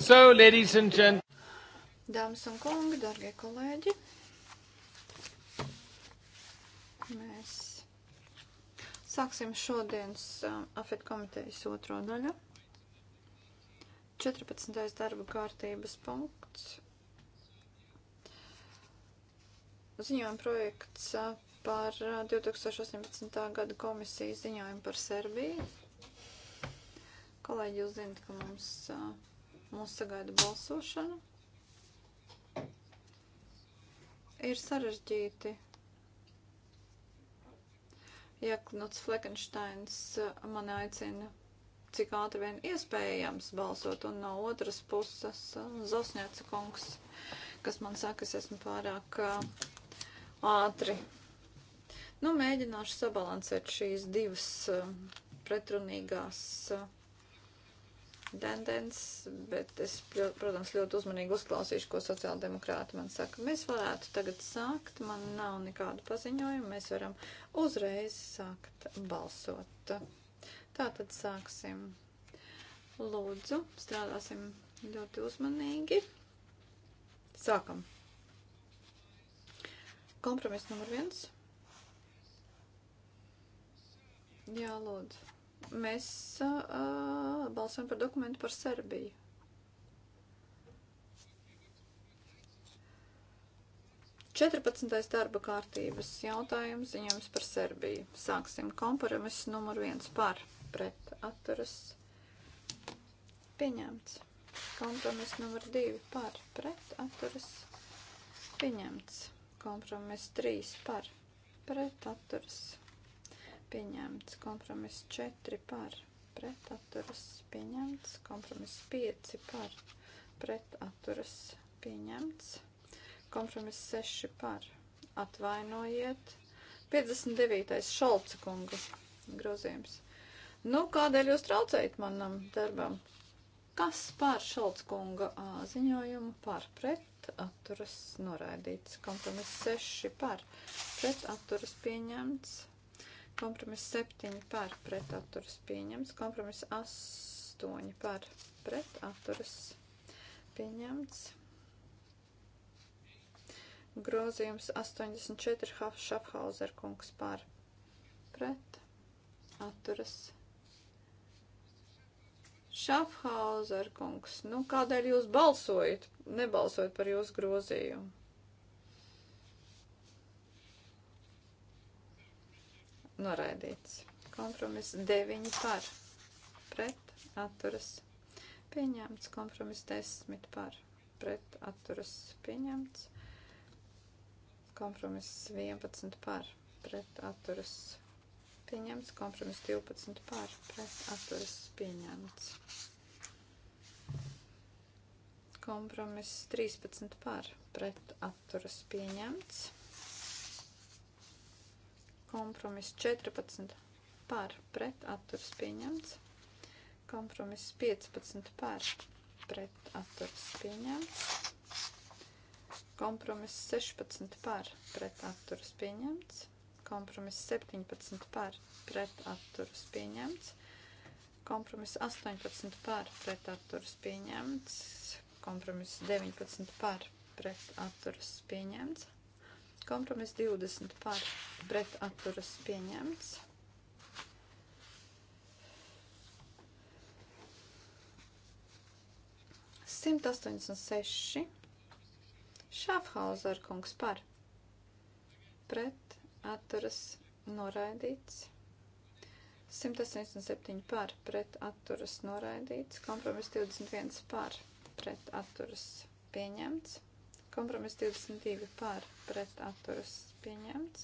So, ladies and gentlemen. Dāmas un kungi, darbie kolēģi. Mēs sāksim šodienas um, AFET komitejas otro daļu. 14. darba kārtības punkts. Ziņojuma projekts uh, par 2018. Uh, gada komisijas ziņojumu par Serbiju. Kolēģi, jūs zinat, ka mums uh, Mūs sagaida balsošana. Ir sarežģīti. Ja Knuts Fleckensteins uh, man aicina, cik ātri vien iespējams balsot, un no otras puses uh, Zosņēca kungs, kas man saka, es esmu pārāk uh, ātri. Nu, mēģināšu sabalansēt šīs divas pretrunīgās uh, tendences, bet es, protams, ļoti uzmanīgi uzklausīšu, ko sociāldemokrāti man saka. Mēs varētu tagad sākt, man nav nekādu paziņojumu, mēs varam uzreiz sākt balsot. Tātad sāksim. Lūdzu, strādāsim ļoti uzmanīgi. Sākam. Kompromiss numur viens. Jā, lūdzu. Mēs uh, balsojam par dokumentu par Serbiju. Četrpadsmitais darba kārtības jautājums ziņojums par Serbiju. Sāksim kompromisu numur viens par pret atturas pieņemts. Kompromiss numur divi par pret atturas pieņemts. Kompromiss trīs par pret atturas pieņemts pieņemts. Kompromiss 4 par pret atturas pieņemts. Kompromiss 5 par pret atturas pieņemts. Kompromiss 6 par atvainojiet. 59. Šalca kunga grozījums. Nu, kādēļ jūs traucējat manam darbam? Kas par Šalca kunga ziņojumu par pret atturas noraidīts. Kompromiss 6 par pret atturas pieņemts. Kompromiss 7 par pretaturas pieņemts. Kompromiss 8 par pretaturas pieņemts. Grozījums 84 Šafhauser kungs par pret atturas pieņemts. Šafhauser kungs, nu kādēļ jūs balsojat, nebalsojat par jūsu grozījumu? noraidīts. Kompromiss 9 par pret atturas pieņemts. Kompromiss 10 par pret atturas pieņemts. Kompromiss 11 par pret atturas pieņemts. Kompromiss 12 par pret atturas pieņemts. Kompromiss 13 par pret atturas pieņemts Kompromiss 14 par pret atturs pieņemts. Kompromiss 15 par pret atturs pieņemts. Kompromiss 16 par pret atturs pieņemts. Kompromiss 17 par pret atturs pieņemts. Kompromiss 18 par pret atturs pieņemts. Kompromiss 19 par pret atturs pieņemts Kompromiss 20 par pret atturas pieņemts. Simt astoņdesmit seši. Šāfhauser kungs par pret atturas noraidīts. 187 par pret atturas noraidīts, kompromiss 21 par pret atturas pieņemts. Kompromiss 22 par pret atturas pieņemts.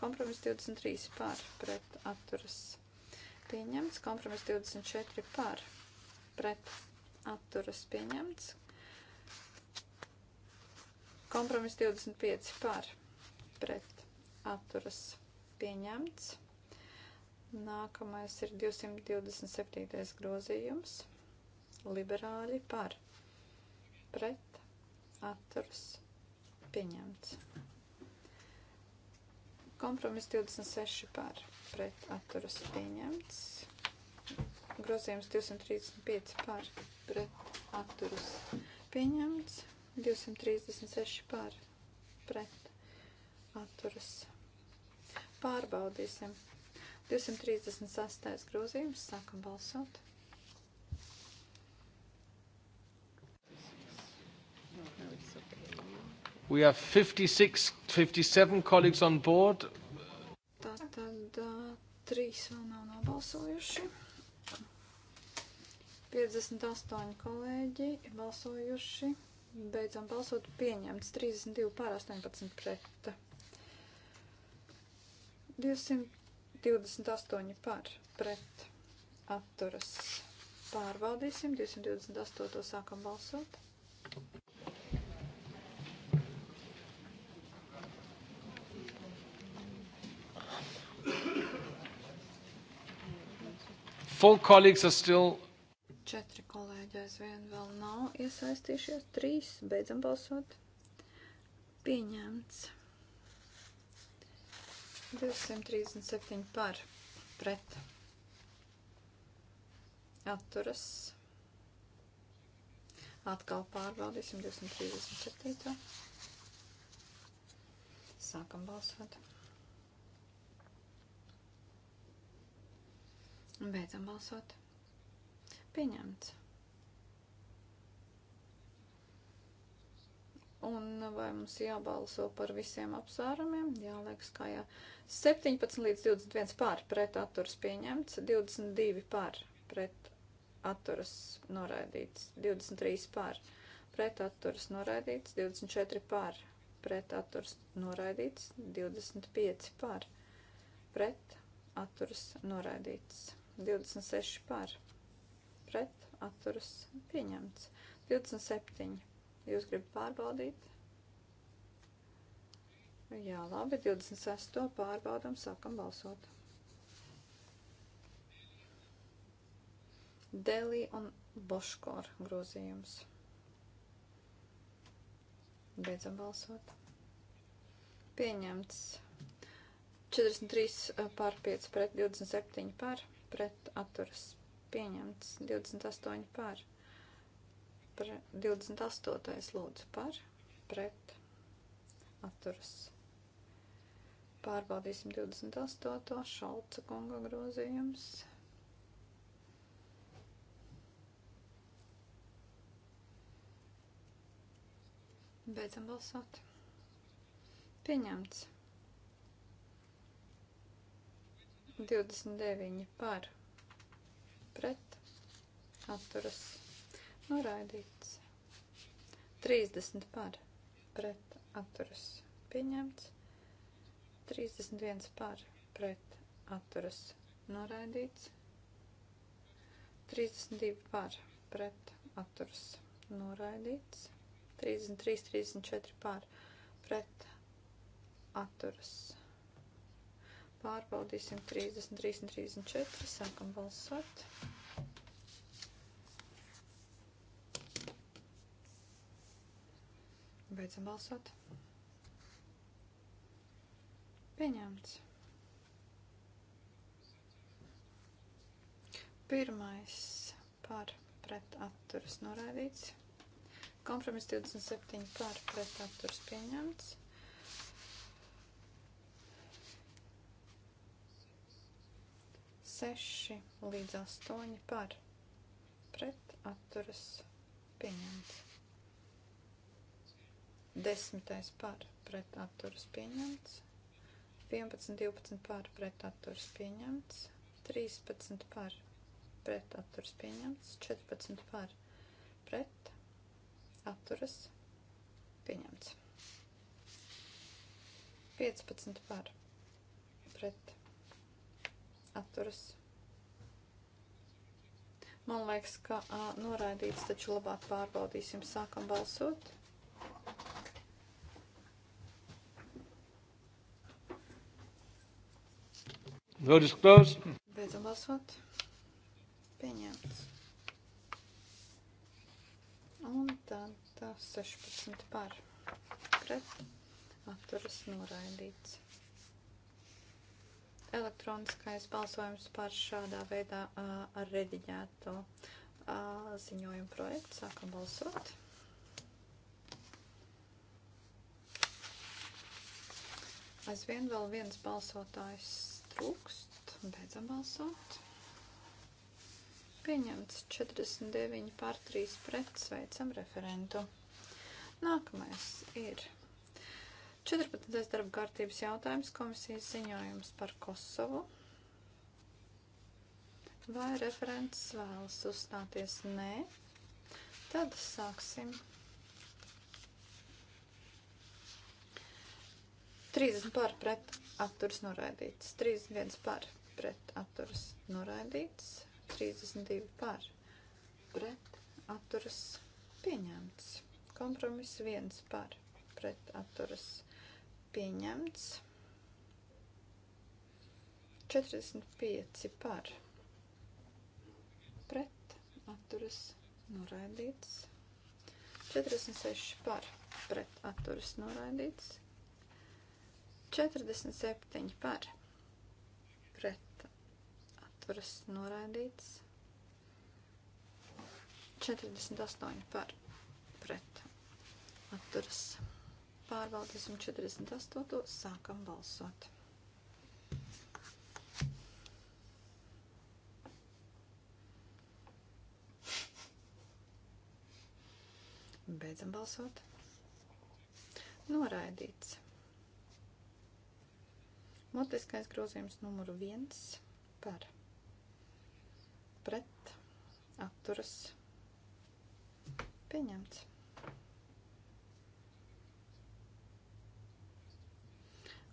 Kompromiss 23 par pret atturas pieņemts. Kompromiss 24 par pret atturas pieņemts. Kompromiss 25 par pret atturas pieņemts. Nākamais ir 227. grozījums. Liberāļi par pret atturs pieņemts. Kompromiss 26 par pret atturas pieņemts. Grozījums 235 par pret atturas pieņemts. 236 par pret atturas. Pārbaudīsim. 238. grozījums. Sākam balsot. We have 56, 57 colleagues on board. Tātad uh, trīs vēl nav nobalsojuši. 58 kolēģi balsojuši. Beidzam balsot pieņemts. 32 pār 18 pret. 228 par pret atturas. Pārbaudīsim. 228 sākam balsot. Four colleagues are still. Četri kolēģi aizvien vēl nav iesaistījušies. Trīs. Beidzam balsot. Pieņemts. 237 par. Pret. Atturas. Atkal pārbaudīsim 237. Sākam balsot. Beidzam balsot. Pieņemts. Un vai mums jābalso par visiem apsvērumiem? Jā, liekas, kā jā. 17 līdz 21 pār pret atturas pieņemts, 22 pār pret atturas noraidīts, 23 pār pret atturas noraidīts, 24 pār pret atturas noraidīts, 25 pār pret atturas noraidīts. 26 par, pret, atturas, pieņemts. 27. Jūs gribat pārbaudīt? Jā, labi, 26. pārbaudam, sākam balsot. Delī un Boškor grozījums. Beidzam balsot. Pieņemts 43 pār 5 pret 27 pār pret atturas pieņemts 28 par, pre, 28. lūdzu par, pret atturas. Pārbaudīsim 28. šalca kunga grozījums. Beidzam balsot. Pieņemts. 29 par pret atturas noraidīts. 30 par pret atturas pieņemts. 31 par pret atturas noraidīts. 32 par pret atturas noraidīts. 33, 34 par pret atturas noraidīts Pārbaudīsim 33 un 34. Sākam balsot. Beidzam balsot. Pieņemts. Pirmais par pret atturas noraidīts. Kompromiss 27 par pret atturas pieņemts. 6 līdz 8 par pret atturas pieņemts. 10 par pret atturas pieņemts. 11, 12 par pret atturas pieņemts. 13 par pret atturas pieņemts. 14 par pret atturas pieņemts. 15 par pret atturas pieņemts atturas. Man liekas, ka a, noraidīts, taču labāk pārbaudīsim. Sākam balsot. Vote is closed. Beidzam balsot. Pieņemts. Un tad 16 par. Pret. Atturas noraidīts elektroniskais balsojums par šādā veidā ar rediģēto ziņojumu projektu. Sākam balsot. Aizvien vēl viens balsotājs trūkst. Beidzam balsot. Pieņemts 49 pār 3 pret. Sveicam referentu. Nākamais ir 14. darba kārtības jautājums komisijas ziņojums par Kosovu. Vai referents vēlas uzstāties? Nē. Tad sāksim. 30 par pret atturas noraidīts, 31 par pret atturas noraidīts, 32 par pret atturas pieņemts, kompromiss 1 par pret atturas pieņemts. 45 par pret atturas noraidīts. 46 par pret atturas noraidīts. 47 par pret atturas noraidīts. 48 par pret atturas noraidīts. Pārbaudīsim 48. Sākam balsot. Beidzam balsot. Noraidīts. Motiskais grozījums numuru 1 par pret atturas pieņemts.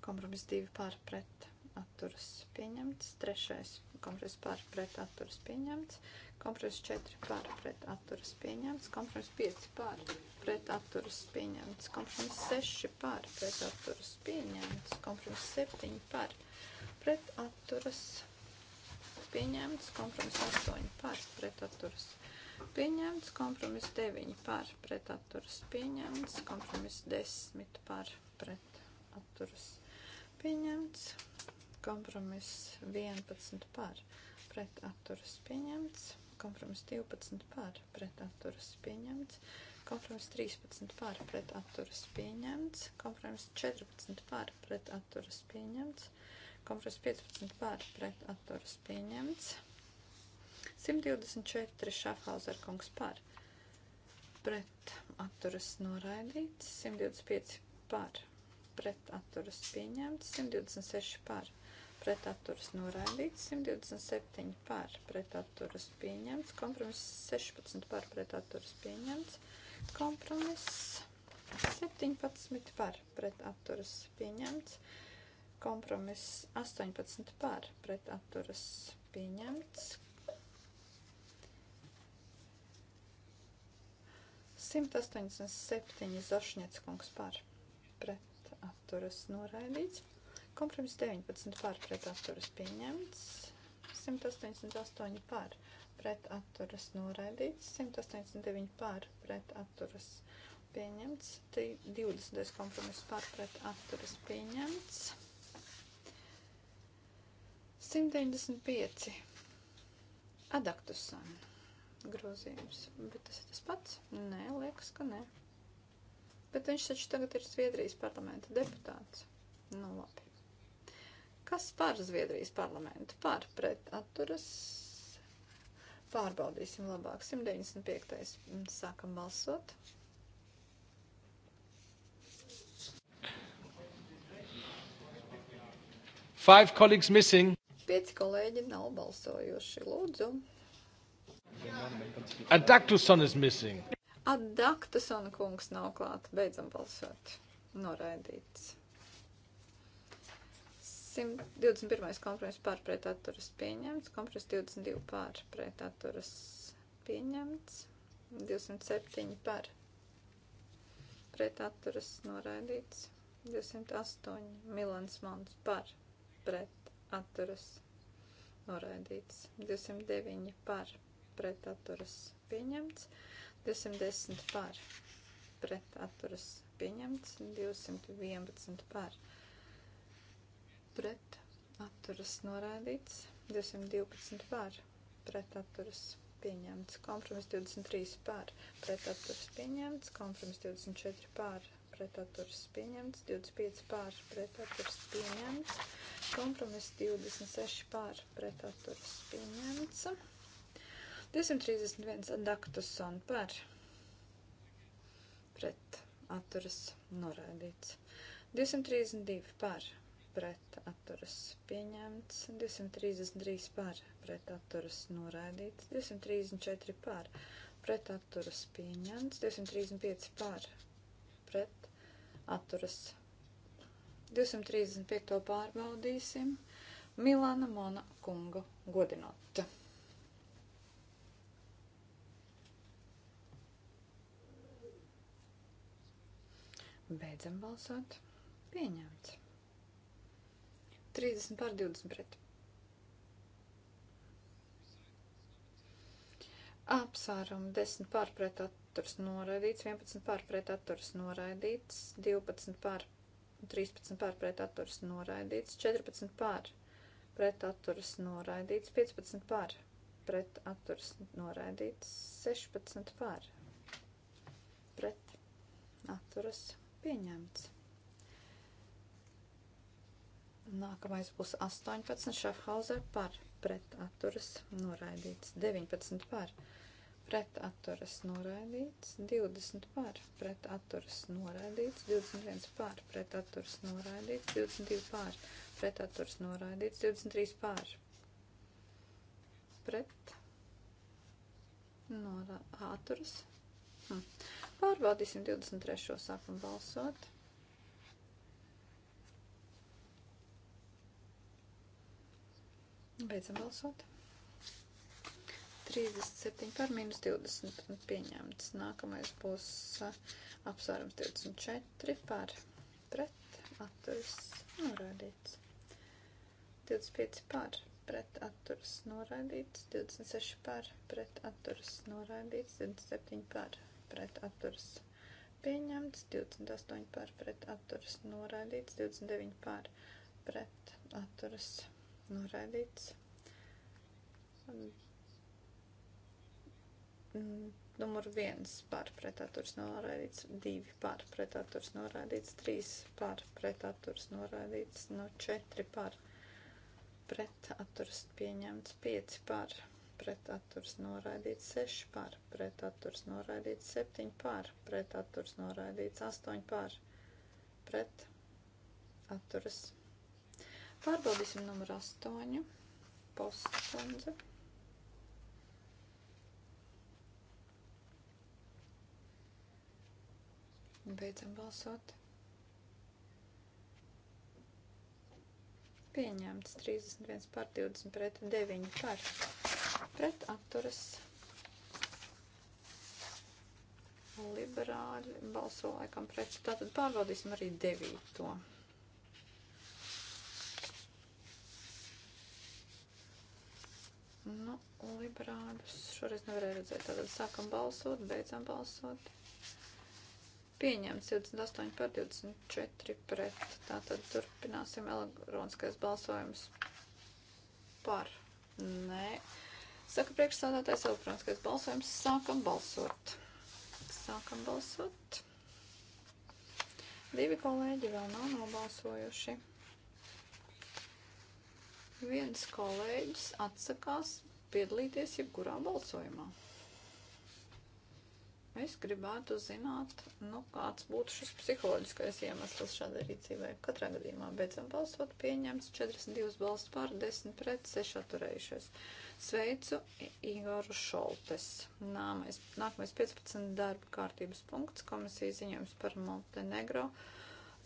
Kompromiss 2 par pret atturas pieņemts. Trešais kompromiss par pret atturas pieņemts. Kompromiss 4 par pret atturas pieņemts. Kompromiss 5 par pret atturas pieņemts. Kompromiss 6 par pret atturas pieņemts. Kompromiss 7 par pret atturas pieņemts. Kompromiss 8 par pret atturas pieņemts pieņemts, kompromiss 9 par pretatturas pieņemts, kompromiss 10 par pretatturas pieņemts. Kompromiss 11 par pret atturas pieņemts. Kompromiss 12 par pret atturas pieņemts. Kompromiss 13 par pret atturas pieņemts. Kompromiss 14 par pret atturas pieņemts. Kompromiss 15 par pret atturas pieņemts. 124 Šafhauser kungs par pret atturas noraidīts. 125 par pret atturas pieņemts, 126 par pret atturas noraidīts, 127 par pret atturas pieņemts, kompromiss 16 par pret atturas pieņemts, kompromiss 17 par pret atturas pieņemts, kompromiss 18 par pret atturas pieņemts, 187 Zašņets kungs par pret atturas noraidīts. Kompromiss 19 par pret atturas pieņemts. 188 par pret atturas noraidīts. 189 par pret atturas pieņemts. 20. kompromiss par pret atturas pieņemts. 195 adaktusam grozījums. Bet tas ir tas pats? Nē, liekas, ka nē. Bet viņš taču tagad ir Zviedrijas parlamenta deputāts. Nu, labi. Kas par Zviedrijas parlamentu? Par pret atturas. Pārbaudīsim labāk. 195. Mm, sākam balsot. Five colleagues missing. Pieci kolēģi nav balsojuši. Lūdzu. Adaktusson is missing. Adaktus un kungs nav klāt. Beidzam balsot. Noraidīts. 121. kompromiss pārpret atturas pieņemts. Kompromiss 22 pārpret atturas pieņemts. 207 par pret atturas noraidīts. 208 Milans Mons par pret atturas noraidīts. 209 par pret atturas pieņemts. 210 par pret atturas pieņemts, 211 par pret atturas noraidīts, 212 par pret atturas pieņemts, kompromiss 23 par pret atturas pieņemts, kompromiss 24 par pret atturas pieņemts, 25 par pret atturas pieņemts, kompromiss 26 par pret atturas pieņemts. 231 adaktuson par pret atturas noraidīts. 232 par pret atturas pieņemts. 233 par pret atturas noraidīts. 234 par pret atturas pieņemts. 235 par pret atturas. 235 pārbaudīsim Milana Mona kungu godinot. Beidzam balsot. Pieņemts. 30 pār 20 pret. Apsvērumu 10 pār pret atturs noraidīts, 11 pār pret atturs noraidīts, 12 pār, 13 pār pret atturs noraidīts, 14 pār pret atturs noraidīts, 15 pār pret atturs noraidīts, 16 pār pret atturs noraidīts Pieņemts. Nākamais būs 18 Šafhauser par pretaturas noraidīts. 19 par pretaturas noraidīts. 20 par pretaturas noraidīts. 21 par pretaturas noraidīts. 22 par pretaturas noraidīts. 23 par pret atturas. Hm. Pārbaudīsim 23. sākam balsot. Beidzam balsot. 37 par mīnus 20 pieņemts. Nākamais būs apsvērums 24 par pret atturas norādīts. 25 par pret atturas norādīts, 26 par pret atturas norādīts, 27 par pret atturas pieņemts, 28 par pret atturas noraidīts, 29 par pret atturas noraidīts. Numur 1 par pret atturas noraidīts, 2 par pret atturas noraidīts, 3 par pret atturas noraidīts, no 4 par pret atturas pieņemts, 5 par pret pretaturs noraidīts 6 par, pretaturs noraidīts 7 par, pretaturs noraidīts 8 par, pretaturs. Pārbaudīsim numuru 8, postkundze. Beidzam balsot. Pieņemts 31 par 20 pret 9 par pret atturas liberāļi balso laikam pret. Tātad pārbaudīsim arī devīto. Nu, liberāļus šoreiz nevarēja redzēt. Tātad sākam balsot, beidzam balsot. Pieņemts 28 par 24 pret. Tātad turpināsim elektroniskais balsojums par. Nē. Saka priekšsādātais elektroniskais balsojums. Sākam balsot. Sākam balsot. Divi kolēģi vēl nav nobalsojuši. Viens kolēģis atsakās piedalīties jebkurā balsojumā. Es gribētu zināt, nu, kāds būtu šis psiholoģiskais iemesls šādai rīcībai. Katrā gadījumā beidzam balsot, pieņemts 42 balsts pār 10 pret 6 atturējušies. Sveicu Igoru Šoltes. Nāmais, nākamais 15 darba kārtības punkts komisijas ziņojums par Montenegro.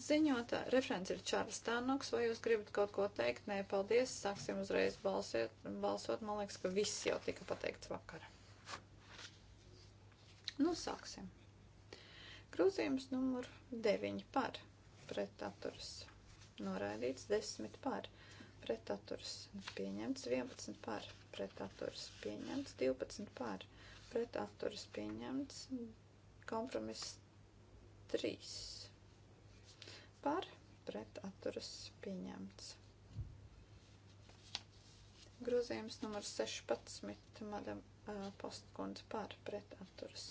Ziņotā referents ir Čārlis Tānoks, vai jūs gribat kaut ko teikt? Nē, paldies, sāksim uzreiz balsiet, balsot. Man liekas, ka viss jau tika pateikts vakar. Nu, sāksim. Grūzījums numur 9 par pretaturas. Noraidīts 10 par pretaturs pieņemts, 11 par pretaturs pieņemts, 12 par pretaturs pieņemts, kompromiss 3 par pretaturs pieņemts. Grozījums numur 16, madam uh, postkundze par pretaturs.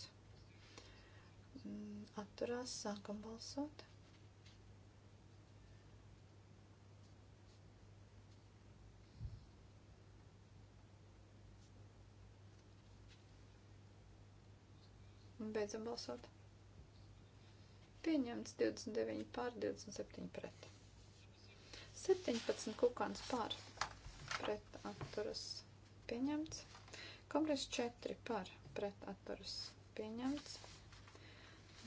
Mm, atturās, sākam balsot. Beidzam balsot. Pieņemts 29 pār 27 pret. 17 kukāns pār pret atturas pieņemts. Kompleks 4 pār pret atturas pieņemts.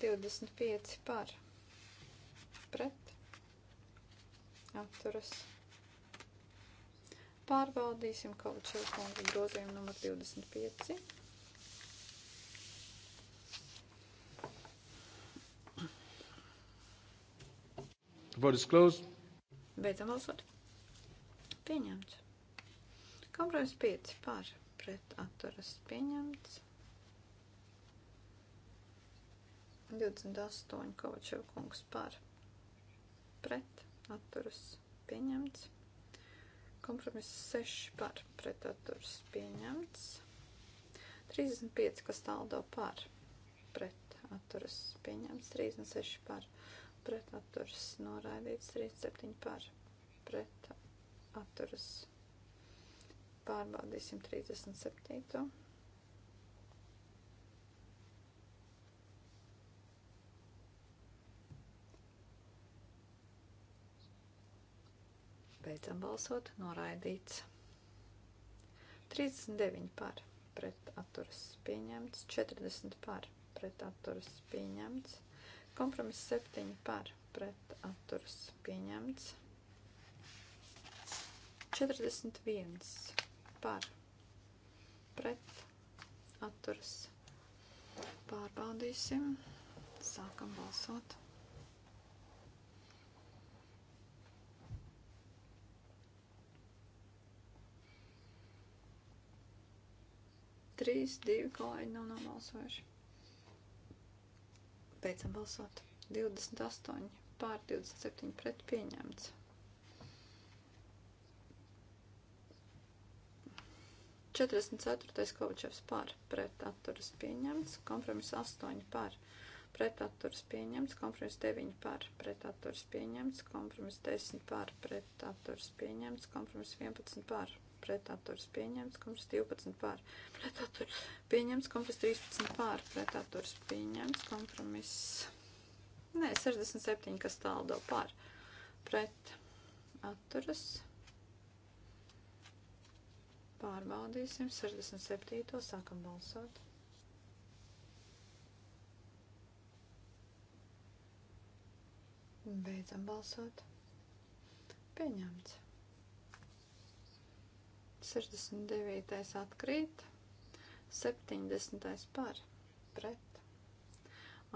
25 pār pret atturas. Pārbaudīsim kaut šo kongu grozījumu numur 25. Vote is closed. Beidzam balsot. Pieņemts. Kompromiss 5 par pret atturas pieņemts. 28 Kovačev kungs par pret atturas pieņemts. Kompromiss 6 par pret atturas pieņemts. 35 Kastaldo par pret atturas pieņemts. 36 par pret pret atturas noraidīts, 37 par pret atturas. Pārbaudīsim 37. Beidzam balsot, noraidīts. 39 par pret atturas pieņemts, 40 par pret atturas pieņemts. Kompromiss 7 par pret atturas pieņemts. 41 par pret atturas pārbaudīsim. Sākam balsot. Trīs, divi kolēģi nav nobalsojuši. Beidzam balsot. 28 pār 27 pret pieņemts. Četrdesmit ceturtais Kovačevs par pret atturas pieņemts, kompromiss astoņi par pret atturas pieņemts, kompromiss deviņi par pret atturas pieņemts, kompromiss desmit par pret atturas pieņemts, kompromiss vienpadsmit par pretaturs pieņemts, kompas 12 pār pretaturs pieņemts, kompas 13 pār pretaturs pieņemts, kompromiss. Nē, 67, kas tāldo pār pretaturas. Pārbaudīsim 67. sākam balsot. Beidzam balsot. Pieņemts. 69. atkrīt, 70. par pret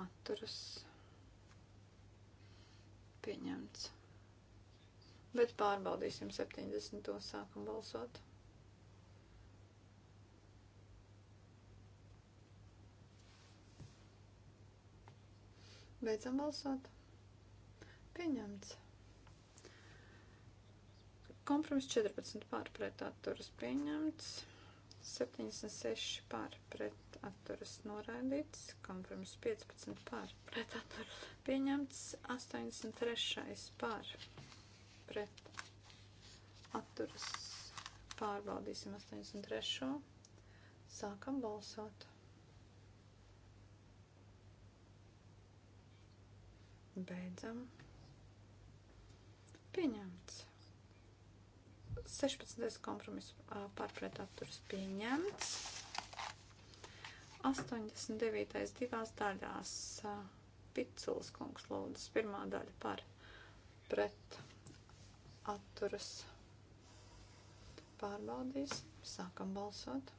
atturas pieņemts. Bet pārbaudīsim 70. sākam balsot. Beidzam balsot. Pieņemts. Kompromiss 14 pār pret atturas pieņemts. 76 pār pret atturas noraidīts. Kompromiss 15 pār pret atturas pieņemts. 83 pār pret atturas pārbaudīsim 83. Sākam balsot. Beidzam. Pieņemts. 16. kompromiss pārpret atturas pieņemts. 89. divās daļās Piculs kungs lūdzas pirmā daļa par pret atturas pārbaudīs. Sākam balsot.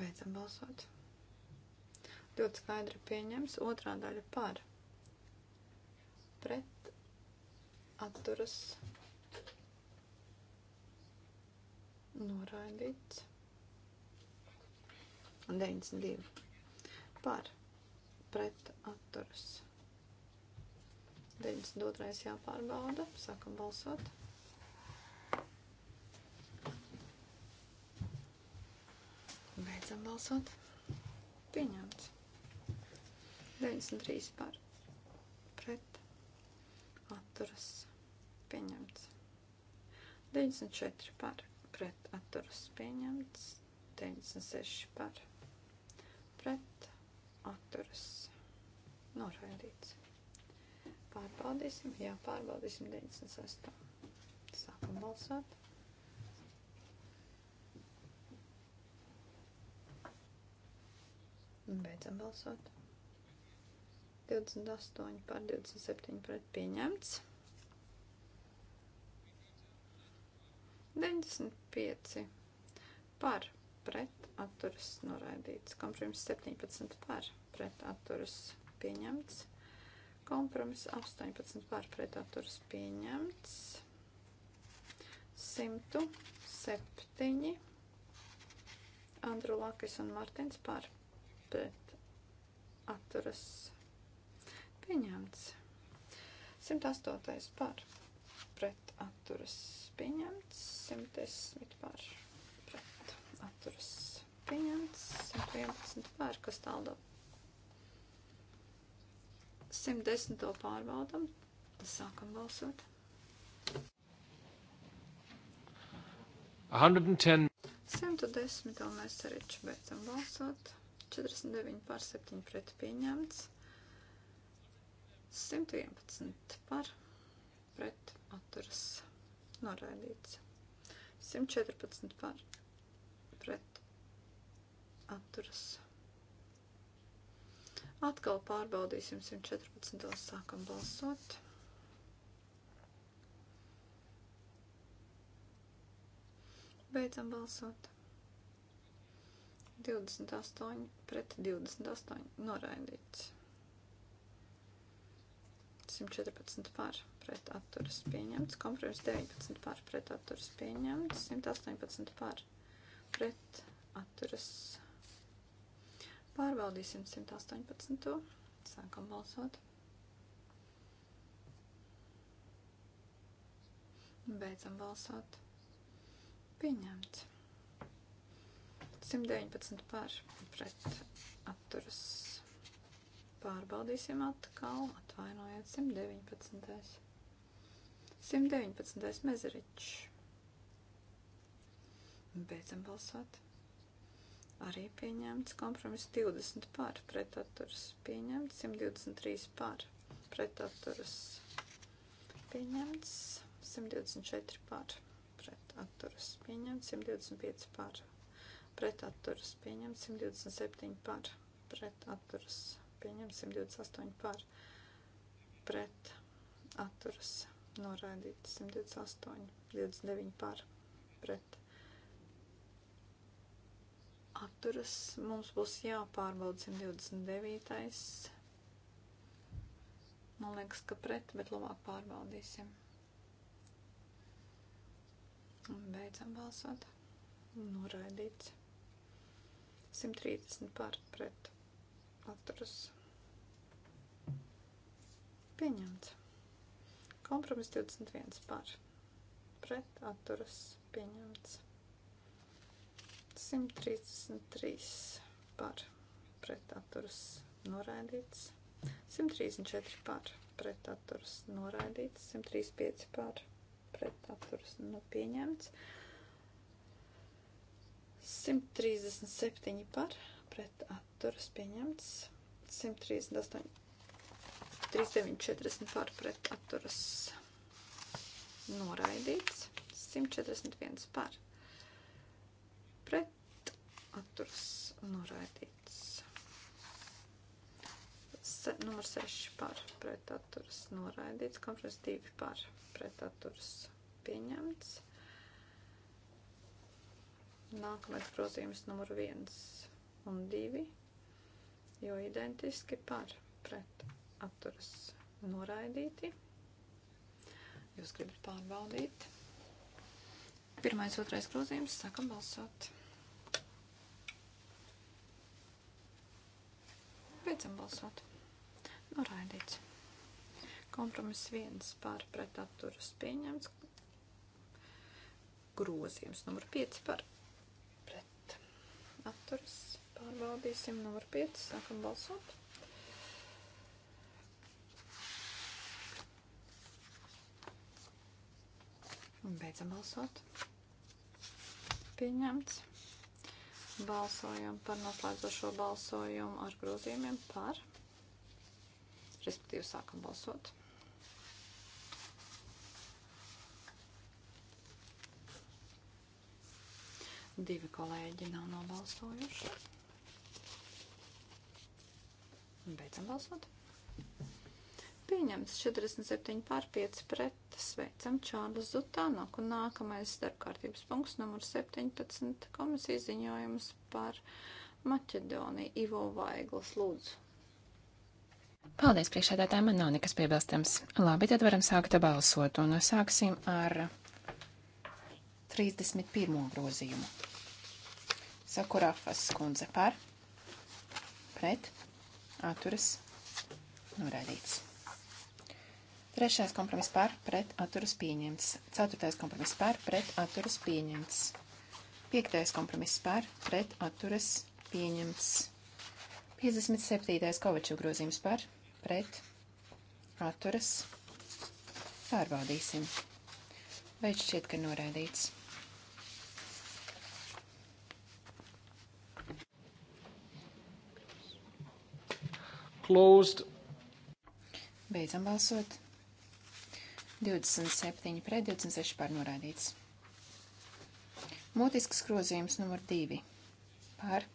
Beidzam balsot. Ļoti skaidri pieņems otrā daļa par pret atturas noraidīts. 92 par pret atturas. 92. jāpārbauda. Sākam balsot. Beidzam balsot. Pieņemts. 93 par pret atturas pieņemts. 94 par pret atturas pieņemts. 96 par pret atturas noraidīts. Pārbaudīsim, jā, pārbaudīsim 96. Sākam balsot. Beidzam balsot. 28 pār 27 pret pieņemts. 95 par pret atturas noraidīts. Kompromiss 17 par pret atturas pieņemts. Kompromiss 18 par pret atturas pieņemts. 107 Andru Lakis un Martins par pret atturas pieņemts Pieņemts. 108. par pret atturas pieņemts, 110 par pret atturas pieņemts, 111 par, kas tālda 110 to pārbaudam, sākam balsot. 110. 110 mēs arī beidzam balsot. 49 pār 7 pret pieņemts. 111 par pret atturas noraidīts. 114 par pret atturas. Atkal pārbaudīsim 114. sākam balsot. Beidzam balsot. 28 pret 28 noraidīts. 114 par pret atturas pieņemts, kompromis 19 par pret atturas pieņemts, 118 par pret atturas. Pārbaudīsim 118. Sākam balsot. Beidzam balsot. Pieņemts. 119 par pret atturas Pārbaudīsim atkal. Atvainojiet, 119. 119. mezeriņš. Beidzam balsot. Arī pieņemts kompromiss 20 par pretaturas. Pieņemts 123 par pretaturas. Pieņemts 124 par pretaturas. Pieņemts 125 par pretaturas. Pieņemts 127 par pretaturas pieņemts 128 par pret atturas noraidīts 128, 29 par pret atturas. Mums būs jāpārbauda 129. Man liekas, ka pret, bet labāk pārbaudīsim. Un beidzam balsot. Noraidīts. 130 par pret atturas pieņemts. Kompromiss 21 par pret atturas pieņemts. 133 par pret atturas noraidīts. 134 par pret atturas noraidīts. 135 par pret atturas nu, pieņemts. 137 par pret atturas noraidīts pret atturas pieņemts. 138, 3940 par pret atturas noraidīts. 141 par pret atturas noraidīts. Se, numur 6 par pret atturas noraidīts. Kompromiss 2 par pret atturas pieņemts. Nākamais grozījums numur 1 un 2, jo identiski par pret atturas noraidīti. Jūs gribat pārbaudīt. Pirmais, otrais grozījums, sākam balsot. Beidzam balsot. Noraidīts. Kompromiss viens par pret atturas pieņemts. Grozījums numur 5 par pret atturas pieņemts pārbaudīsim numur 5, sākam balsot. Un beidzam balsot. Pieņemts. Balsojam par noslēdzošo balsojumu ar grozījumiem par. Respektīvi sākam balsot. Divi kolēģi nav nobalsojuši. Beidzam balsot. Pieņemts 47 pār 5 pret. Sveicam Čārlis Zutānok un nākamais starpkārtības punkts numur 17 komisijas ziņojums par Maķedoniju. Ivo Vaiglas lūdzu. Paldies, priekšādātāji, man nav nekas piebilstams. Labi, tad varam sākt balsot un sāksim ar 31. grozījumu. Saku Rafas skundze par, pret, atturas noraidīts. Trešais kompromiss par pret atturas pieņemts. Ceturtais kompromiss par pret atturas pieņemts. Piektais kompromiss par pret atturas pieņemts. 57. Kovaču grozījums par pret atturas pārbaudīsim. Vai šķiet, ka noraidīts? Closed. Beidzam balsot. 27 pret 26 par norādīts. Mūtisks grozījums numur 2 par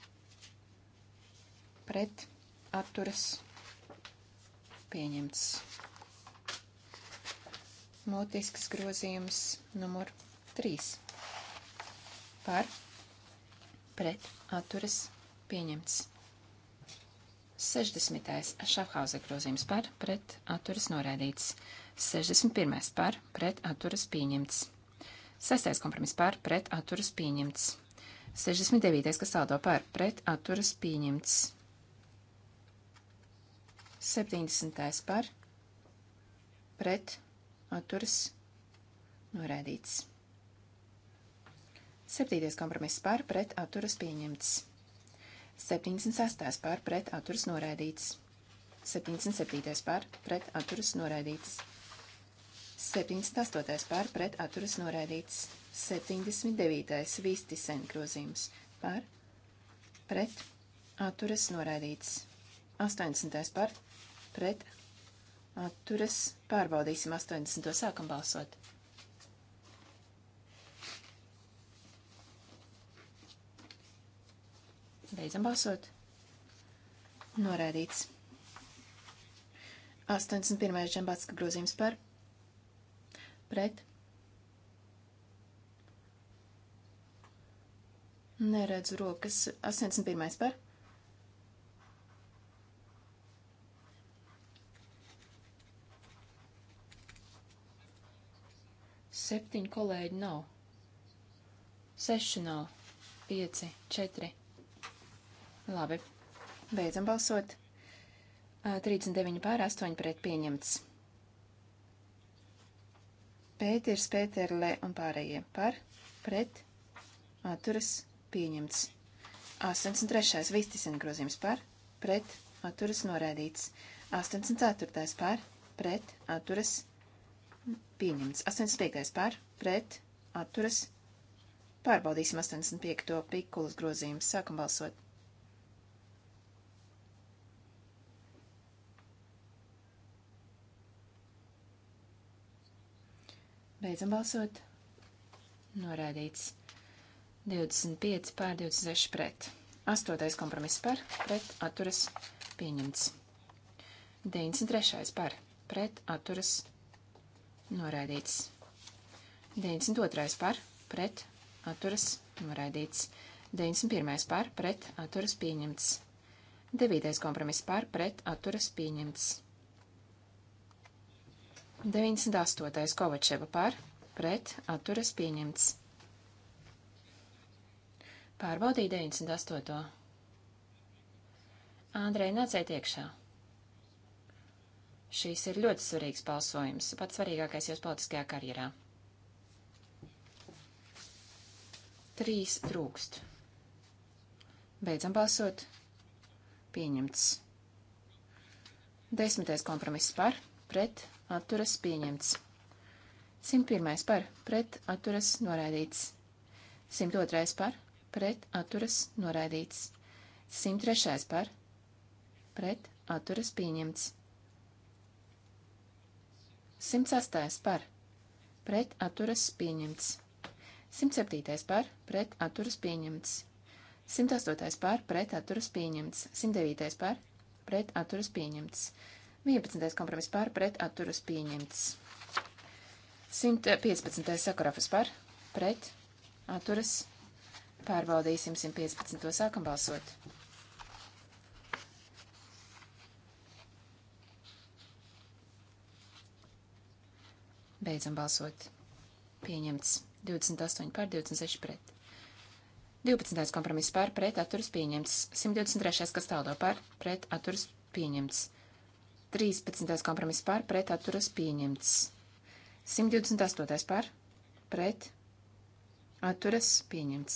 pret atturas pieņemts. Mūtisks grozījums numur 3 par pret atturas pieņemts. 60. Šafhauza grozījums par pret atturas noraidīts. 61. par pret atturas pieņemts. 6. kompromiss par pret atturas pieņemts. 69. kas saldo par pret atturas pieņemts. 70. par pret atturas noraidīts. 7. kompromiss par pret atturas pieņemts. 76. par pret atturas noraidīts. 77. par pret atturas noraidīts. 78. par pret atturas noraidīts. 79. vistisen grozījums par pret atturas noraidīts. 80. par pret atturas pārbaudīsim 80. sākam balsot. Beidzam balsot. Norādīts. 81. Džambatska grozījums par. Pret. Neredzu rokas. 81. par. Septiņi kolēģi nav. Seši nav. Pieci. Četri. Labi. Beidzam balsot. 39 pār 8 pret pieņemts. Pēters, Pēterle un pārējie par, pret, atturas, pieņemts. 83. Vistisena grozījums par, pret, atturas, norēdīts. 84. par, pret, atturas, pieņemts. 85. par, pret, atturas, pārbaudīsim 85. pikulas grozījums. Sākam balsot. Beidzam balsot. Norādīts. 25 pār 26 pret. 8. kompromiss par, pret, atturas, pieņemts. 93. par, pret, atturas, norādīts. 92. par, pret, atturas, norādīts. 91. par, pret, atturas, pieņemts. 9. kompromiss par, pret, atturas, pieņemts. 98. Kovačeva par, pret, atturas pieņemts. Pārbaudīja 98. Andrei, nāciet iekšā. Šīs ir ļoti svarīgs balsojums, pats svarīgākais jūs politiskajā karjerā. Trīs trūkst. Beidzam balsot. Pieņemts. Desmitais kompromiss par, pret, atturas pieņemts. 101. par pret atturas noraidīts. 102. par pret atturas noraidīts. 103. par pret atturas pieņemts. 108. par pret atturas pieņemts. 107. par pret atturas pieņemts. 108. par pret atturas pieņemts. 109. par pret atturas pieņemts. 11. kompromiss par pret atturas pieņemts. 115. sakarafas par pret atturas pārbaudīsim 115. sākam balsot. Beidzam balsot. Pieņemts 28 pār 26 pret. 12. kompromiss par pret atturas pieņemts. 123. kas tāldo par pret atturas pieņemts. 13. kompromiss par pret atturas pieņemts. 128. par pret atturas pieņemts.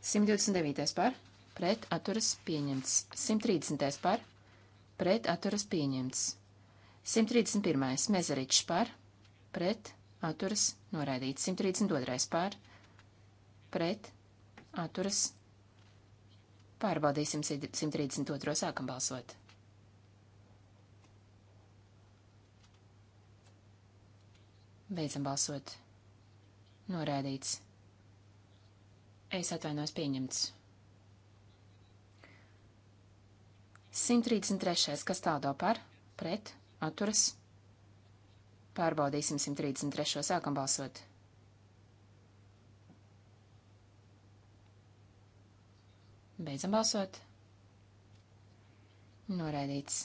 129. par pret atturas pieņemts. 130. par pret atturas pieņemts. 131. mezerīčs par pret atturas noraidīts. 132. par pret atturas Pārbaudīsim 132. sākam balsot. Beidzam balsot. Norēdīts. Es atvainos pieņemts. 133. Kas tādo par? Pret? Atturas? Pārbaudīsim 133. Sākam balsot. Beidzam balsot. Noraidīts.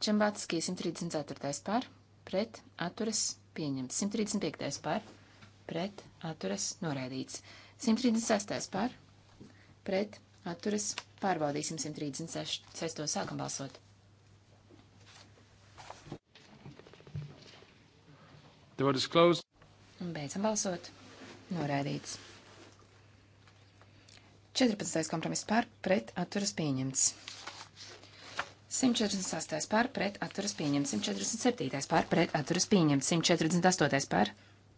Čembatskī 134. par pret atturas pieņemts. 135. par pret atturas noraidīts. 136. par pret atturas pārbaudīsim 136. sākam balsot. The vote is closed. Un beidzam balsot. Noraidīts. 14. kompromiss par pret atturas pieņemts. 148. pār pret atturas pieņemts, 147. pār pret atturas pieņemts, 148. pār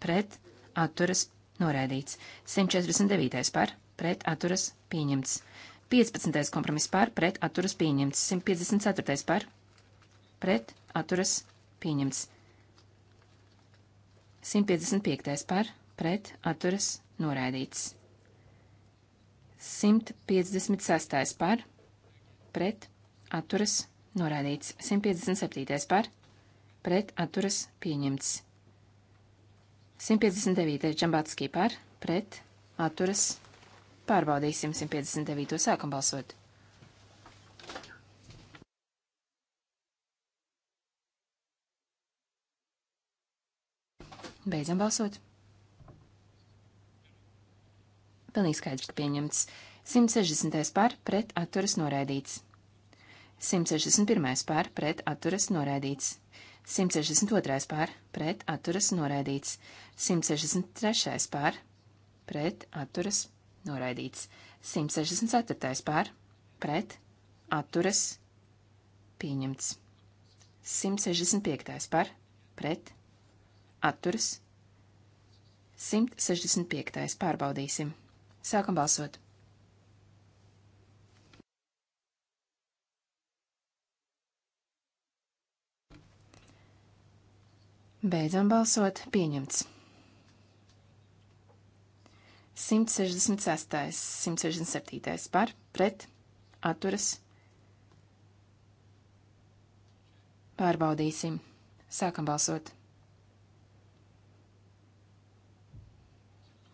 pret atturas noraidīts, 149. pār pret atturas pieņemts, 15. kompromiss pār pret atturas pieņemts, 154. pār pret atturas pieņemts, 155. pār pret atturas noraidīts, 156. pār pret atturas norādīts. 157. par pret atturas pieņemts. 159. Džambatskī par pret atturas pārbaudīsim 159. sākam balsot. Beidzam balsot. Pilnīgi skaidrs, ka pieņemts. 160. par pret atturas noraidīts. 161. pār pret atturas noraidīts. 162. pār pret atturas noraidīts. 163. pār pret atturas noraidīts. 164. pār pret atturas pieņemts. 165. pār pret atturas 165. pārbaudīsim. Sākam balsot! Beidzam balsot. Pieņemts. 166. 167. par, pret, atturas. Pārbaudīsim. Sākam balsot.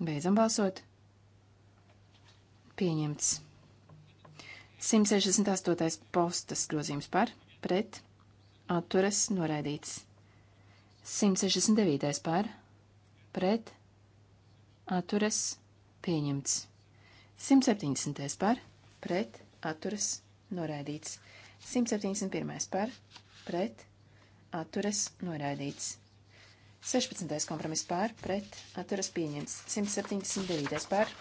Beidzam balsot. Pieņemts. 168. postas grozījums par, pret, atturas, noraidīts. 169. par, pret, atturas, pieņemts. 170. par, pret, atturas, noraidīts. 171. par, pret, atturas, noraidīts. 16. kompromiss par, pret, atturas, pieņemts. 179. par,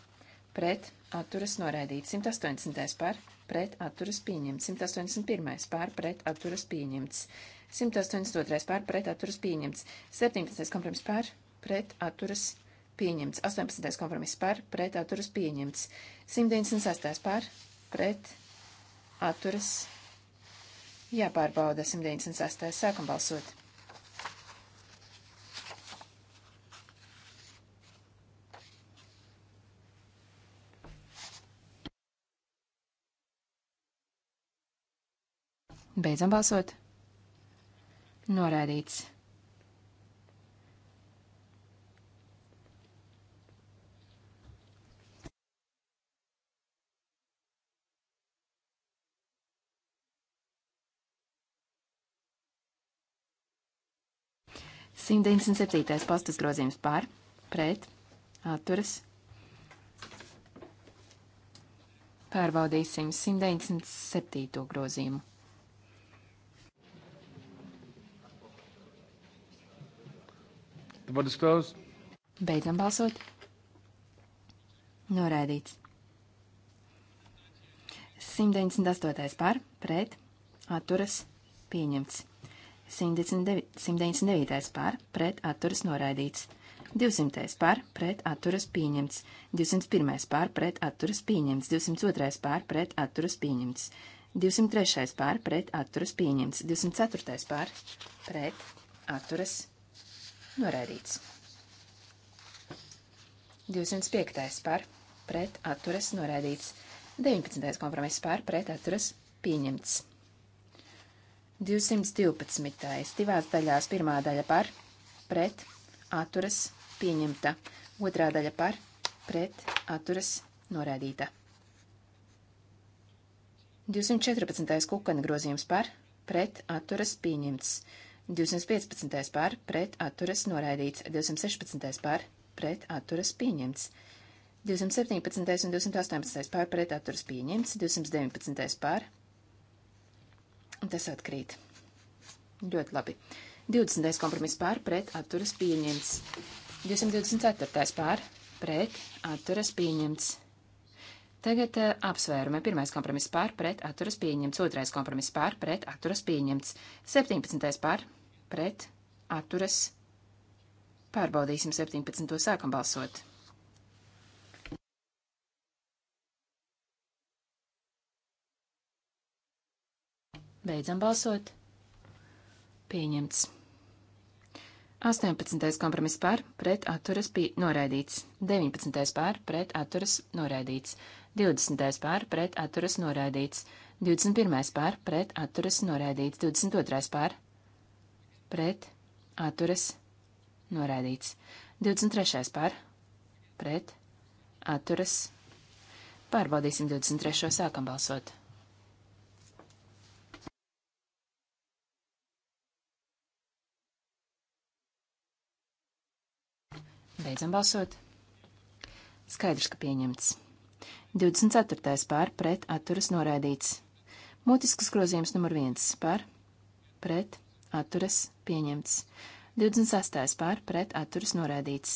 pret, atturas, noraidīts. 180. par, pret, atturas, pieņemts. 181. par, pret, atturas, pieņemts. 182. pār pret atturas pieņemts. 17. kompromiss pār pret atturas pieņemts. 18. kompromiss pār pret atturas pieņemts. 196. pār pret atturas jāpārbauda 198. sākam balsot. Beidzam balsot. Noraidīts. Simt deviņdesmit septītais pastas grozījums pār, pret, atturas. Pārbaudīsim 197. grozījumu. The vote is closed. Beidzam balsot. Noraidīts. 198. par, pret, atturas, pieņemts. 199, 199. par, pret, atturas, noraidīts. 200. par, pret, atturas, pieņemts. 201. par, pret, atturas, pieņemts. 202. par, pret, atturas, pieņemts. 203. par, pret, atturas, pieņemts. 204. par, pret, atturas, pieņemts. Noraidīts. 205. par pret atturas noraidīts. 19. kompromiss par pret atturas pieņemts. 212. divās daļās pirmā daļa par pret atturas pieņemta. Otrā daļa par pret atturas noraidīta. 214. kukana grozījums par pret atturas pieņemts. 215. par pret atturas noraidīts, 216. par pret atturas pieņemts, 217. un 218. par pret atturas pieņemts, 219. par tas atkrīt. Ļoti labi. 20. kompromiss par pret atturas pieņemts, 224. par pret atturas pieņemts. Tagad eh, apsvērumi. Pirmais kompromiss pār pret atturas pieņemts, otrais kompromiss pār pret atturas pieņemts, 17. pār pret atturas. Pārbaudīsim 17. sākam balsot. Beidzam balsot. Pieņemts. 18. kompromiss par, pret atturas bija noraidīts. 19. par, pret atturas noraidīts. 20. pār pret atturas noraidīts, 21. pār pret atturas noraidīts, 22. pār pret atturas noraidīts, 23. pār pret atturas. Pārbaudīsim 23. sākam balsot. Beidzam balsot. Skaidrs, ka pieņemts. 24. pār pret atturas noraidīts. Mutiskas grozījums numur 1 pār pret atturas pieņemts. 26. pār pret atturas noraidīts.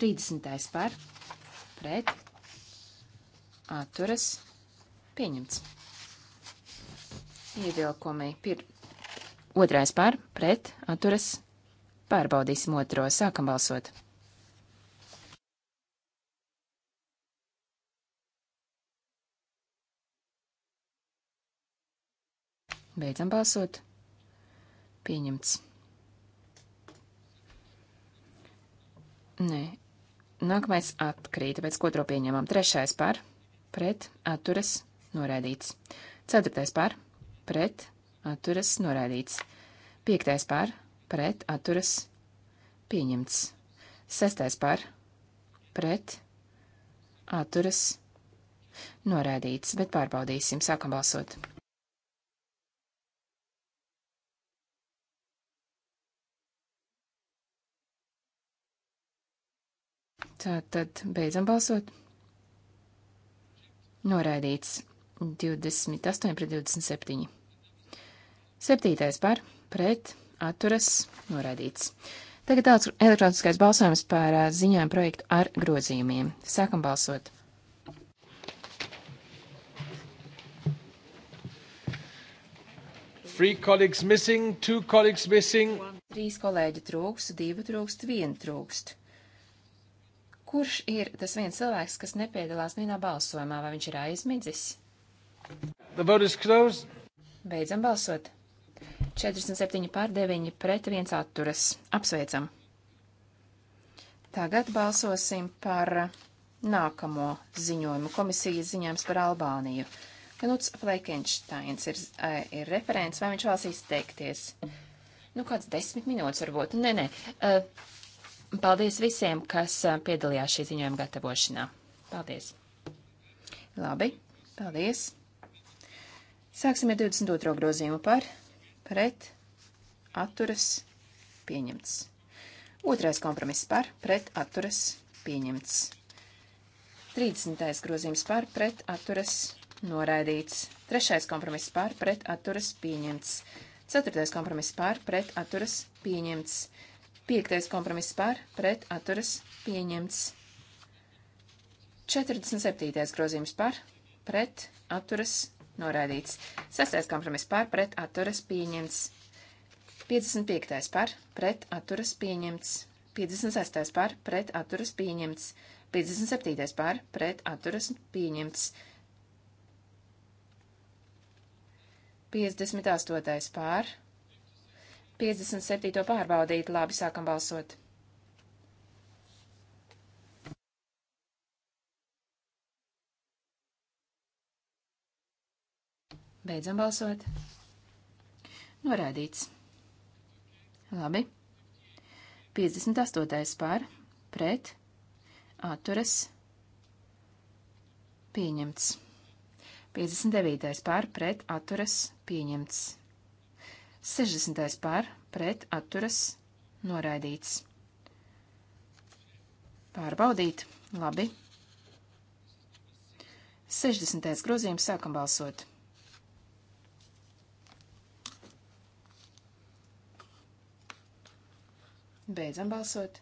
Trīsdesmitais par pret atturas pieņemts. Ievilkumi pir... otrais par pret atturas pieņemts Pārbaudīsim otro. Sākam balsot. Beidzam balsot. Pieņemts. Nē. Nākamais atkrīt, pēc ko to pieņemam. Trešais par, pret, atturas, noraidīts. Ceturtais par, pret, atturas, noraidīts. Piektais par, pret atturas pieņemts. Sestais par pret atturas norādīts, bet pārbaudīsim, sākam balsot. Tātad beidzam balsot. Noraidīts 28 pret 27. Septītais par pret atturas norādīts. Tagad tāds elektroniskais balsojums par ziņām projektu ar grozījumiem. Sākam balsot. Three colleagues missing, two colleagues missing. Trīs kolēģi trūkst, divi trūkst, viena trūkst. Kurš ir tas viens cilvēks, kas nepiedalās vienā balsojumā, vai viņš ir aizmidzis? The vote is closed. Beidzam balsot. 47 pār 9 pret 1 atturas. Apsveicam! Tagad balsosim par nākamo ziņojumu. Komisijas ziņojums par Albāniju. Knuts Fleikenšteins ir, eh, ir referents, vai viņš vēlas izteikties? Nu, kāds desmit minūtes varbūt. Nē, nē. Eh, paldies visiem, kas eh, piedalījās šī ziņojuma gatavošanā. Paldies! Labi, paldies! Sāksim ar 22. grozījumu par pret, atturas, pieņemts. Otrais kompromiss par, pret, atturas, pieņemts. 30. grozījums par, pret, atturas, noraidīts. Trešais kompromiss par, pret, atturas, pieņemts. Ceturtais kompromiss par, pret, atturas, pieņemts. Piektais kompromiss par, pret, atturas, pieņemts. 47. grozījums par, pret, atturas, noraidīts. Sastais kompromiss par pret atturas pieņemts. 55. par pret atturas pieņemts. 56. par pret atturas pieņemts. 57. par pret atturas pieņemts. 58. par 57. pārbaudīt. Labi, sākam balsot. Beidzam balsot. Norādīts. Labi. 58. pār, pret, atturas, pieņemts. 59. pār, pret, atturas, pieņemts. 60. pār, pret, atturas, noraidīts. Pārbaudīt, labi. 60. grozījums sākam balsot. Beidzam balsot.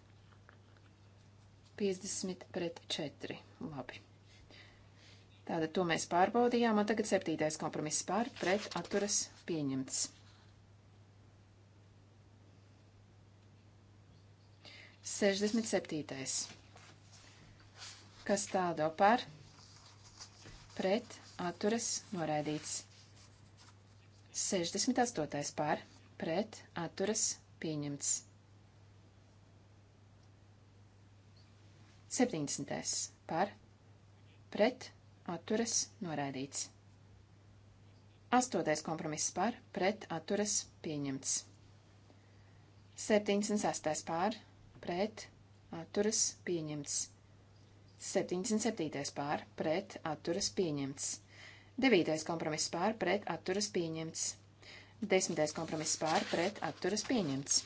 50 pret 4. Labi. Tātad to mēs pārbaudījām, un tagad septītais kompromiss pār pret atturas pieņemts. Sešdesmit septītais. Kas tādo par? Pret atturas noraidīts. 68. pār, pret, atturas, pieņemts. 70. par pret atturas noraidīts. 8. kompromiss par pret atturas pieņemts. 78. par pret atturas pieņemts. 77. par pret atturas pieņemts. 9. kompromiss par pret atturas pieņemts. 10. kompromiss par pret atturas pieņemts.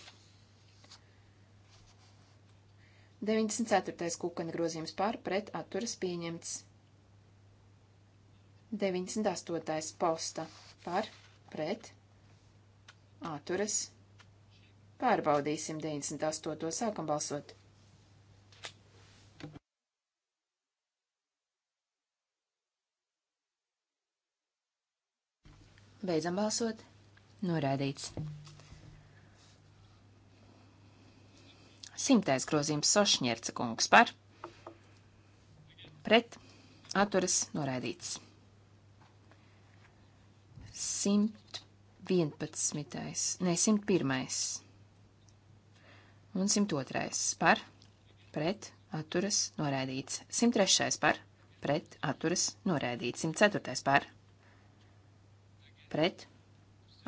94. kukana grozījums par pret atturas pieņemts. 98. posta par pret atturas. Pārbaudīsim 98. sākam balsot. Beidzam balsot. Norādīts. Simtais grozījums Sošņērca kungs par pret atturas noraidīts. 111. Ne, 101. Un 102. par pret atturas noraidīts. 103. par pret atturas noraidīts. 104. par pret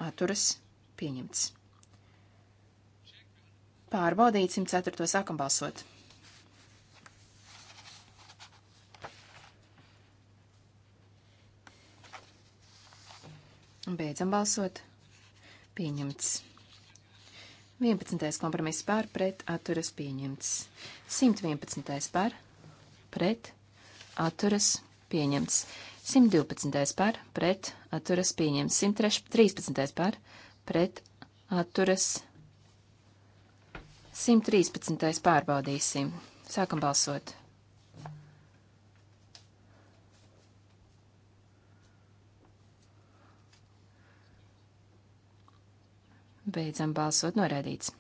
atturas pieņemts. Pārbaudīt 104. sākam balsot. Un beidzam balsot. Pieņemts. 11. kompromiss par pret atturas pieņemts. 111. par pret atturas pieņemts. 112. par pret atturas pieņemts. 113. par pret atturas 113. pārbaudīsim. Sākam balsot. Beidzam balsot noraidīts.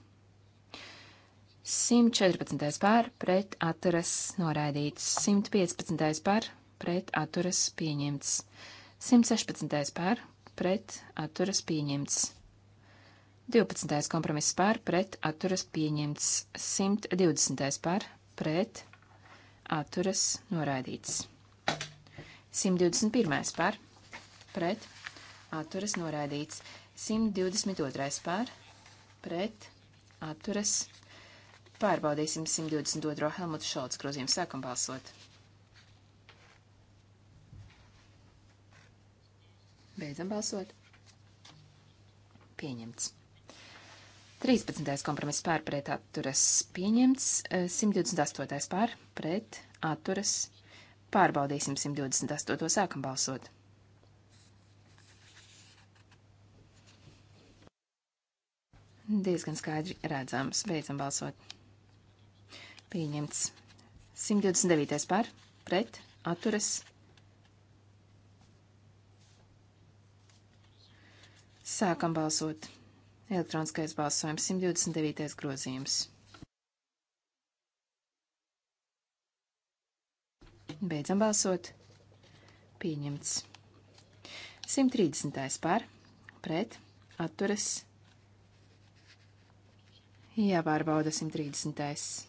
114. pār pret atturas noraidīts. 115. pār pret atturas pieņemts. 116. pār pret atturas pieņemts. 12. kompromiss par, pret, atturas pieņemts. 120. par, pret, atturas noraidīts. 121. par, pret, atturas noraidīts. 122. par, pret, atturas. Pārbaudīsim 122. Helmuta Šalts grozījumu. Sākam balsot. Beidzam balsot. Pieņemts. 13. kompromiss pār pret atturas pieņemts, 128. Eh, pār pret atturas pārbaudīsim 128. sākam balsot. Diezgan skaidri redzams, beidzam balsot. Pieņemts 129. pār pret atturas sākam balsot. Elektroniskais balsojums 129. grozījums. Beidzam balsot. Pieņemts. 130. par, pret, atturas. Jāpārbauda 130.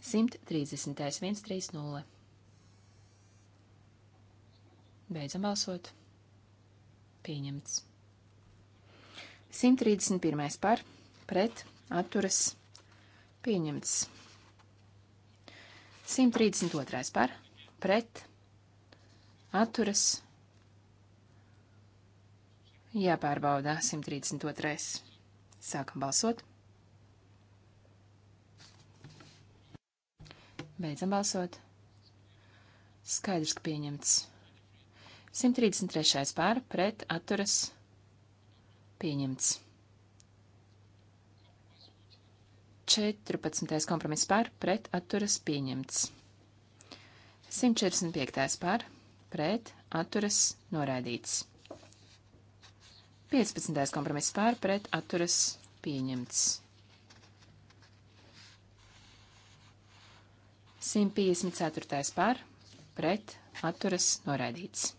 130. 130. Beidzam balsot. Pieņemts. 131. par, pret, atturas, pieņemts. 132. par, pret, atturas, jāpārbauda 132. Sākam balsot. Beidzam balsot. Skaidrs, ka pieņemts. 133. pār pret atturas pieņemts. 14. kompromiss pār pret atturas pieņemts. 145. pār pret atturas noraidīts. 15. kompromiss pār pret atturas pieņemts. 154. pār pret atturas noraidīts.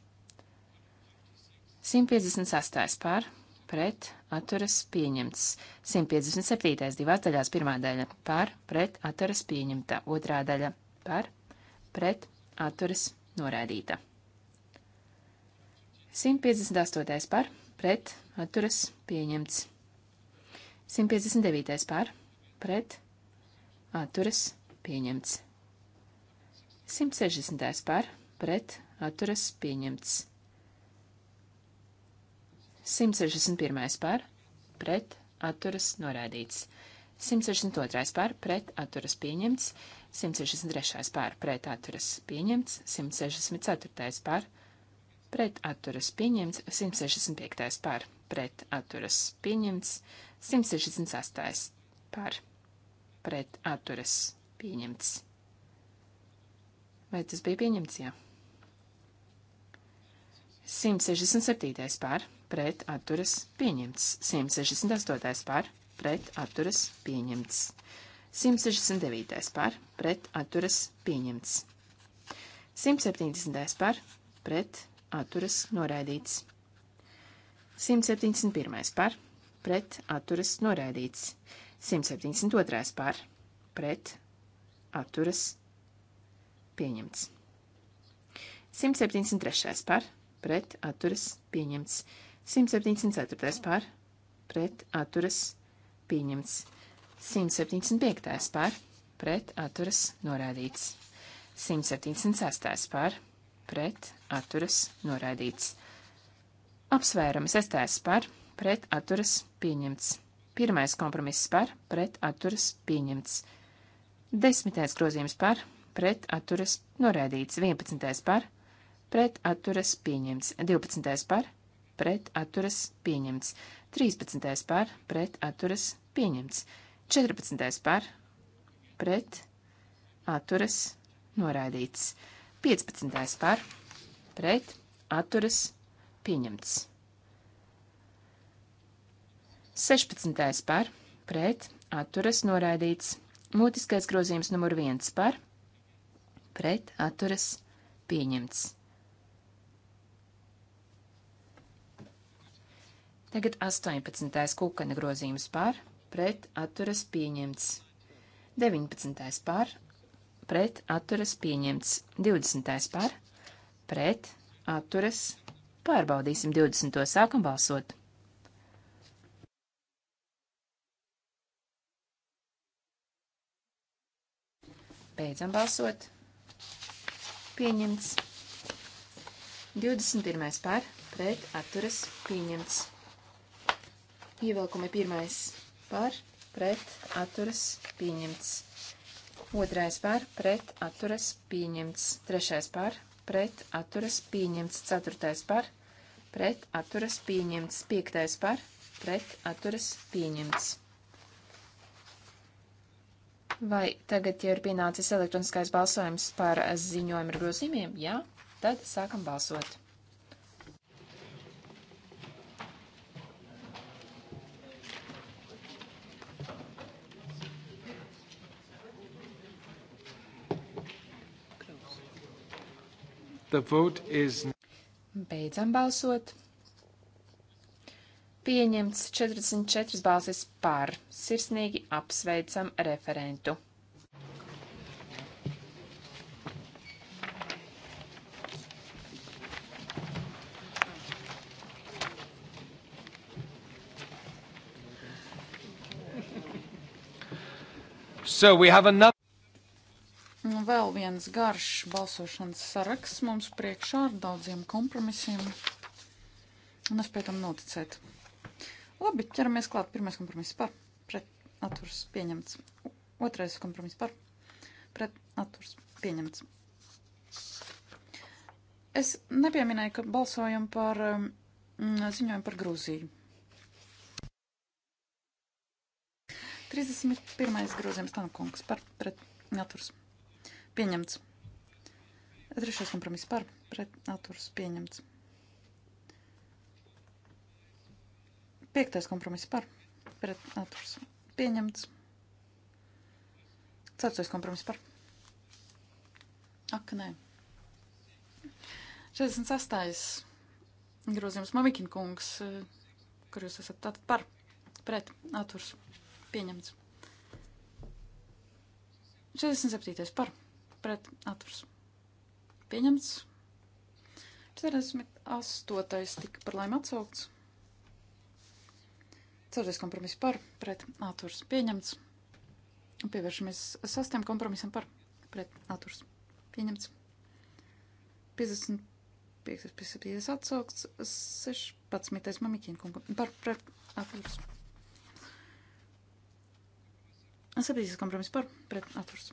158. par, pret, atturas pieņemts. 157. divās daļās pirmā daļa par, pret, atturas pieņemta. Otrā daļa par, pret, atturas norādīta. 158. par, pret, atturas pieņemts. 159. par, pret, atturas pieņemts. 160. par, pret, atturas pieņemts. 161. par, pret, atturas, norādīts. 162. par, pret, atturas, pieņemts. 163. par, pret, atturas, pieņemts. 164. par, pret, atturas, pieņemts. 165. par, pret, atturas, pieņemts. 168. par, pret, atturas, pieņemts. Vai tas bija pieņemts? Jā. 167. par pret atturas pieņemts. 168. par pret atturas pieņemts. 169. par pret atturas pieņemts. 170. par pret atturas noraidīts. 171. par pret atturas noraidīts. 172. par pret atturas pieņemts. 173. par pret atturas pieņemts. 174. par pret atturas pieņemts. 175. par pret atturas norādīts. 176. par pret atturas norādīts. Apsvērums sestais par pret atturas pieņemts. Pirmais kompromiss par pret atturas pieņemts. Desmitais grozījums par pret atturas norādīts. Vienpadsmitais par pret atturas pieņemts. Divpadsmitais par pret atturas pieņemts. 13. par pret atturas pieņemts. 14. par pret atturas noraidīts. 15. par pret atturas pieņemts. 16. par pret atturas noraidīts. Mūtiskais grozījums numur 1 par pret atturas pieņemts. Tagad 18. kukana grozījums par, pret atturas pieņemts. 19. par, pret atturas pieņemts. 20. par, pret atturas. Pārbaudīsim 20. sākam balsot. Beidzam balsot. Pieņemts. 21. par, pret atturas pieņemts. Ievilkumi pirmais par, pret, atturas, pieņemts. Otrais par, pret, atturas, pieņemts. Trešais par, pret, atturas, pieņemts. Ceturtais par, pret, atturas, pieņemts. Piektais par, pret, atturas, pieņemts. Vai tagad jau ir pienācis elektroniskais balsojums par ziņojumu ar grozījumiem? Jā, tad sākam balsot. Is... Beidzam balsot. Pieņemts 44 balsis par. Sirsnīgi apsveicam referentu. So we have another viens garš balsošanas saraksts mums priekšā ar daudziem kompromisiem. Un es pie tam noticēt. Labi, ķeramies klāt. Pirmais kompromiss par. Pret atturs pieņemts. Otrais kompromiss par. Pret atturs pieņemts. Es nepieminēju, ka balsojam par um, ziņojumu par Grūziju. 31. grozījums Tankungs par pret atturs pieņemts Pieņemts. Trešais kompromiss par pret atturas pieņemts. Piektais kompromiss par pret atturas pieņemts. Ceturtais kompromiss par. Ak, nē. 46. grozījums Mavikina kungs, kur jūs esat tātad par, pret, atturs, pieņemts. 47. par, pret atturs pieņemts. 48. tika par laimi atsaukts. 4. kompromiss par pret atturs pieņemts. Pievēršamies sastajam kompromisam par pret atturs pieņemts. 55. 55 atsaukts. 16. mamikīna kungam par pret atturs pieņemts. Sabiedrības kompromiss par pretaturs.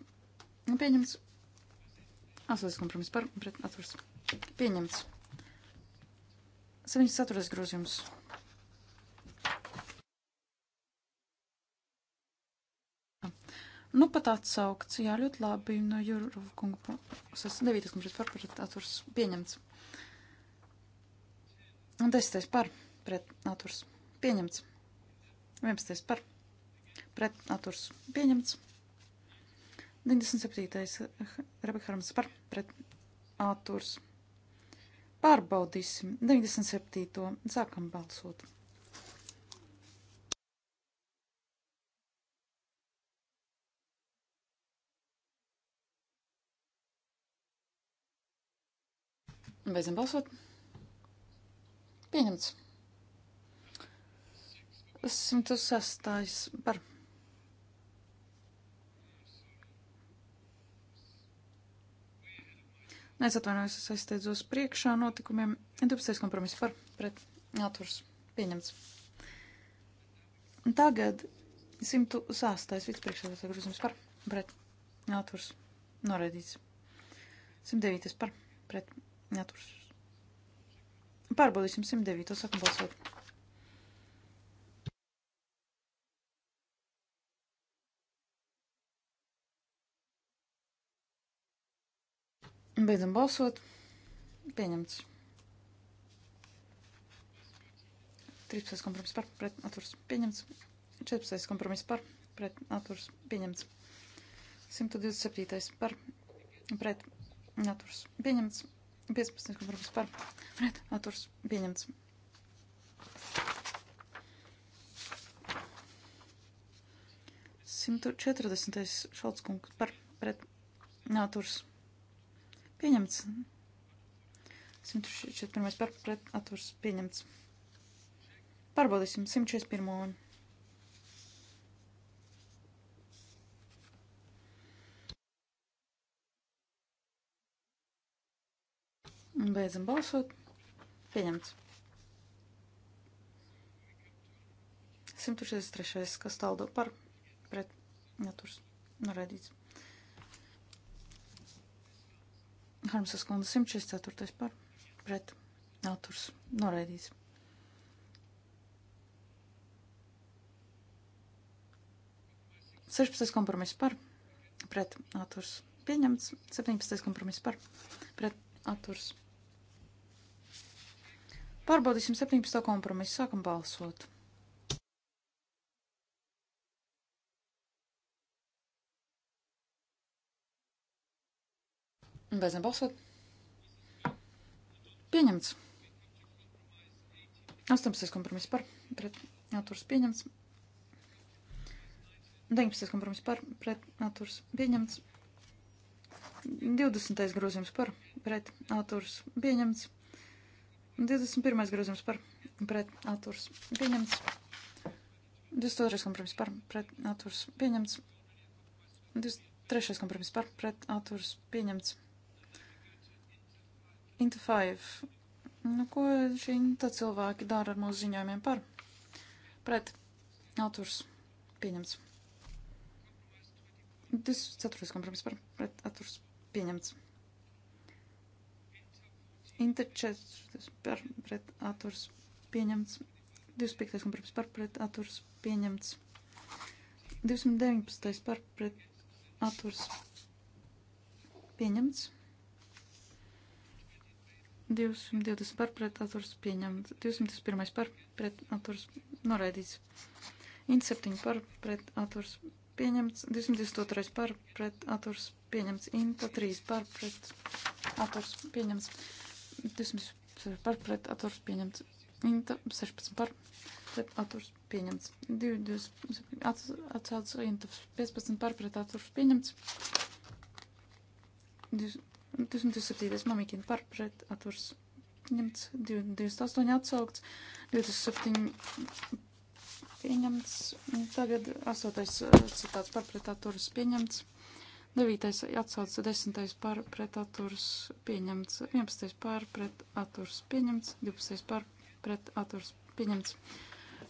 Pieņemts Astoties kompromiss par pret atturs. Pieņemts. 74. grozījums. Nu, pat atsaukts. Jā, ļoti labi. No nu, Jurova kunga. 9. kompromiss par pret atturs. Pieņemts. Un 10. par pret atturs. Pieņemts. 11. par pret atturs. Pieņemts. 97. Rebeka Harms par pret atturs. Pārbaudīsim 97. Sākam balsot. Beidzam balsot. Pieņemts. 106. par Es atvainojos, es aizsteidzos priekšā notikumiem. 12. kompromiss par pret atturs pieņemts. Tagad 106. vicepriekšsēdētāja grozījums par pret atturs noraidīts. 109. par pret atturs. Pārbaudīsim 109. sākam balsot. Beidzam balsot. Pieņemts. 13. kompromiss par pret atturs pieņemts. 14. kompromiss par pret atturs pieņemts. 127. par pret atturs pieņemts. 15. kompromiss par pret atturs pieņemts. Simtu četrdesmitais šalts kungs par pret nāturs pieņemts. Pieņemts. 141. par pret atturs pieņemts. Pārbaudīsim 141. Un beidzam balsot. Pieņemts. 163. kas taldo par pret atturs norādīts. Harmsas kundze 104. par pret autors noraidīts. Sešpadsmit kompromiss par pret autors pieņemts. Septiņpadsmit kompromiss par pret autors. Pārbaudīsim 17. kompromisu. Sākam balsot. Beidzam balsot. Pieņemts. 18. kompromiss par pret atturs pieņemts. 19. kompromiss par pret atturs pieņemts. 20. grozījums par pret atturs pieņemts. 21. grozījums par pret atturs pieņemts. 22. kompromiss par pret atturs pieņemts. 23. kompromiss par pret atturs pieņemts. Inta 5. Nu, ko šī inta cilvēki dara ar mūsu ziņojumiem par? Pret. Autors. Pieņemts. 24. kompromiss par. Pret. Autors. Pieņemts. Inta 4. Par. Pret. Autors. Pieņemts. 25. kompromiss par. Pret. Autors. Pieņemts. 219. par. Pret. Autors. Pieņemts. 220 par pretaturs pieņemts. 201 par pretaturs noraidīts. Int 7 par pretaturs pieņemts. 222 par pretaturs pieņemts. Inta 3 par pretaturs pieņemts. 200 par pretaturs pieņemts. Inta 16 par pretaturs pieņemts. 20 atsācis Inta 15 par pretaturs pieņemts. 20 27. mamikina par pret atturs ņemts, 28 atsaukts, 27 pieņemts, tagad 8. Eh, citāts par pret atturs pieņemts, 9. atsauts, 10. par pret atturs pieņemts, 11. par pret atturs pieņemts, 12. par pret atturs pieņemts.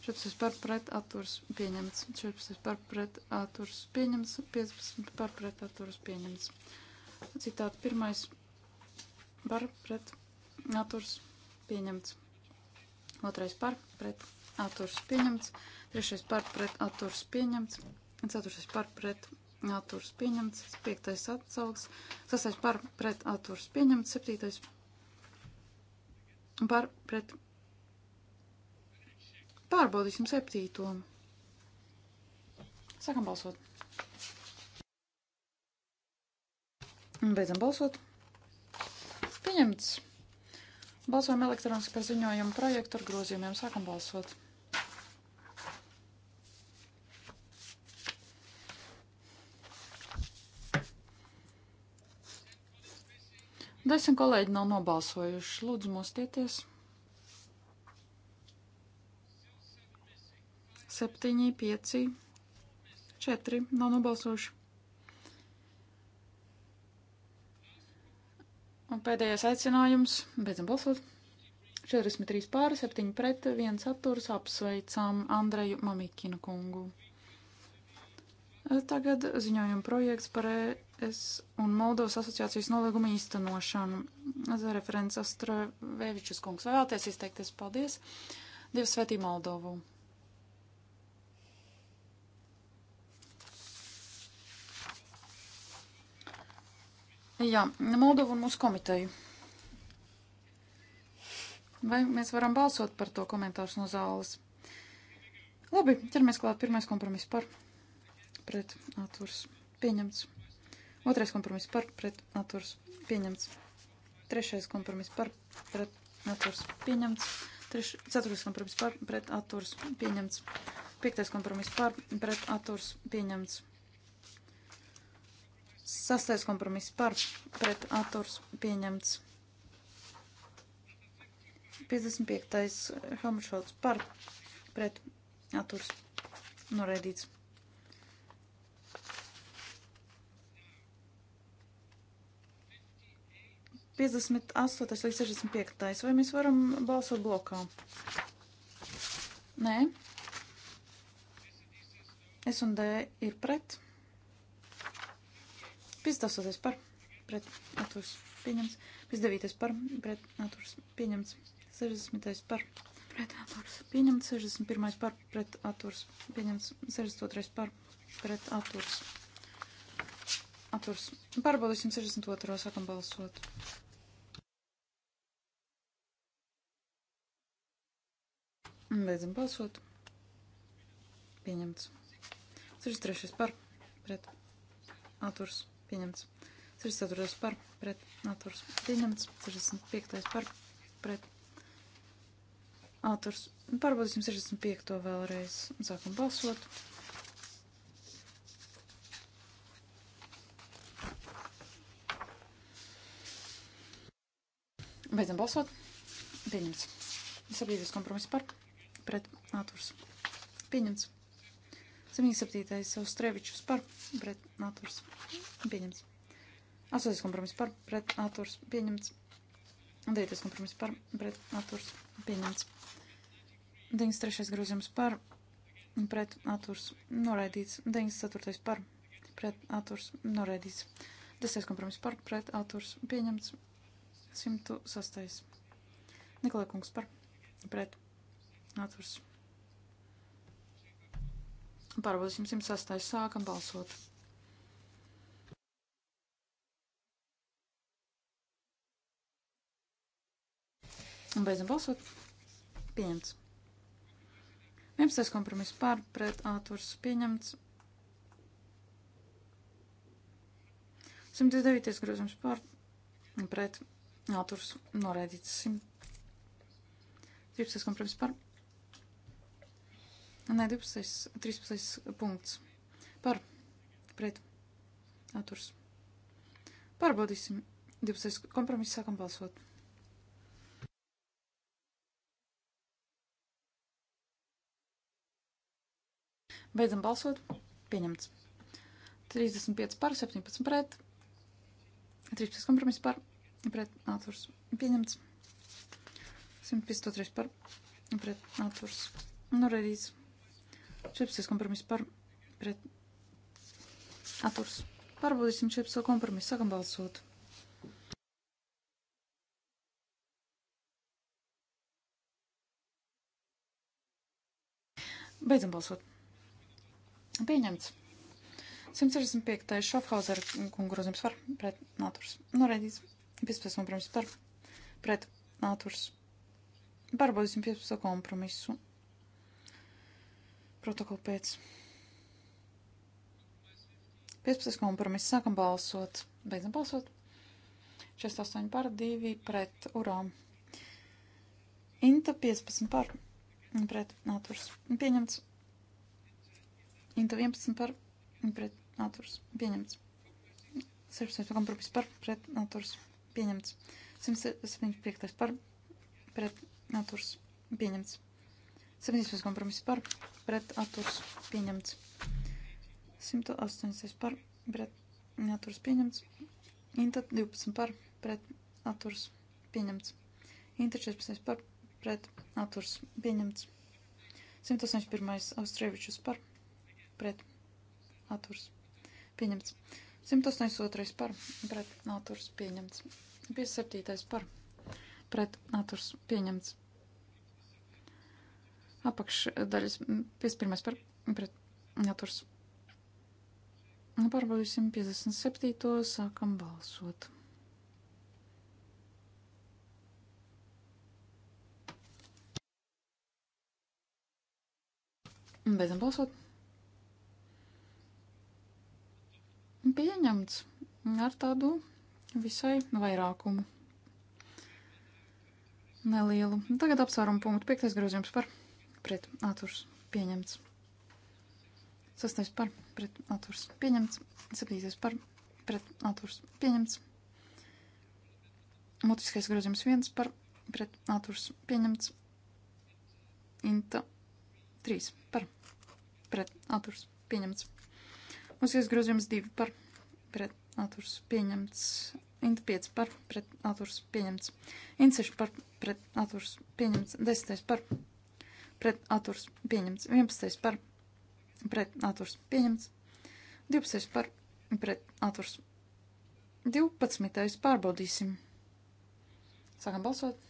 14 par pret atturs pieņemts, 14 par pret atturs pieņemts, 15 par pret atturs pieņemts. Citāti pirmais par pret atturs pieņemts. Otrais par pret atturs pieņemts. Trešais par pret atturs pieņemts. Ceturtais par pret atturs pieņemts. Piektais atsaugs. Sastais par pret atturs pieņemts. Septītais par pret. Pārbaudīsim septīto. Sākam balsot. Beidzam balsot. Pieņemts. Balsojam elektroniski par ziņojumu projektu ar grozījumiem. Sākam balsot. Desmit kolēģi nav nobalsojuši. Lūdzu, mostieties. Septiņi, pieci, četri nav nobalsojuši. Un pēdējais aicinājums. Beidzam balsot. 43 pāri, 7 pret, 1 atturs. Apsveicam Andreju Mamikinu kungu. Tagad ziņojuma projekts par ES un Moldovas asociācijas nolīgumu īstenošanu. Referents Astrovevičus kungs vēlties izteikties. Paldies! Dievs svētī Moldovu! Jā, Moldova un mūsu komiteju. Vai mēs varam balsot par to komentārus no zāles? Labi, ķeramies klāt. Pirmais kompromiss par pret atturs pieņemts. Otrais kompromiss par pret atturs pieņemts. Trešais kompromiss par pret atturs pieņemts. Treš, ceturtais kompromiss par pret atturs pieņemts. Piektais kompromiss par pret atturs pieņemts. Sastais kompromiss par pret atturs pieņemts. 55. Helmšots par pret atturs noraidīts. Piecdesmit astotais līdz sešdesmit piektais. Vai mēs varam balsot blokā? Nē. S un D ir pret. 58. par pret atturs pieņemts. 59. par pret atturs pieņemts. 60. par pret atturs pieņemts. 61. par pret atturs pieņemts. 62. par pret atturs. Atturs. Pārbaudīsim 62. sākam balsot. Beidzam balsot. Pieņemts. 63. par pret atturs pieņemts. 64. par pret atturs pieņemts. 65. par pret atturs. Pārbaudīsim 65. vēlreiz. Sākam balsot. Beidzam balsot. Pieņemts. Sabiedrības kompromiss par pret atturs. Pieņemts. 77. Austrevičus par pret naturs pieņemts. 8. kompromiss par pret naturs pieņemts. 9. kompromiss par pret naturs pieņemts. 93. grozījums par pret naturs noraidīts. 94. par pret naturs noraidīts. 10. kompromiss par pret naturs pieņemts. 106. Nikolai kungs par pret naturs pieņemts. Pārbaudīsim 106. Sākam balsot. Un beidzam balsot. Pieņemts. 11. kompromiss pār pret ātvars pieņemts. 109. grozījums pār pret ātvars noraidīts. 12. kompromiss pār pret Nē, 12. 13. punkts. Par. Pret. Atturs. Pārbaudīsim. 12. kompromiss sākam balsot. Beidzam balsot. Pieņemts. 35 par, 17 pret. 13 kompromiss par. Pret. Atturs. Pieņemts. 153 par. Pret. Atturs. Norēdīts. 14. kompromiss par pret atturs. Pārbaudīsim 14. kompromisu. Sākam balsot. Beidzam balsot. Pieņemts. 165. Šofhauser kungu grozījums par pret naturs. Noraidīts. 15. kompromiss par pret naturs. Pārbaudīsim 15. kompromisu protokola pēc. 15. kompromiss. Sākam balsot. Beidzam balsot. 68 par 2 pret urām. Inta 15 par pret naturs. Pieņemts. Inta 11 par pret naturs. Pieņemts. 16. kompromiss par pret naturs. Pieņemts. 175 par pret naturs. Pieņemts. 17. kompromiss par pret atturs pieņemts. 180. par pret atturs pieņemts. Inta 12 par pret atturs pieņemts. Inta 14 par pret atturs pieņemts. 181. Austrievičus par pret atturs pieņemts. 182. par pret atturs pieņemts. 57. par pret atturs pieņemts apakšdaļas 51. par pret naturs. Nu, pārbaudīsim 57. sākam balsot. Beidzam balsot. Pieņemts ar tādu visai vairākumu. Nelielu. Tagad apsvērumu punktu. Piektais grozījums par pret atturs pieņemts. Sastais par pret atturs pieņemts. Septītais par pret atturs pieņemts. Mutiskais grozījums viens par pret atturs pieņemts. Inta trīs par pret atturs pieņemts. Mutiskais grozījums divi par pret atturs pieņemts. Inta 5 par pret atturs pieņemts. Inta 6 par pret atturs pieņemts. Desmitais par pret pret atturs pieņemts. 11. par pret atturs pieņemts. 12. par pret atturs. 12. pārbaudīsim. Sākam balsot.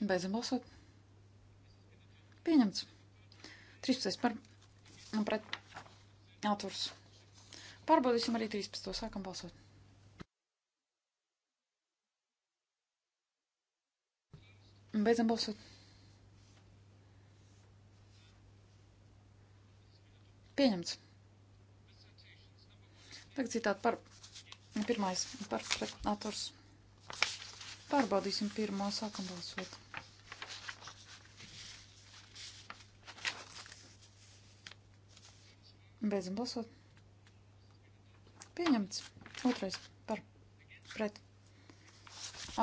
Beidzam balsot. Pieņemts. 13. par pret atturs. Pārbaudīsim arī 13. Sākam balsot. Beidzam balsot. Pieņemts. Tagad citādi par pirmais, par pretnators. Pārbaudīsim pirmo, sākam balsot. Beidzam balsot. Pieņemts. Otrais par pret.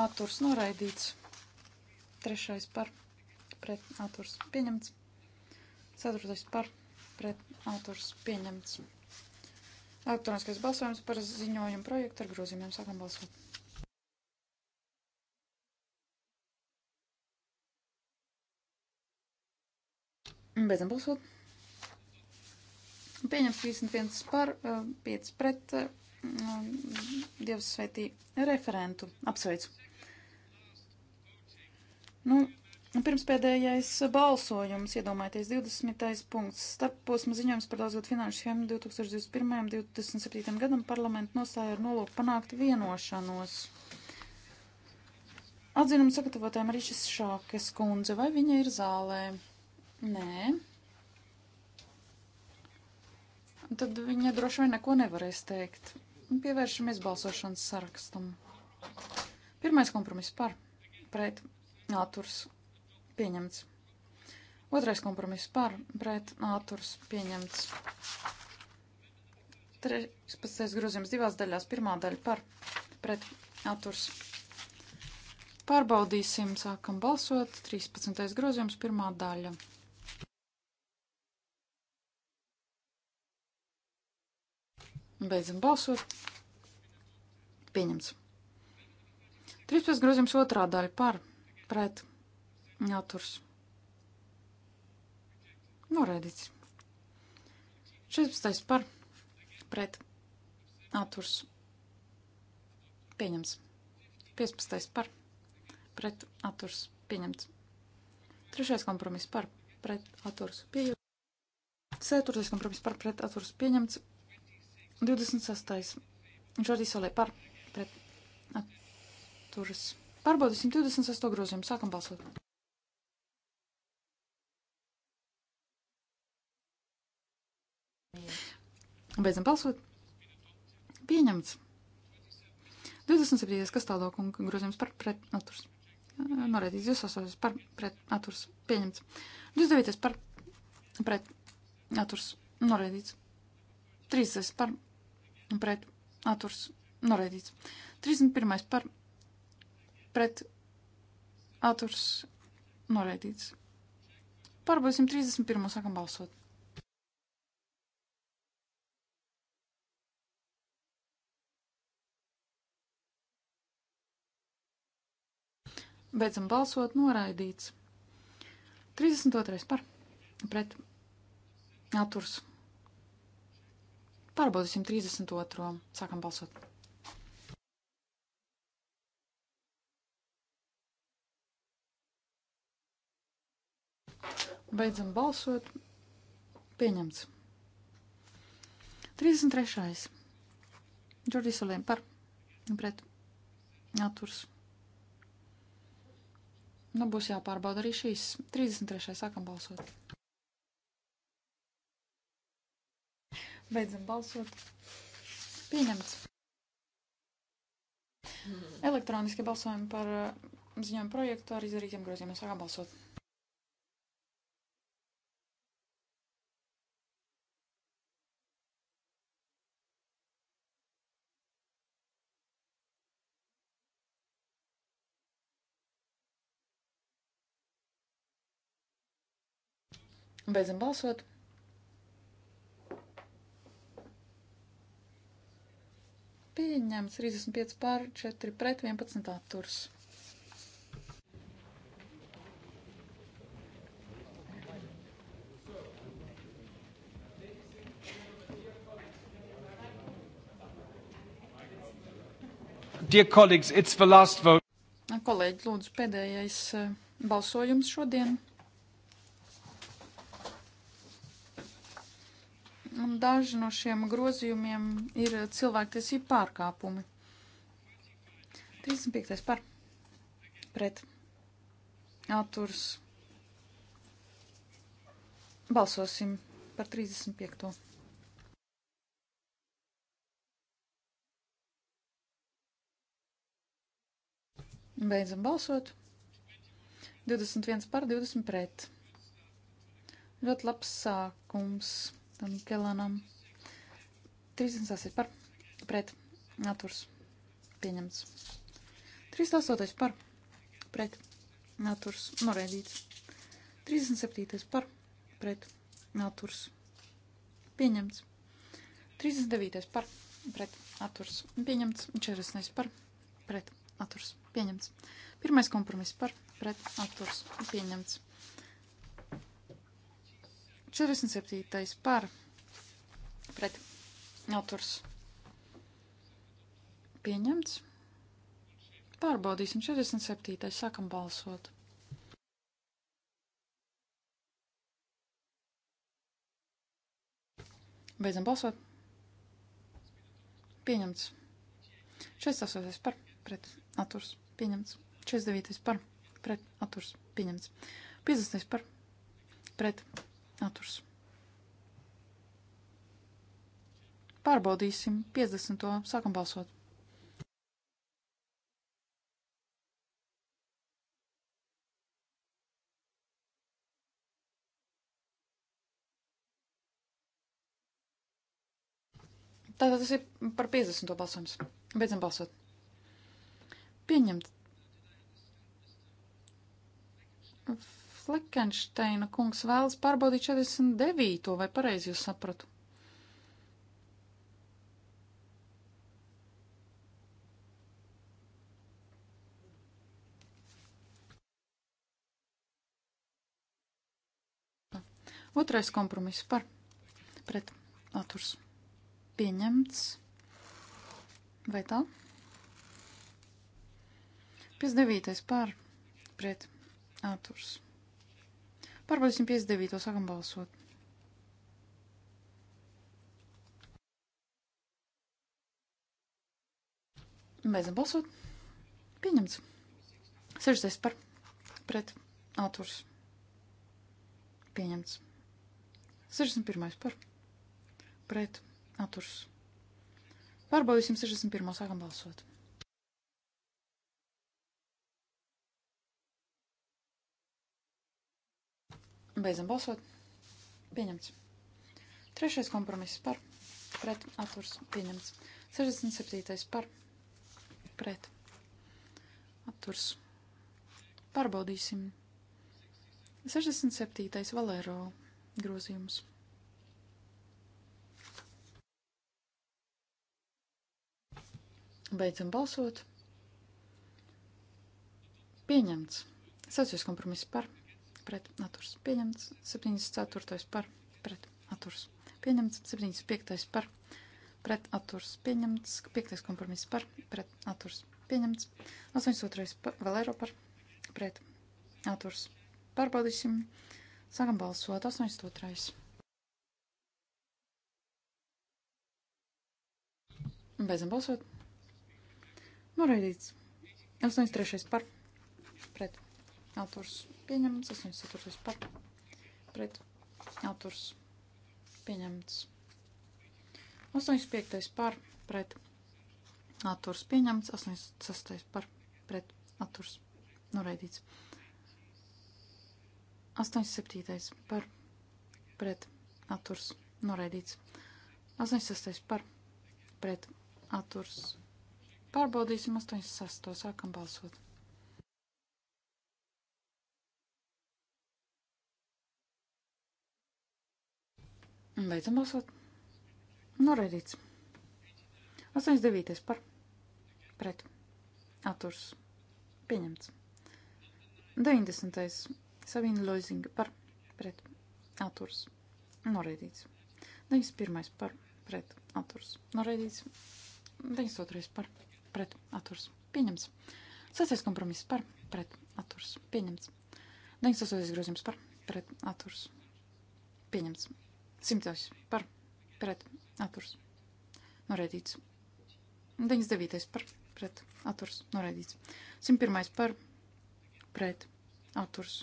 Atturs noraidīts. Trešais par pret autors pieņemts. Ceturtais par pret autors pieņemts. Elektroniskais balsojums par ziņojumu projektu ar grozījumiem. Sākam balsot. Beidzam balsot. Pieņemts 31 par, 5 eh, pret, eh, Dievs sveitī referentu. Apsveicu. Nu, Pirms pēdējais balsojums, iedomājieties, 20. punkts. Starposma ziņojums par daudzgad finanšu schēmu 2021. un 2027. gadam parlamentu nostāja ar nolūku panākt vienošanos. Atzinumu sagatavotājiem arī šis šākes kundze, vai viņa ir zālē? Nē. Tad viņa droši vien neko nevarēs teikt. Pievēršamies balsošanas sarakstam. Pirmais kompromiss par pret atturs pieņemts. Otrais kompromiss par pret atturs pieņemts. 13. grozījums divās daļās. Pirmā daļa par pret atturs. Pārbaudīsim, sākam balsot. 13. grozījums pirmā daļa. Beidzam balsot. Pieņemts. 13. grozījums otrā daļa par pret pret atturs norēdīts. 16. par pret atturs pieņems. 15. par pret atturs pieņemts. 3. kompromiss par pret atturs pieņemts. 4. kompromiss par pret atturs pieņemts. 26. Jordi Solē par pret atturas pieņemts. Pārbaudīsim 26. grozījumu. Sākam balsot. Beidzam balsot. Pieņemts. 27. kas tālāk un grozījums par pretnaturs. Norēdīts 28. par pretnaturs. Pieņemts. 29. par pretnaturs. Norēdīts. 30. par pretnaturs. Norēdīts. 31. par pretnaturs pret atturs noraidīts. Pārbaudīsim 31. sākam balsot. Beidzam balsot, noraidīts. 32. par pret atturs. Pārbaudīsim 32. sākam balsot. Beidzam balsot. Pieņemts. 33. Džordijs Olēm par un pret atturs. Nu, būs jāpārbauda arī šīs. 33. sākam balsot. Beidzam balsot. Pieņemts. Elektroniski balsojumi par uh, ziņojumu projektu ar izdarītiem grozījumiem. Sākam balsot. Beidzam balsot. Pieņemts 35 pār 4 pret 11 atturs. Dear colleagues, it's the last vote. Kolēģi, lūdzu, pēdējais eh, balsojums šodien. daži no šiem grozījumiem ir cilvēktiesība pārkāpumi. 35. par pret atturs. Balsosim par 35. Beidzam balsot. 21 par 20 pret. Ļoti labs sākums un Kelanam. 36 par pret naturs pieņemts. 38 par pret naturs noraidīts. 37 par pret naturs pieņemts. 39 par pret naturs pieņemts. 40 par pret naturs pieņemts. Pirmais kompromiss par pret naturs pieņemts. 47. par pret autors pieņemts. Pārbaudīsim 47. sākam balsot. Beidzam balsot. Pieņemts. 48. par pret atturs. Pieņemts. 49. par pret atturs. Pieņemts. 50. par pret atturs Naturs. Pārbaudīsim 50. Sākam balsot. Tātad tas ir par 50. balsojums. Beidzam balsot. Pieņemt. Flekensteina kungs vēlas pārbaudīt 49. vai pareizi jūs sapratu? Otrais kompromiss par pret atturs pieņemts. Vai tā? 59. par pret atturs Pārbaudīsim 59. Sākam balsot. Beidzam balsot. Pieņemts. 60 par pret autors. Pieņemts. 61 par pret autors. Pārbaudīsim 61. Sākam balsot. Beidzam balsot. Pieņemts. Trešais kompromiss par pret atturs pieņemts. 67. par pret atturs. Pārbaudīsim. 67. Valēro grozījums. Beidzam balsot. Pieņemts. Sācies kompromiss par pret pret atturs pieņemts, 74. par pret atturs pieņemts, 75. par pret atturs pieņemts, 5. kompromiss par pret atturs pieņemts, 82. vēl eiro par pret atturs. Pārbaudīsim, sākam balsot, 82. Beidzam balsot. Noraidīts. 83. par pret autors Pieņemts 84. par pret autors. Pieņemts 85. par pret autors. Pieņemts 86. par pret autors. Noraidīts. 87. par pret autors. Noraidīts. 86. par pret autors. Pārbaudīsim 86. sākam balsot. Beidzam balsot. Noraidīts. 89. par. Pret. Atturs. Pieņemts. 90. Savīna Loizinga par. Pret. Atturs. Noraidīts. 91. par. Pret. Atturs. Noraidīts. 92. par. Pret. Atturs. Pieņemts. 6. kompromiss par. Pret. Atturs. Pieņemts. 98. grozījums par. Pret. Atturs. Pieņemts. Simtais par pret atturs noraidīts. 99. par pret atturs noraidīts. 101. par pret atturs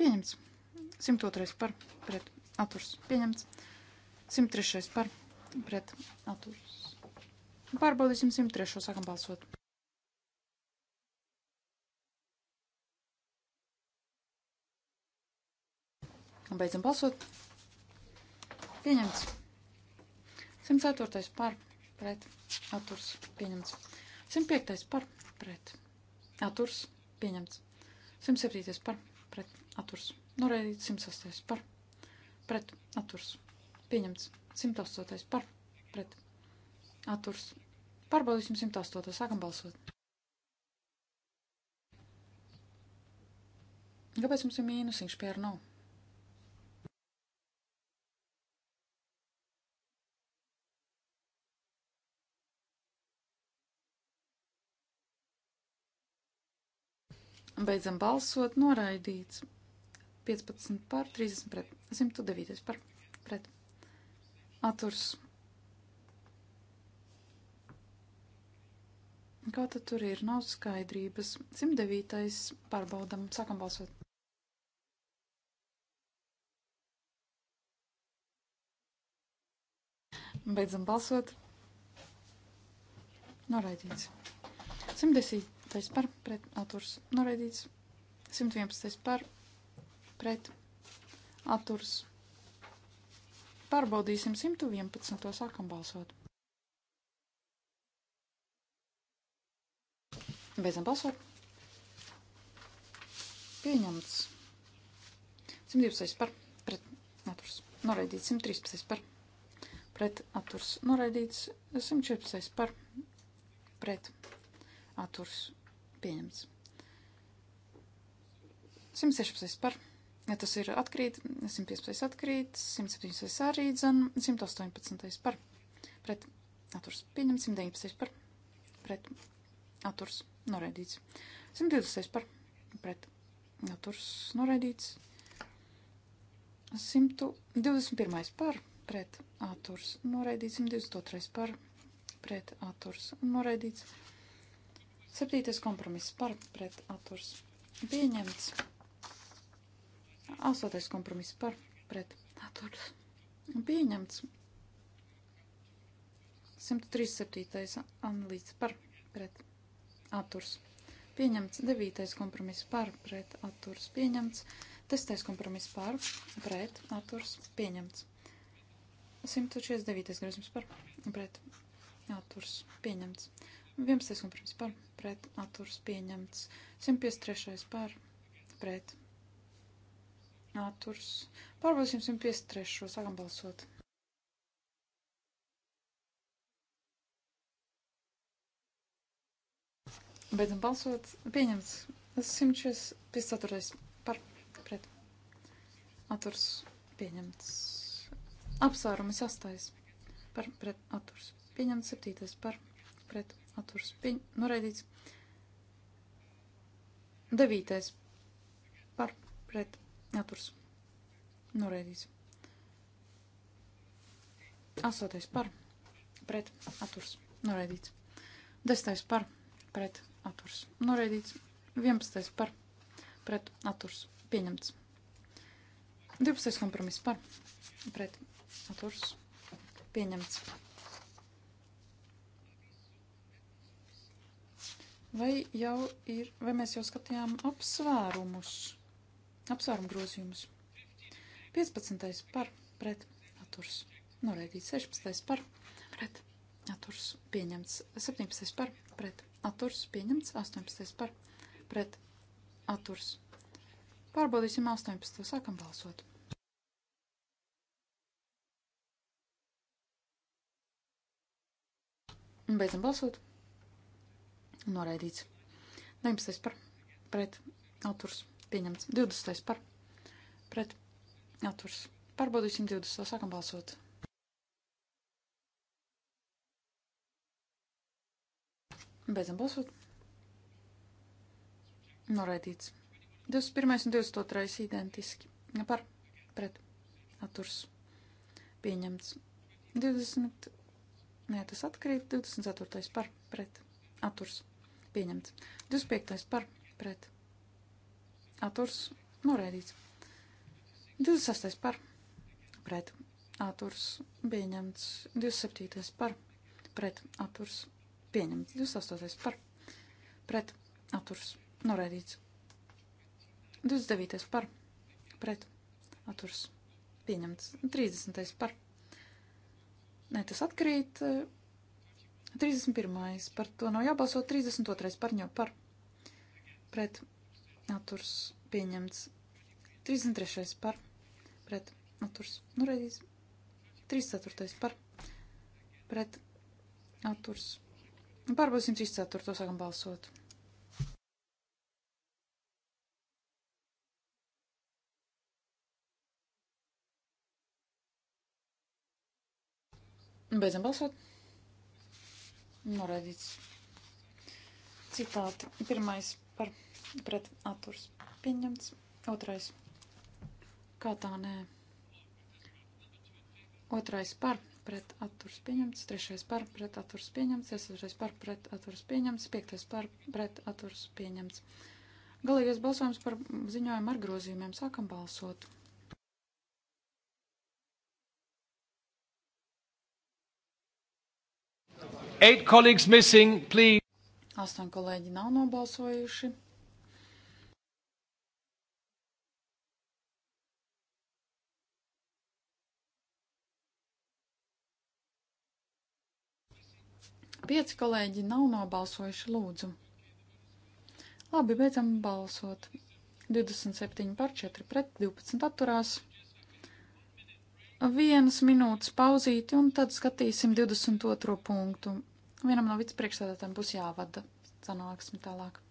pieņemts. 102. par pret atturs pieņemts. 103. par pret atturs. Pārbaudīsim 103. sākam balsot. Beidzam balsot. Pieņemts. 104. par pret atturs pieņemts. 105. par pret atturs pieņemts. 107. par pret atturs. Noraidīts 108. par pret atturs pieņemts. 108. par pret atturs. Pārbaudīsim 108. sākam balsot. Kāpēc mums ir mīnusiņš pie ar nav? Beidzam balsot, noraidīts. 15 pār 30 pret. 109 par pret. Atturs. Kā tad tur ir? Nav skaidrības. 109. pārbaudam. Sākam balsot. Beidzam balsot. Noraidīts. 110. 111. par pret atturs noraidīts. 111. par pret atturs. Pārbaudīsim 111. sākam balsot. Beidzam balsot. Pieņemts. 112 par pret atturs. Noraidīts 113 par pret atturs. Noraidīts 114 par pret atturs. Pieņemts. 116 par. Ja tas ir atkrīt, 115 atkrīt, 117 arī dzen, 118 par. Pret atturs. Pieņemts 119 par. Pret atturs. Noraidīts. 120 par. Pret atturs. Noraidīts. 121 par. Pret atturs. Noraidīts. 122 par. Pret atturs. Noraidīts. Septītais kompromiss par pret atturs pieņemts. Astotais kompromiss par pret atturs pieņemts. 137. analīts par pret atturs pieņemts. 9. kompromiss par pret atturs pieņemts. 10. kompromiss par pret atturs pieņemts. 149. grozījums par pret atturs pieņemts. 11. kompromiss par pret atturs pieņemts. 153. par pret atturs. Pārbaudīsim 153. Sākam balsot. Beidzam balsot. Pieņemts. 154. par pret atturs pieņemts. Apsvērums 8. par pret atturs. Pieņemts 7. par pret atturs pieņ... noraidīts. Devītais par pret atturs noraidīts. Astotais par pret atturs noraidīts. Desmitais par pret atturs noraidīts. Vienpadsmitais par pret atturs pieņemts. 12. kompromiss par pret atturs pieņemts. Vai jau ir, vai mēs jau skatījām apsvērumus, apsvērumu grozījumus? 15. par pret atturs. Noraidīts 16. par pret atturs. Pieņemts 17. par pret atturs. Pieņemts 18. par pret atturs. Pārbaudīsim 18. Sākam balsot. Beidzam balsot noraidīts. 19. par pret autors pieņemts. 20. par pret autors. Pārbaudīsim 20. sākam balsot. Beidzam balsot. Noraidīts. 21. un 22. identiski. Par pret atturs pieņemts. 20. Nē, tas atkrīt. 24. par pret atturs pieņemts Pieņemts. 25. par pret. Atturs norēdīts. 26. par pret. Atturs pieņemts. 27. par pret. Atturs pieņemts. 28. par pret. Atturs norēdīts. 29. par pret. Atturs pieņemts. 30. par. Nē, tas atkrīt. 31. Par to nav jābalso. 32. Parņo par. Pret. Atturs pieņemts. 33. Par. Pret. Atturs. Nu redzīsim. 34. par pret atturs. Pārbausim 34. sākam balsot. Beidzam balsot. Noraidīts. Citāti. Pirmais par pret atturs pieņemts. Otrais. Kā tā nē? Otrais par pret atturs pieņemts. Trešais par pret atturs pieņemts. Ceturtais par pret atturs pieņemts. Piektais par pret atturs pieņemts. Galīgais balsojums par ziņojumu ar grozījumiem. Sākam balsot. Eight colleagues missing, please. Astoņi kolēģi nav nobalsojuši. Pieci kolēģi nav nobalsojuši, lūdzu. Labi, beidzam balsot. 27 par 4 pret 12 atturās vienas minūtes pauzīti un tad skatīsim 22. punktu. Vienam no vicepriekšstādātājiem būs jāvada sanāksme tālāk.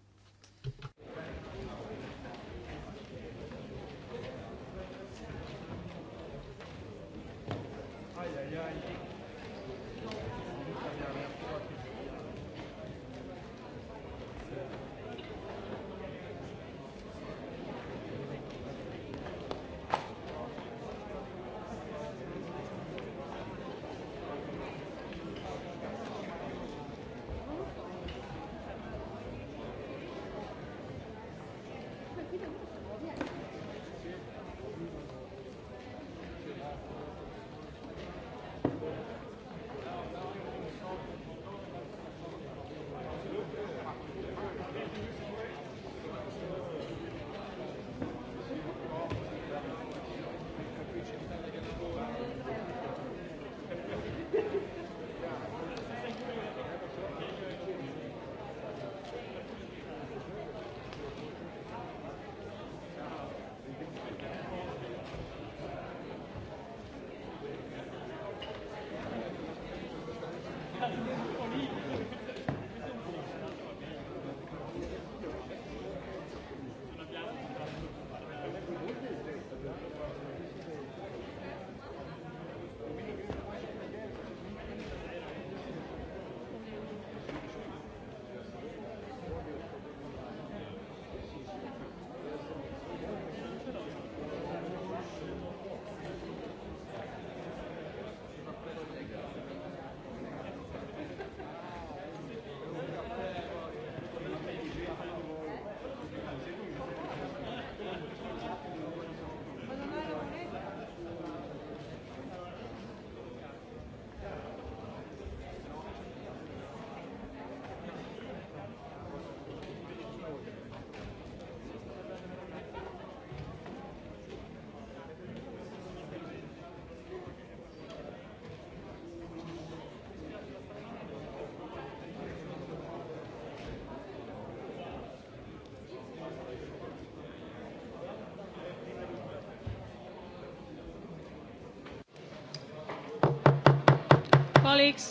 colleagues,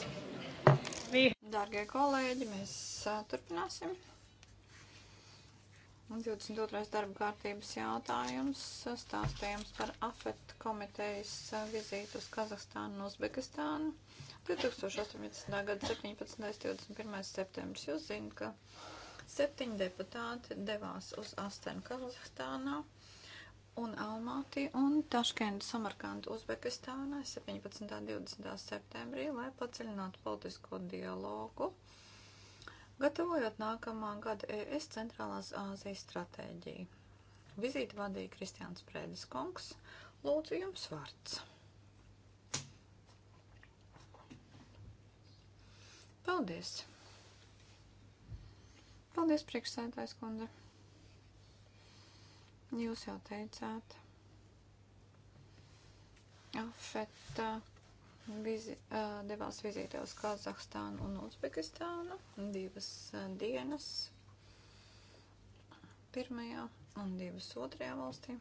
we... Dārgie kolēģi, mēs uh, turpināsim. 22. darba kārtības jautājums stāstījums par AFET komitejas vizīti uz Kazahstānu un Uzbekistānu 2018. gada 17. 21. septembris. Jūs zināt, ka septiņi deputāti devās uz Astenu Kazahstānā. Uh, un Almāti un Taškendu Samarkandu Uzbekistānā 17. un 20. septembrī, lai paceļinātu politisko dialogu, gatavojot nākamā gada ES centrālās Āzijas stratēģiju. Vizīti vadīja Kristiāns Prēdes kungs. Lūdzu, jums vārds. Paldies! Paldies, priekšsēdājs kundze! Jūs jau teicāt, Afet vizi, devās vizītē uz Kazahstānu un Uzbekistānu divas dienas pirmajā un divas otrajā valstī.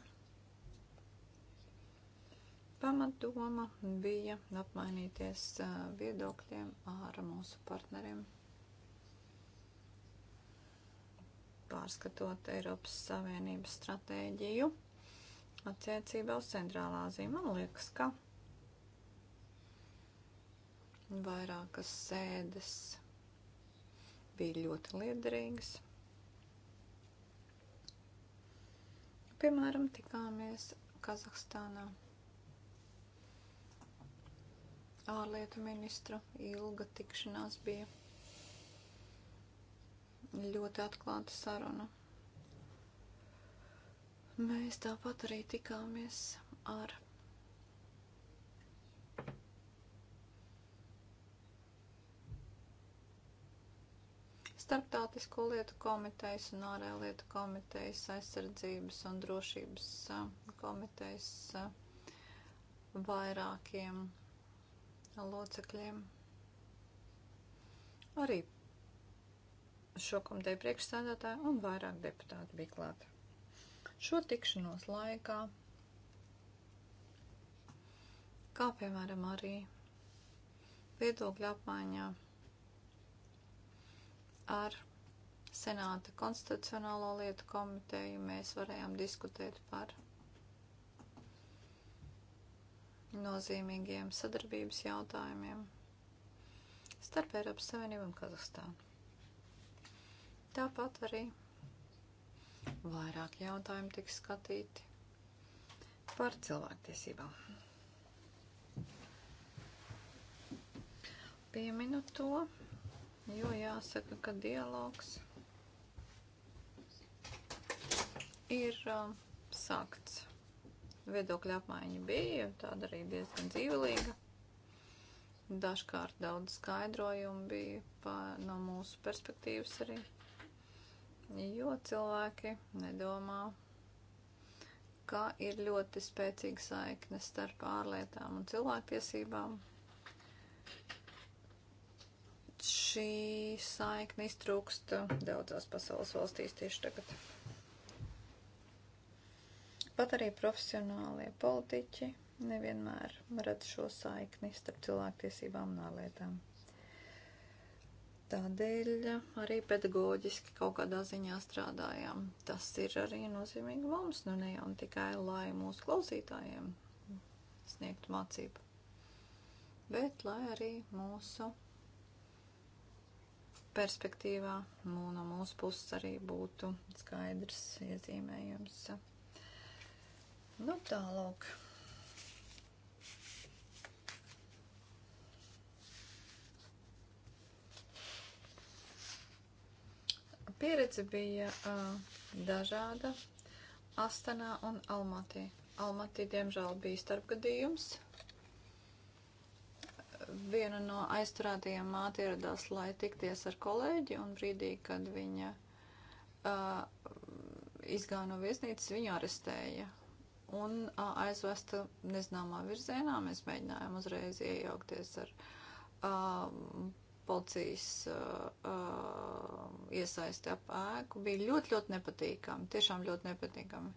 Pamatdoma bija apmainīties viedokļiem ar mūsu partneriem. pārskatot Eiropas Savienības stratēģiju attiecībā uz Centrālā Aziju. Man liekas, ka vairākas sēdes bija ļoti liederīgas. Piemēram, tikāmies Kazahstānā ārlietu ministru ilga tikšanās bija ļoti atklāta saruna. Mēs tāpat arī tikāmies ar Starptautisko lietu komitejas un ārēju lietu komitejas aizsardzības un drošības komitejas vairākiem locekļiem. Arī šo komiteju priekšsēdētāju un vairāk deputāti bija klāt. Šo tikšanos laikā, kā piemēram arī viedokļa apmaiņā ar Senāta konstitucionālo lietu komiteju, mēs varējām diskutēt par nozīmīgiem sadarbības jautājumiem starp Eiropas Savienību un Kazahstānu. Tāpat arī vairāk jautājumu tiks skatīti par cilvēktiesībām. Pieminu to, jo jāsaka, ka dialogs ir uh, sākts. Viedokļa apmaiņa bija tāda arī diezgan dzīvelīga. Dažkārt daudz skaidrojumu bija pa, no mūsu perspektīvas arī jo cilvēki nedomā, ka ir ļoti spēcīga saikne starp ārlietām un cilvēktiesībām. Šī saikne iztrūkst daudzās pasaules valstīs tieši tagad. Pat arī profesionālie politiķi nevienmēr redz šo saikni starp cilvēktiesībām un ārlietām. Tādēļ arī pedagoģiski kaut kādā ziņā strādājām. Tas ir arī nozīmīgi mums, nu ne jau tikai, lai mūsu klausītājiem sniegtu mācību, bet lai arī mūsu perspektīvā mū, nu, no mūsu puses arī būtu skaidrs iezīmējums. Nu tālāk. Pieredze bija uh, dažāda Astanā un Almatī. Almatī, diemžēl, bija starpgadījums. Viena no aizturētajiem māte ieradās, lai tikties ar kolēģi, un brīdī, kad viņa uh, izgāja no viesnīcas, viņu arestēja un uh, aizvesta nezināmā virzienā. Mēs mēģinājām uzreiz iejaukties ar uh, policijas uh, uh, iesaisti ap ēku bija ļoti, ļoti nepatīkami. Tiešām ļoti nepatīkami.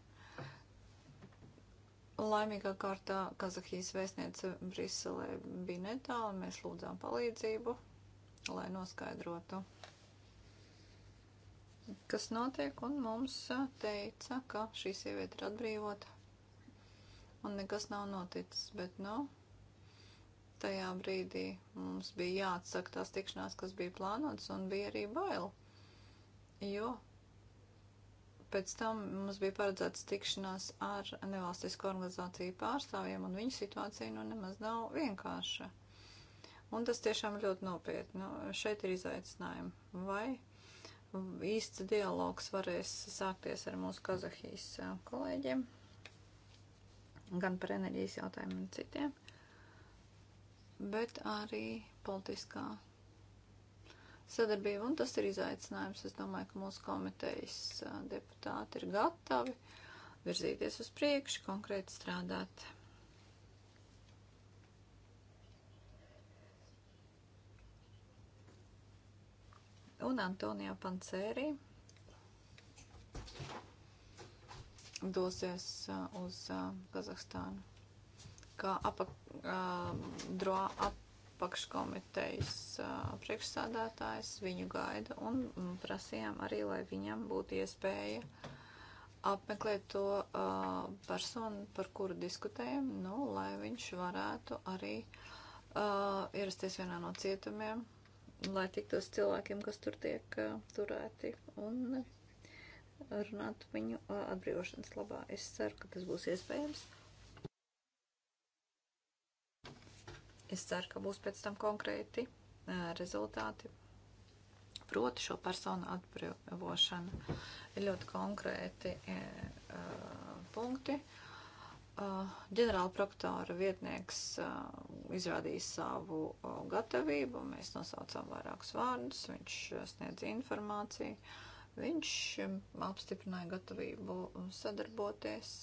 Laimīgā kārtā Kazahijas vēstniece Briselē bija netālu, mēs lūdzām palīdzību, lai noskaidrotu, kas notiek, un mums uh, teica, ka šī sieviete ir atbrīvota, un nekas nav noticis, bet, nu, no, tajā brīdī mums bija jāatsaka tās tikšanās, kas bija plānotas, un bija arī bail. Jo pēc tam mums bija paredzēts tikšanās ar nevalstisko organizāciju pārstāvjiem, un viņu situācija nu nemaz nav vienkārša. Un tas tiešām ļoti nopietni. Nu, šeit ir izaicinājumi. Vai īsts dialogs varēs sākties ar mūsu Kazahijas kolēģiem, gan par enerģijas jautājumiem un citiem? bet arī politiskā sadarbība, un tas ir izaicinājums. Es domāju, ka mūsu komitejas deputāti ir gatavi virzīties uz priekšu, konkrēti strādāt. Un Antonija Pancēri dosies uz Kazahstānu kā apak, uh, dro apakškomitejas uh, priekšsādātājs viņu gaida un mm, prasījām arī, lai viņam būtu iespēja apmeklēt to uh, personu, par kuru diskutējam, nu, lai viņš varētu arī uh, ierasties vienā no cietumiem, lai tiktos cilvēkiem, kas tur tiek uh, turēti un runātu viņu uh, atbrīvošanas labā. Es ceru, ka tas būs iespējams. Es ceru, ka būs pēc tam konkrēti rezultāti. Proti šo personu atbrīvošana ir ļoti konkrēti punkti. Ģenerāla proktora vietnieks izrādīja savu gatavību, mēs nosaucām vairākus vārdus, viņš sniedz informāciju, viņš apstiprināja gatavību sadarboties,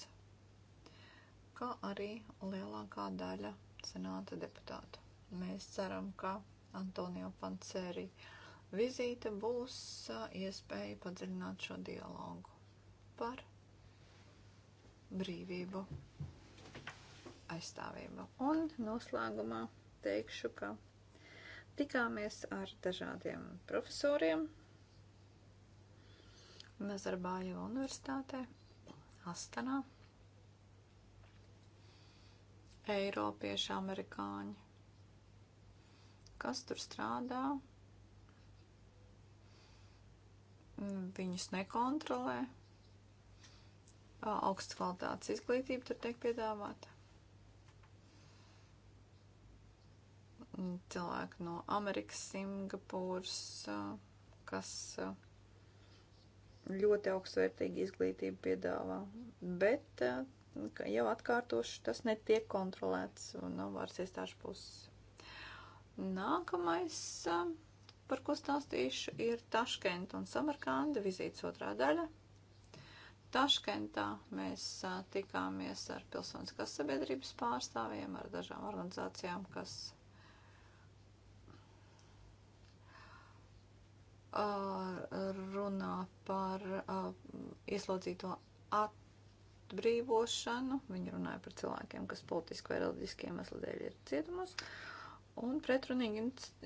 kā arī lielākā daļa senāta deputātu. Mēs ceram, ka Antonio Panceri vizīte būs iespēja padziļināt šo dialogu par brīvību, aizstāvību. Un noslēgumā teikšu, ka tikāmies ar dažādiem profesoriem Nazarbāju universitātē, Astanā. Eiropieši, amerikāņi. Kas tur strādā? Mm, viņus nekontrolē. Augsts kvalitātes izglītība tur tiek piedāvāta. Mm, cilvēki no Amerikas, Singapūras, kas ļoti augstvērtīgu izglītību piedāvā, bet Nu, ka jau atkārtoši tas netiek kontrolēts un nav vairs iestāžu puses. Nākamais, um, par ko stāstīšu, ir Taškenta un Samarkanda vizītes otrā daļa. Taškentā mēs uh, tikāmies ar pilsoniskās sabiedrības pārstāvjiem, ar dažām organizācijām, kas uh, runā par uh, ieslodzīto attīstību atbrīvošanu. Viņi runāja par cilvēkiem, kas politiski vai reliģiski iemesli dēļ ir cietumos. Un pretrunīgi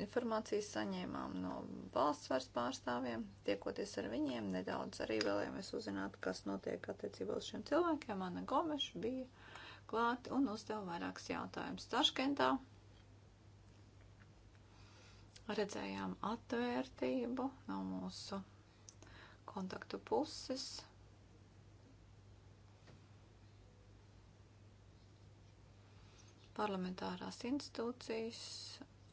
informācijas saņēmām no valsts varas pārstāvjiem, tiekoties ar viņiem, nedaudz arī vēlējāmies uzzināt, kas notiek attiecībā uz šiem cilvēkiem. Anna Gomeša bija klāt un uzdeva vairākas jautājumus Taškentā. Redzējām atvērtību no mūsu kontaktu puses parlamentārās institūcijas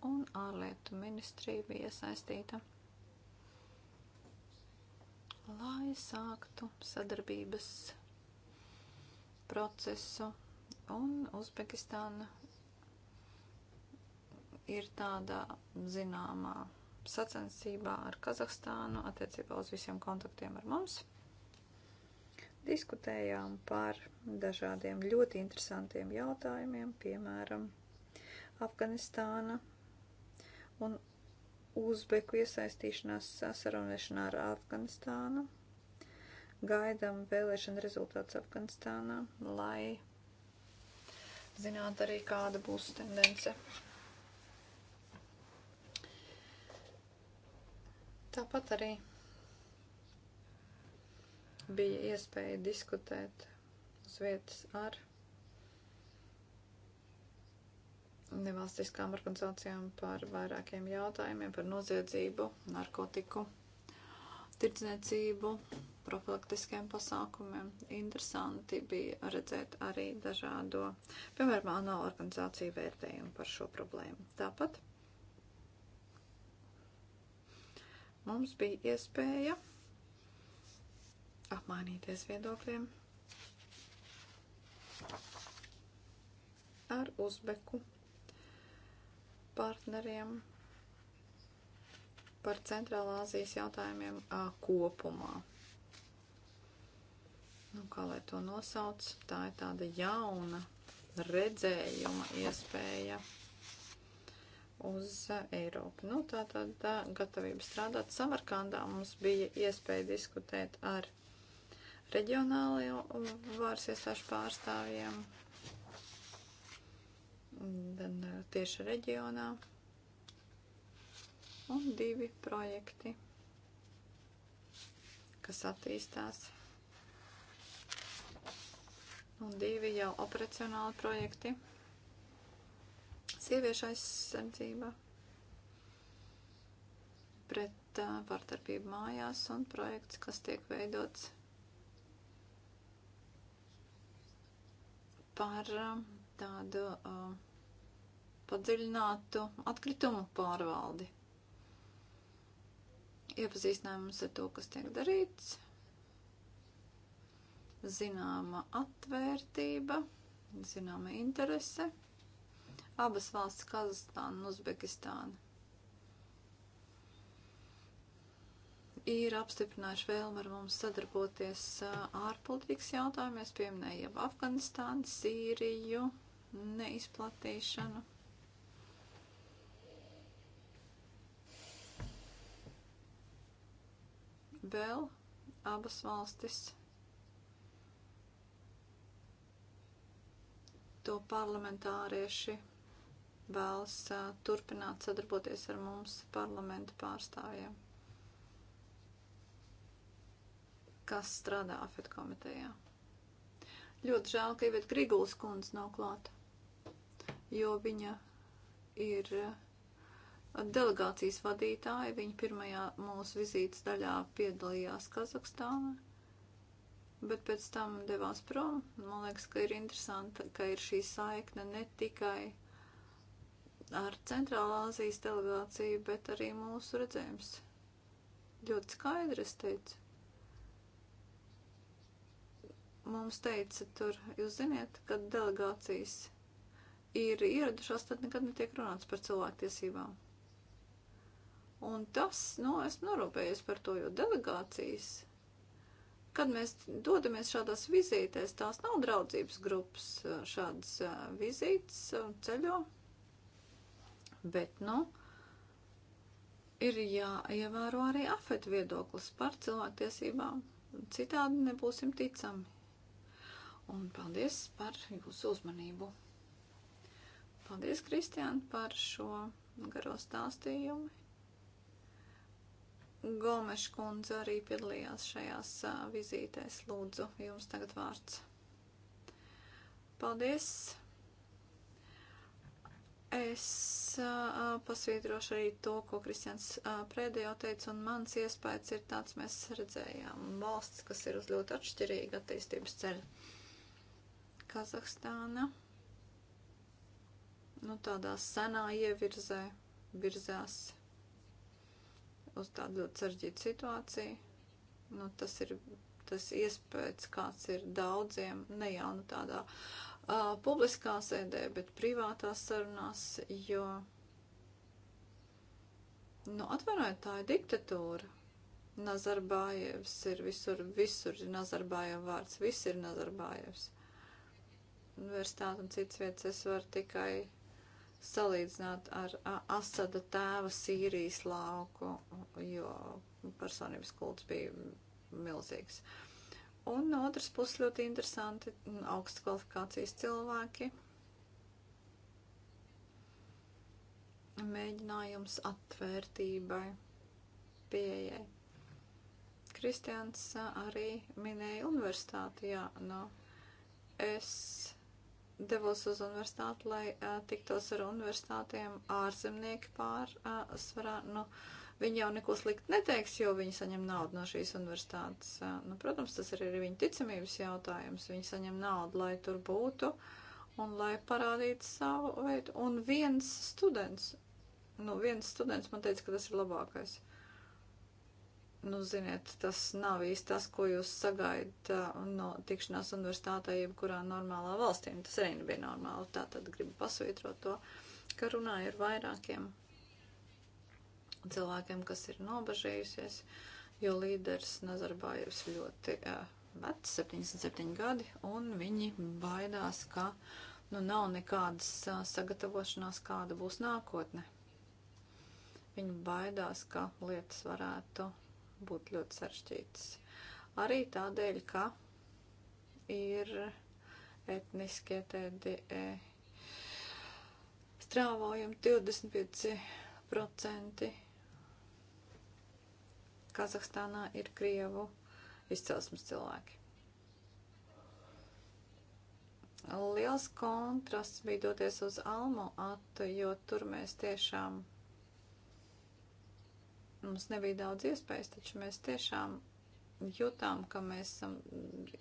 un ārlietu ministrija bija iesaistīta, lai sāktu sadarbības procesu. Un Uzbekistāna ir tādā zināmā sacensībā ar Kazahstānu attiecībā uz visiem kontaktiem ar mums. Diskutējām par dažādiem ļoti interesantiem jautājumiem, piemēram, Afganistāna un Uzbeku iesaistīšanās sasarunešanā ar Afganistānu. Gaidām vēlēšana rezultāts Afganistānā, lai zinātu arī, kāda būs tendence. Tāpat arī bija iespēja diskutēt uz vietas ar nevalstiskām organizācijām par vairākiem jautājumiem, par noziedzību, narkotiku, tirdzniecību, profilaktiskiem pasākumiem. Interesanti bija redzēt arī dažādo, piemēram, ANO organizāciju vērtējumu par šo problēmu. Tāpat mums bija iespēja apmainīties viedokļiem ar uzbeku partneriem par Centrālā Azijas jautājumiem a, kopumā. Nu, kā lai to nosauc, tā ir tāda jauna redzējuma iespēja uz Eiropu. Nu, tā tad gatavība strādāt Samarkandā mums bija iespēja diskutēt ar reģionālajiem varas iestāžu pārstāvjiem, gan eh, tieši reģionā. Un divi projekti, kas attīstās. Un divi jau operacionāli projekti. Sieviešu aizsardzība pret uh, vardarbību mājās un projekts, kas tiek veidots par um, tādu uh, padziļinātu atkritumu pārvaldi. Iepazīstinājums ar to, kas tiek darīts, zināma atvērtība, zināma interese. Abas valsts - Kazahstāna un Uzbekistāna ir apstiprinājuši vēlmu ar mums sadarboties ārpolitikas jautājumos, pieminēja jau Afganistānu, Sīriju, neizplatīšanu. Vēl abas valstis to parlamentārieši vēlas turpināt sadarboties ar mums parlamentu pārstāvjiem. kas strādā AFET komitejā. Ļoti žēl, ka Ivet Grigulas kundze nav klāta, jo viņa ir uh, delegācijas vadītāja. Viņa pirmajā mūsu vizītes daļā piedalījās Kazahstānā, bet pēc tam devās prom. Man liekas, ka ir interesanti, ka ir šī saikne ne tikai ar Centrālā Azijas delegāciju, bet arī mūsu redzējums. Ļoti skaidri es teicu mums teica tur, jūs ziniet, kad delegācijas ir ieradušās, tad nekad netiek runāts par cilvēktiesībām. Un tas, nu, es norūpējos par to, jo delegācijas, kad mēs dodamies šādās vizītēs, tās nav draudzības grupas, šādas vizītes ceļo, bet, nu, ir jāievēro arī afet viedoklis par cilvēktiesībām. Citādi nebūsim ticami un paldies par jūsu uzmanību. Paldies, Kristiāna, par šo garo stāstījumu. Gomeša kundze arī piedalījās šajās uh, vizītēs. Lūdzu, jums tagad vārds. Paldies! Es uh, pasvītrošu arī to, ko Kristians uh, pēdējo teica, un mans iespējas ir tāds, mēs redzējām valsts, kas ir uz ļoti atšķirīga attīstības ceļa. Kazahstāna nu, tādā senā ievirzē virzās uz tādu ļoti sarežģītu situāciju. Nu, tas ir tas iespējas, kāds ir daudziem, ne jau nu tādā uh, publiskā sēdē, bet privātās sarunās, jo, nu, atvainojiet, tā ir diktatūra. Nazarbājevs ir visur, visur ir Nazarbājeva vārds, viss ir Nazarbājevs universitāti un citas vietas es varu tikai salīdzināt ar Asada tēva Sīrijas lauku, jo personības kults bija milzīgs. Un no otras puses ļoti interesanti mm, augsta kvalifikācijas cilvēki. Mēģinājums atvērtībai, pieejai. Kristians arī minēja universitāti, jā, no es devos uz universitāti, lai uh, tiktos ar universitātiem ārzemnieki pārsvarā. Uh, nu, viņi jau neko slikti neteiks, jo viņi saņem naudu no šīs universitātes. Uh, nu, protams, tas ir arī viņa ticamības jautājums. Viņi saņem naudu, lai tur būtu un lai parādītu savu veidu. Un viens students, nu, viens students man teica, ka tas ir labākais nu, ziniet, tas nav īsti tas, ko jūs sagaidat no tikšanās universitātē, jebkurā normālā valstī. Un nu, tas arī nebija normāli. Tā tad gribu pasvītrot to, ka runāju ar vairākiem cilvēkiem, kas ir nobežījusies, jo līderis Nazarbājevs ļoti uh, vecs, 77 gadi, un viņi baidās, ka nu, nav nekādas uh, sagatavošanās, kāda būs nākotne. Viņi baidās, ka lietas varētu būtu ļoti sarežģītas. Arī tādēļ, ka ir etniskie tādi e, strāvojumi 25% Kazahstānā ir Krievu izcelsmes cilvēki. Liels kontrasts bija doties uz Almu atu, jo tur mēs tiešām Mums nebija daudz iespējas, taču mēs tiešām jutām, ka mēs esam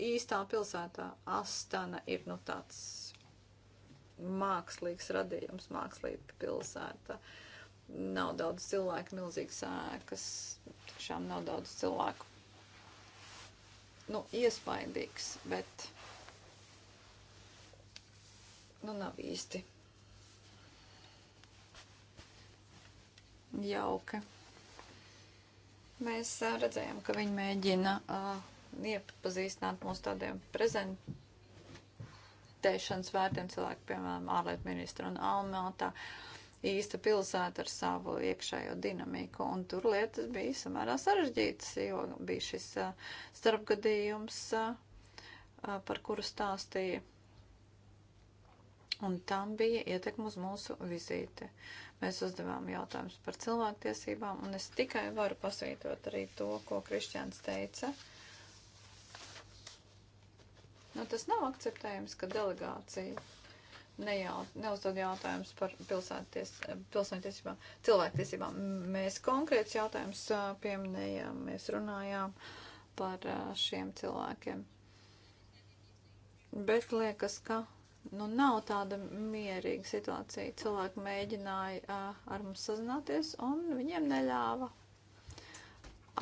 īstā pilsētā. Astana ir nu tāds mākslīgs radījums, mākslīga pilsēta. Nav daudz cilvēku, milzīgas ēkas, tiešām nav daudz cilvēku. Nu, iespaidīgs, bet nu nav īsti jauka. Okay. Mēs redzējām, ka viņi mēģina uh, iepazīstināt mūs tādiem prezentēšanas vērtiem cilvēku, piemēram, ārlietu ministru un Almātā īsta pilsēta ar savu iekšējo dinamiku, un tur lietas bija samērā sarežģītas, jo bija šis uh, starpgadījums, uh, par kuru stāstīja Un tam bija ietekme uz mūsu vizīti. Mēs uzdevām jautājumus par cilvēktiesībām, un es tikai varu pasvītot arī to, ko Kristians teica. Nu, tas nav akceptējams, ka delegācija nejaut, neuzdod jautājumus par pilsētiesībām, cilvēktiesībām. Mēs konkrēts jautājums pieminējām, mēs runājām par šiem cilvēkiem. Bet liekas, ka nu, nav tāda mierīga situācija. Cilvēki mēģināja uh, ar mums sazināties, un viņiem neļāva.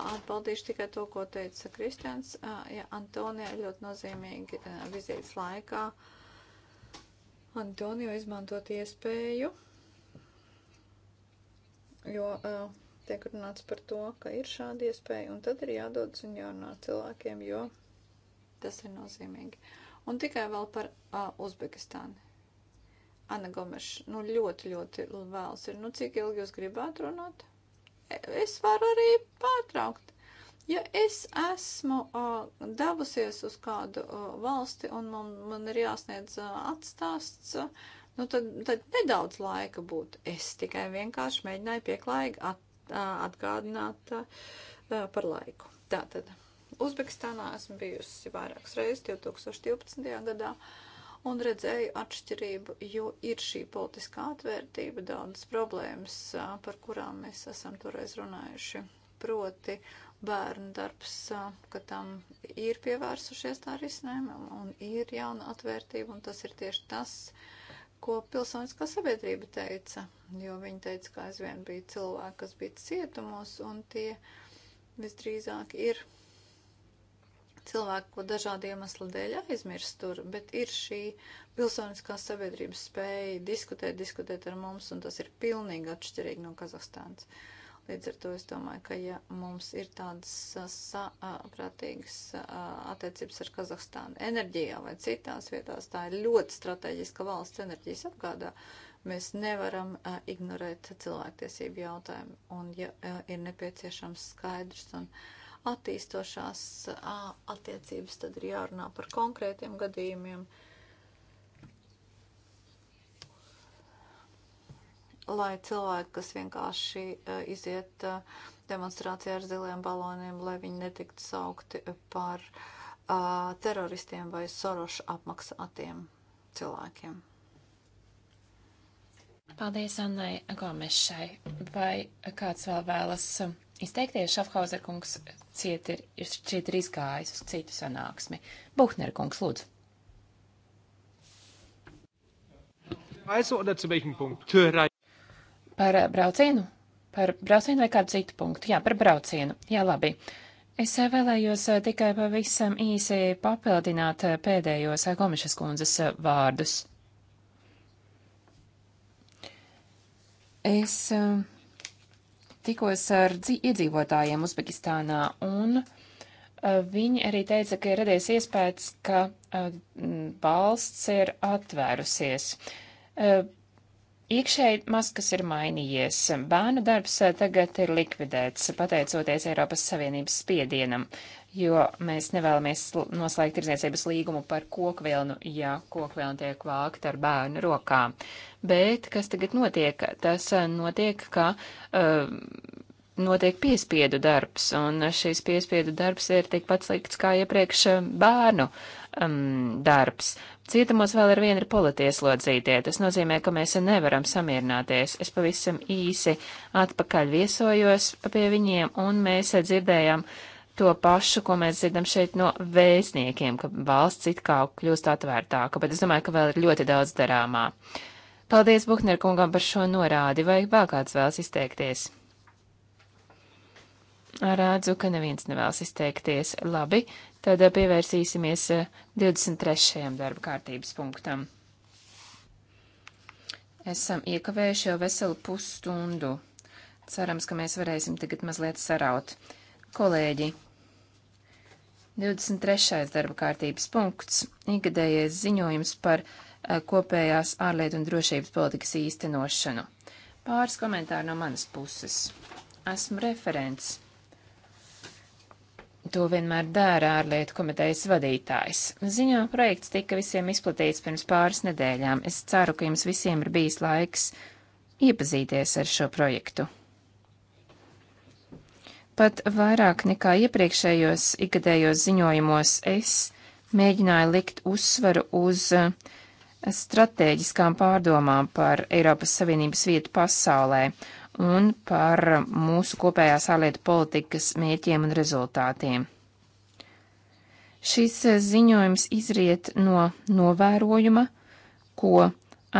Atbaldīšu tikai to, ko teica Kristians. Uh, ja Antonija ļoti nozīmīgi uh, vizītes laikā Antoniju izmantot iespēju, jo uh, tiek runāts par to, ka ir šāda iespēja, un tad ir jādodas un jārunā cilvēkiem, jo tas ir nozīmīgi. Uh, Un tikai vēl par uh, Uzbekistānu. Ana Gomeša, nu ļoti, ļoti vēls ir. Nu, cik ilgi jūs gribētu runāt? E, es varu arī pārtraukt. Ja es esmu uh, devusies uz kādu uh, valsti un man, man ir jāsniedz uh, atstāsts, uh, nu tad, tad nedaudz laika būtu. Es tikai vienkārši mēģināju pieklājīgi at, uh, atgādināt uh, par laiku. Tātad. Uzbekistānā esmu bijusi vairākas reizes 2012. gadā un redzēju atšķirību, jo ir šī politiskā atvērtība, daudzas problēmas, par kurām mēs esam toreiz runājuši. Proti bērnu darbs, ka tam ir pievērsušies tā risinājumam un ir jauna atvērtība, un tas ir tieši tas, ko pilsoniskā sabiedrība teica, jo viņi teica, ka aizvien bija cilvēki, kas bija cietumos, un tie visdrīzāk ir cilvēki, ko dažādi iemesli dēļ aizmirst tur, bet ir šī pilsoniskās sabiedrības spēja diskutēt, diskutēt ar mums, un tas ir pilnīgi atšķirīgi no Kazahstānas. Līdz ar to es domāju, ka ja mums ir tādas saprātīgas attiecības ar Kazahstānu enerģijā vai citās vietās, tā ir ļoti strateģiska valsts enerģijas apgādā, mēs nevaram a, ignorēt cilvēktiesību jautājumu. Un ja a, ir nepieciešams skaidrs un. Uh, attīstošās attiecības, tad ir jārunā par konkrētiem gadījumiem, lai cilvēki, kas vienkārši iziet demonstrācijā ar ziliem baloniem, lai viņi netiktu saukti par teroristiem vai sorošu apmaksātiem cilvēkiem. Paldies Annai Gomešai. Vai kāds vēl vēlas? izteikties. Šafhauser kungs ciet ir, ciet ir izgājis uz citu sanāksmi. Buhner kungs, lūdzu. Par eh, braucienu? Par braucienu vai kādu citu punktu? Jā, par braucienu. Jā, labi. Es eh, vēlējos eh, tikai pavisam īsi papildināt pēdējos Gomešas kundzes vārdus. Es uh, tikos ar iedzīvotājiem Uzbekistānā, un viņi arī teica, ka ir radies iespējas, ka valsts ir atvērusies. Iekšēji maskas ir mainījies. Bērnu darbs tagad ir likvidēts, pateicoties Eiropas Savienības spiedienam jo mēs nevēlamies noslēgt tirdzniecības līgumu par kokvilnu, ja kokvilna tiek vākta ar bērnu rokām. Bet kas tagad notiek? Tas eh, notiek, ka uh, notiek piespiedu darbs, un šīs piespiedu darbs ir tikpat slikts kā iepriekš eh, bērnu um, darbs. Cietumos vēl ar vienu ir politieslodzītie. Tas nozīmē, ka mēs nevaram samierināties. Es pavisam īsi atpakaļ viesojos pie viņiem, un mēs dzirdējām uh, to pašu, ko mēs dzirdam šeit no vēstniekiem, ka valsts it kā kļūst atvērtāka, bet es domāju, ka vēl ir ļoti daudz darāmā. Paldies Buhner kungam par šo norādi, vai vēl kāds vēlas izteikties? Rādzu, ka neviens nevēlas izteikties. Labi, tad pievērsīsimies 23. Eh, darba kārtības punktam. Esam iekavējuši jau veselu pusstundu. Cerams, ka mēs varēsim tagad mazliet saraut. Kolēģi, 23. darba kārtības punkts - ikgadējais ziņojums par eh, kopējās ārlietu un drošības politikas īstenošanu. Pāris komentāri no manas puses. Esmu referents. To vienmēr dara ārlietu komitejas vadītājs. Ziņā projekts tika visiem izplatīts pirms pāris nedēļām. Es ceru, ka jums visiem ir bijis laiks iepazīties ar šo projektu. Pat vairāk nekā iepriekšējos ikgadējos ziņojumos es mēģināju likt uzsvaru uz eh, stratēģiskām pārdomām par Eiropas Savienības vietu pasaulē un par mūsu kopējās ārlietu politikas mērķiem un rezultātiem. Šis eh, ziņojums izriet no novērojuma, ko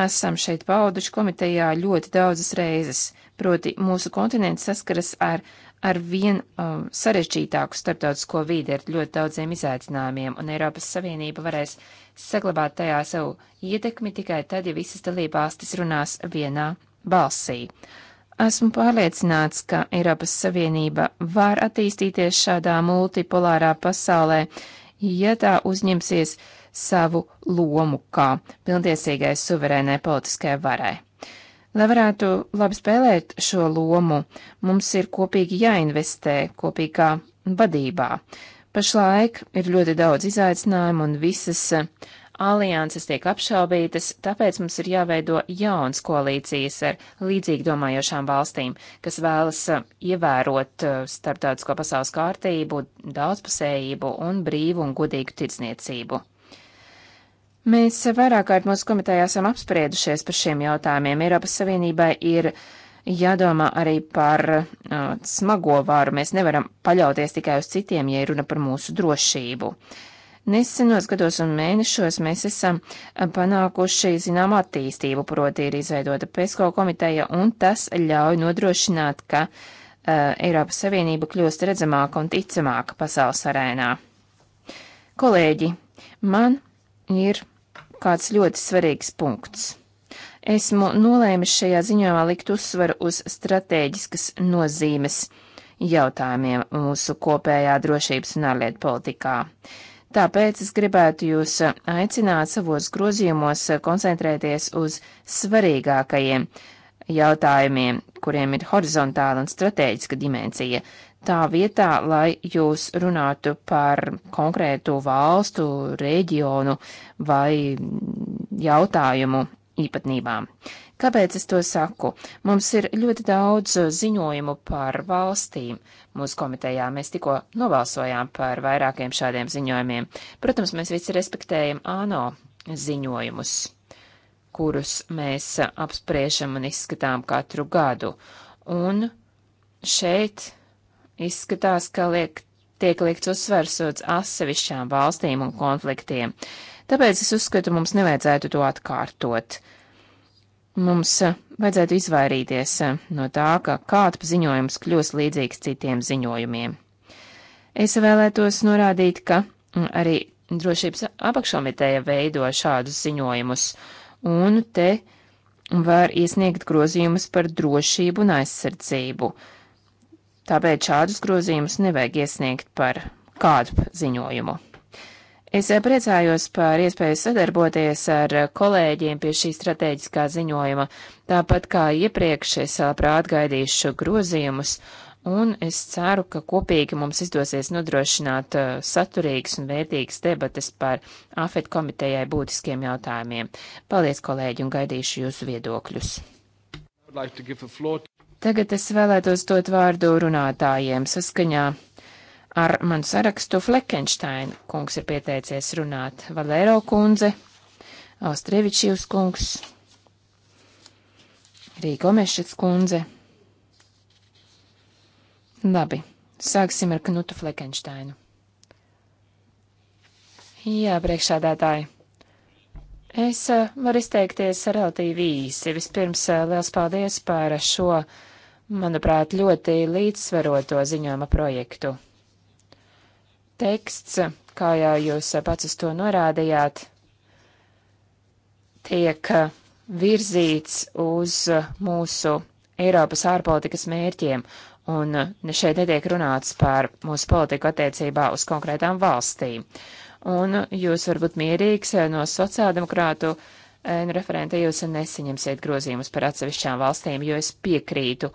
esam šeit pauduši komitejā ļoti daudzas reizes, proti mūsu kontinents saskaras ar ar vien um, sarežģītāku starptautisko vīdi ar ļoti daudziem izaicinājumiem, un Eiropas Savienība varēs saglabāt tajā savu ietekmi tikai tad, ja visas dalībvalstis runās vienā balsī. Esmu pārliecināts, ka Eiropas Savienība var attīstīties šādā multipolārā pasaulē, ja tā uzņemsies savu lomu kā pilntiesīgai suverēnai politiskai varai. Lai varētu labi spēlēt šo lomu, mums ir kopīgi jāinvestē kopīgā vadībā. Pašlaik ir ļoti daudz izaicinājumu un visas eh, alianses tiek apšaubītas, tāpēc mums ir jāveido jauns koalīcijas ar līdzīgi domājošām valstīm, kas vēlas eh, ievērot eh, starptautisko pasaules kārtību, daudzpusējību un brīvu un godīgu tirdzniecību. Mēs vairāk kārt mūsu komitejā esam apspriedušies par šiem jautājumiem. Eiropas Savienībai ir jādomā arī par uh, smago vāru. Mēs nevaram paļauties tikai uz citiem, ja runa par mūsu drošību. Nesenos gados un mēnešos mēs esam uh, panākuši zinām attīstību, proti ir izveidota PESCO komiteja, un tas ļauj nodrošināt, ka uh, Eiropas Savienība kļūst redzamāka un ticamāka pasaules arēnā. Kolēģi, man ir kāds ļoti svarīgs punkts. Esmu nolēmis šajā ziņojumā likt uzsvaru uz stratēģiskas nozīmes jautājumiem mūsu kopējā drošības un ārlietu politikā. Tāpēc es gribētu jūs aicināt savos grozījumos koncentrēties uz svarīgākajiem jautājumiem, kuriem ir horizontāla un strateģiska dimensija, tā vietā, lai jūs runātu par konkrētu valstu, reģionu vai jautājumu īpatnībām. Kāpēc es to saku? Mums ir ļoti daudz ziņojumu par valstīm. Mūsu komitejā mēs tikko nobalsojām par vairākiem šādiem ziņojumiem. Protams, mēs visi respektējam ANO ziņojumus, kurus mēs apspriešam un izskatām katru gadu. Un šeit Izskatās, ka liek, tiek liekts uzsvers uz atsevišķām valstīm un konfliktiem. Tāpēc es uzskatu, mums nevajadzētu to atkārtot. Mums eh, vajadzētu izvairīties eh, no tā, ka kāds ziņojums kļūs līdzīgs citiem ziņojumiem. Es vēlētos norādīt, ka mm, arī drošības apakškomiteja veido šādus ziņojumus, un te var iesniegt grozījumus par drošību un aizsardzību. Tāpēc šādus grozījumus nevajag iesniegt par kādu ziņojumu. Es eh, priecājos par iespēju sadarboties ar kolēģiem pie šī strateģiskā ziņojuma. Tāpat kā iepriekš, es labprāt gaidīšu grozījumus, un es ceru, ka kopīgi mums izdosies nodrošināt eh, saturīgas un vērtīgas debates par AFET komitejai būtiskiem jautājumiem. Paldies, kolēģi, un gaidīšu jūsu viedokļus. Like Tagad es vēlētos dot vārdu runātājiem saskaņā. Ar manu sarakstu Fleckensteina kungs ir pieteicies runāt Valēro kundze, Austrievičīvs kungs, Rīgo Mešets kundze. Labi, sāksim ar Knutu Fleckensteinu. Jā, priekšādātāji. Es eh, varu izteikties relatīvi īsi. Vispirms eh, liels paldies par šo manuprāt, ļoti līdzsvaroto ziņojuma projektu. Teksts, kā jau jūs pats uz to norādījāt, tiek virzīts uz mūsu Eiropas ārpolitikas mērķiem, un šeit netiek runāts par mūsu politiku attiecībā uz konkrētām valstīm. Un jūs varbūt mierīgs no sociāldemokrātu uh, Nu, referente, jūs nesaņemsiet grozījumus par atsevišķām valstīm, jo es piekrītu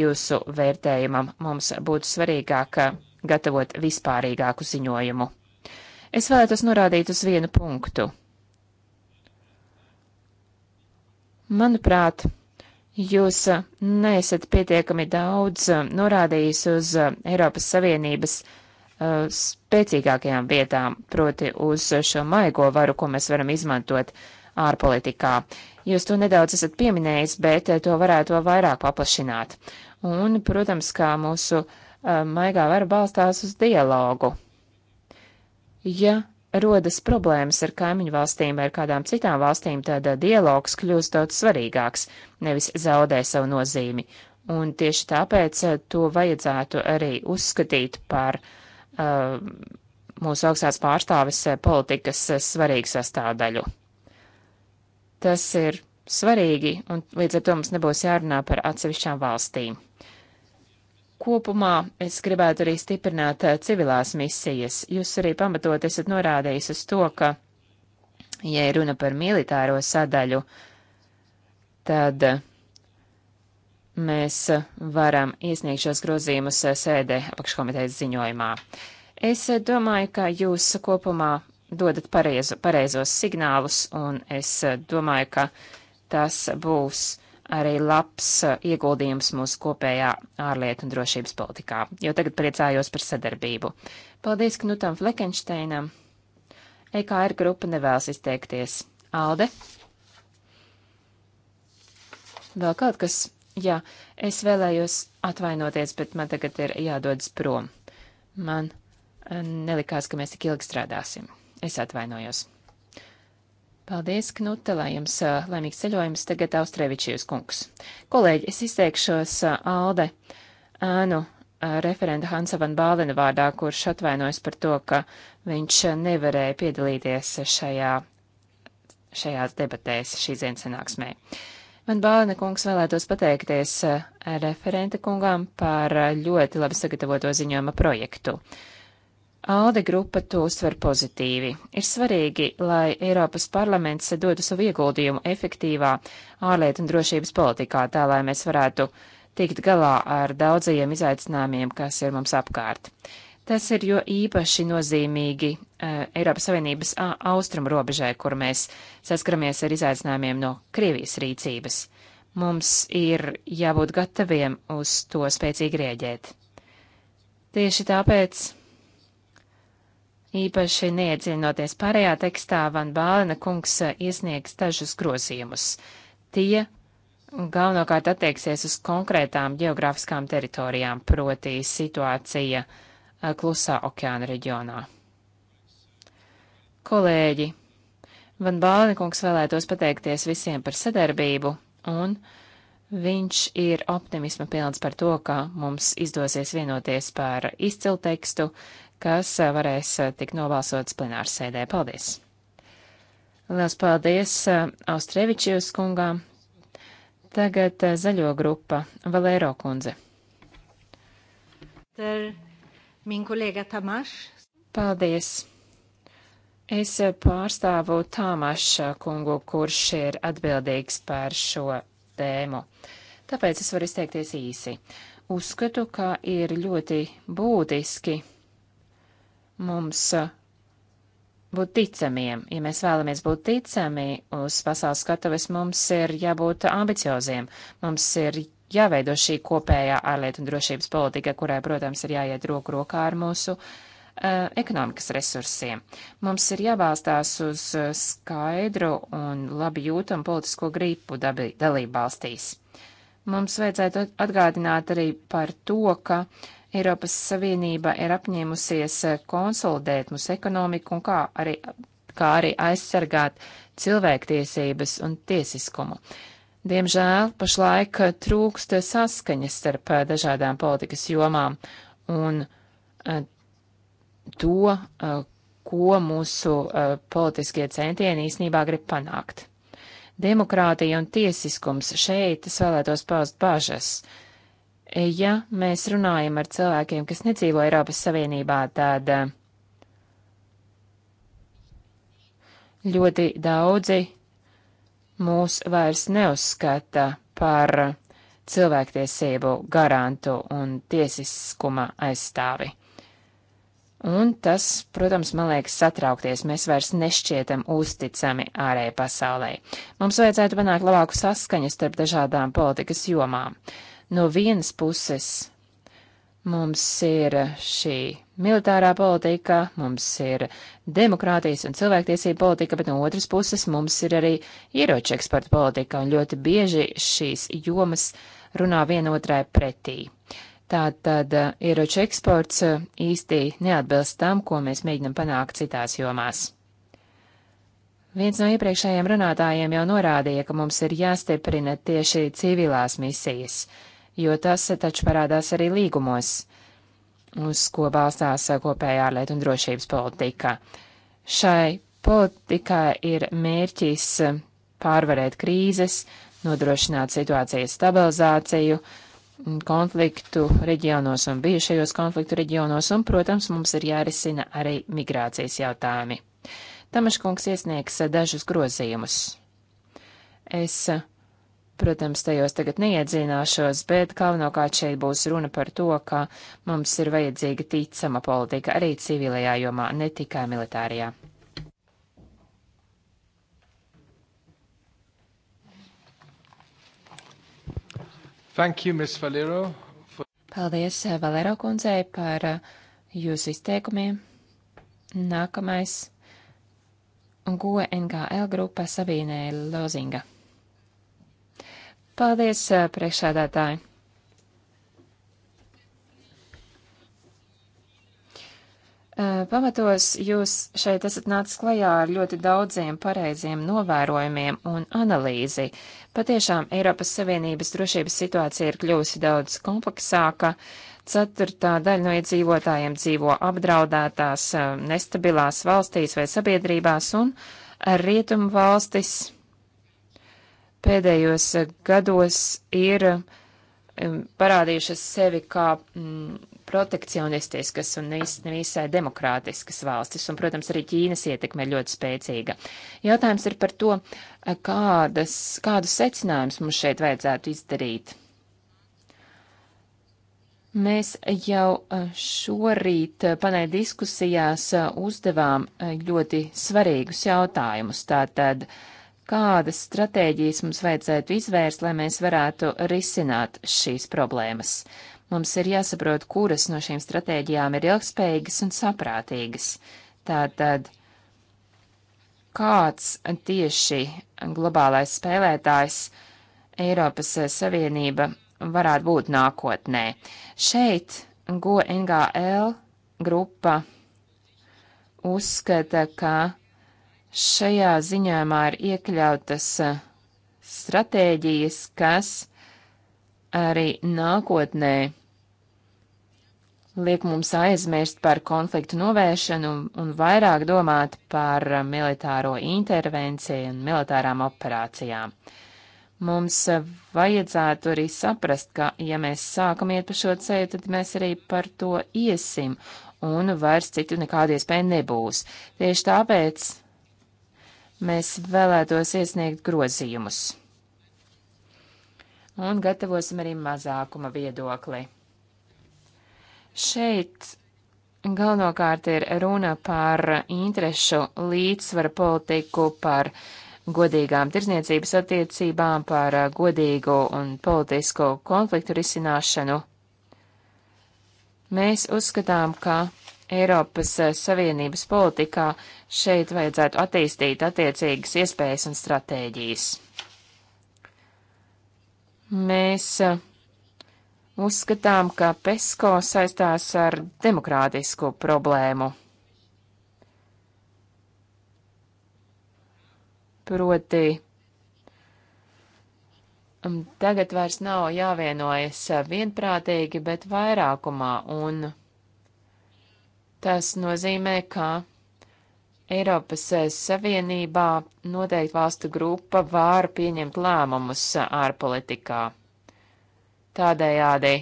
jūsu vērtējumam. Mums būtu svarīgāk uh, gatavot vispārīgāku ziņojumu. Es vēlētos norādīt uz vienu punktu. Manuprāt, jūs uh, neesat pietiekami daudz uh, norādījis uz Eiropas Savienības spēcīgākajām vietām, proti uz šo maigo varu, ko mēs varam izmantot ārpolitikā. Jūs to nedaudz esat pieminējis, bet eh, to varētu vēl vairāk paplašināt. Un, protams, kā mūsu eh, maigā vara balstās uz dialogu. Ja rodas problēmas ar kaimiņu valstīm vai ar kādām citām valstīm, tad eh, dialogs kļūst daudz svarīgāks, nevis zaudē savu nozīmi. Un tieši tāpēc to vajadzētu arī uzskatīt par uh, mūsu augstās pārstāvis politikas svarīgu sastāvdaļu. Tas ir svarīgi, un līdz ar to mums nebūs jārunā par atsevišķām valstīm. Kopumā es gribētu arī stiprināt eh, civilās misijas. Jūs arī pamatot esat norādījis uz to, ka, ja runa par militāro sadaļu, tad eh, mēs eh, varam iesniegt šos grozījumus sēdē apakškomitejas ziņojumā. Es domāju, ka jūs kopumā dodat pareizo, pareizos signālus, un es eh, domāju, ka tas būs arī labs eh, ieguldījums mūsu kopējā ārlietu un drošības politikā, jo tagad priecājos par sadarbību. Paldies Knutam Flekenšteinam. EKR grupa nevēlas izteikties. Alde? Vēl kaut kas? Jā, es vēlējos atvainoties, bet man tagad ir jādodas prom. Man eh, nelikās, ka mēs tik ilgi strādāsim. Es atvainojos. Paldies, Knute, lai jums laimīgs ceļojums tagad Austrēvičijas kungs. Kolēģi, es izteikšos Alde ēnu referenta Hansa van Bālena vārdā, kurš atvainojas par to, ka viņš nevarēja piedalīties šajā, šajās debatēs šīs dienas sanāksmē. Man Bālena kungs vēlētos pateikties referenta kungām par ļoti labi sagatavoto ziņojuma projektu. Uh, Alde grupa to uztver pozitīvi. Ir svarīgi, lai Eiropas parlaments dotu savu ieguldījumu efektīvā ārlietu un drošības politikā, tā lai mēs varētu tikt galā ar daudzajiem izaicinājumiem, kas ir mums apkārt. Tas ir jo īpaši nozīmīgi uh, Eiropas Savienības austrumu robežai, kur mēs saskaramies ar izaicinājumiem no Krievijas rīcības. Mums ir jābūt gataviem uz to spēcīgi rieģēt. Tieši tāpēc īpaši neiedziļinoties pārējā tekstā, Van Bālena kungs iesniegs dažus grozījumus. Tie galvenokārt attieksies uz konkrētām geogrāfiskām teritorijām, proti situācija eh, Klusā okeāna reģionā. Kolēģi, Van Bālena kungs vēlētos pateikties visiem par sadarbību un Viņš ir optimisma pilns par to, ka mums izdosies vienoties par izcilu tekstu, kas eh, varēs eh, tikt nobalsots plenārsēdē. Paldies! Lielas paldies eh, Austrievičijus kungām! Tagad zaļo grupa Valēro kundze. Paldies! Es pārstāvu Tāmaša kungu, kurš ir atbildīgs par šo tēmu. Tāpēc es varu izteikties īsi. Uzskatu, ka ir ļoti būtiski mums būt ticamiem. Ja mēs vēlamies būt ticami uz pasaules skatuves, mums ir jābūt ambicioziem. Mums ir jāveido šī kopējā ārlietu un drošības politika, kurai, protams, ir jāiet roku rokā ar mūsu uh, ekonomikas resursiem. Mums ir jābalstās uz skaidru un labi jūtamu politisko gripu dalību valstīs. Mums vajadzētu atgādināt arī par to, ka uh, Eiropas Savienība ir apņēmusies eh, konsolidēt mūsu ekonomiku un kā arī, kā arī aizsargāt cilvēktiesības un tiesiskumu. Diemžēl pašlaik eh, trūkst saskaņas starp eh, dažādām politikas jomām un to, ko mūsu politiskie centieni īsnībā grib panākt. Demokrātija un tiesiskums šeit es vēlētos paust bažas. Uh, Ja mēs runājam ar cilvēkiem, kas nedzīvo Eiropas Savienībā, tad eh, ļoti daudzi mūs vairs neuzskata par cilvēktiesību garantu un tiesiskuma aizstāvi. Un tas, protams, man liekas satraukties, mēs vairs nešķietam uzticami ārējai pasaulē. Mums vajadzētu panākt labāku saskaņu starp dažādām politikas jomām. Uh, No vienas puses mums ir šī militārā politika, mums ir demokrātijas un cilvēktiesība politika, bet no otras puses mums ir arī ieroču eksporta politika, un ļoti bieži šīs jomas runā vienotrai pretī. Tātad eh, ieroču eksports eh, īsti neatbilst tam, ko mēs mēģinam panākt citās jomās. Viens no iepriekšējiem runātājiem jau norādīja, ka mums ir jāstiprina tieši civilās misijas jo tas taču parādās arī līgumos, uz ko balstās kopējā ārlietu un drošības politika. Šai politikai ir mērķis pārvarēt krīzes, nodrošināt situācijas stabilizāciju, konfliktu reģionos un bijušajos konfliktu reģionos, un, protams, mums ir jārisina arī migrācijas jautājumi. Tamaškungs iesniegs dažus grozījumus. Es Protams, tajos tagad neiedzināšos, bet galvenokārt šeit būs runa par to, ka mums ir vajadzīga ticama politika arī civilajā jomā, ne tikai militārajā. Thank you, Ms. Valero. For... Paldies eh, Valero kundzei par eh, jūsu izteikumiem. Nākamais. GOE NGL grupa Sabīnē Lozinga. Paldies, priekšsēdētāji! Pamatos jūs šeit esat nācis klajā ar ļoti daudziem pareiziem novērojumiem un analīzi. Patiešām Eiropas Savienības drošības situācija ir kļuvusi daudz kompleksāka. Ceturtā daļa no iedzīvotājiem dzīvo apdraudētās, nestabilās valstīs vai sabiedrībās, un rietumu valstis pēdējos eh, gados ir parādījušas sevi kā mm, protekcionistiskas un nevisai demokrātiskas valstis, un, protams, arī Ķīnas ietekme ir ļoti spēcīga. Jautājums ir par to, eh, kādas, kādus secinājumus mums šeit vajadzētu izdarīt. Mēs jau eh, šorīt panē diskusijās uzdevām ļoti svarīgus jautājumus. Tātad, uh, kādas stratēģijas mums vajadzētu izvērst, lai mēs varētu risināt šīs problēmas. Mums ir jāsaprot, kuras no šīm stratēģijām ir ilgspējīgas un saprātīgas. Tātad, kāds tieši globālais spēlētājs Eiropas Savienība varētu būt nākotnē? Šeit GoNGL grupa uzskata, ka Šajā ziņojumā ir iekļautas e, stratēģijas, kas arī nākotnē liek mums aizmirst par konfliktu novēršanu un vairāk domāt par e, militāro intervenciju un militārām operācijām. Mums e, vajadzētu arī saprast, ka, ja mēs sākam iet pa šo ceļu, tad mēs arī par to iesim, un vairs citu nekāda iespēja nebūs. Tieši tāpēc mēs vēlētos iesniegt grozījumus. Un gatavosim arī mazākuma viedokli. Šeit galvenokārt ir runa par interešu līdzsvaru politiku, par godīgām tirzniecības attiecībām, par godīgu un politisku konfliktu risināšanu. Mēs uzskatām, ka Eiropas eh, Savienības politikā šeit vajadzētu attīstīt attiecīgas iespējas un stratēģijas. Mēs eh, uzskatām, ka PESCO saistās ar demokrātisku problēmu. Proti, mm, tagad vairs nav jāvienojas vienprātīgi, bet vairākumā, un Tas nozīmē, ka Eiropas eh, Savienībā noteikti valstu grupa var pieņemt lēmumus eh, ārpolitikā. Tādējādi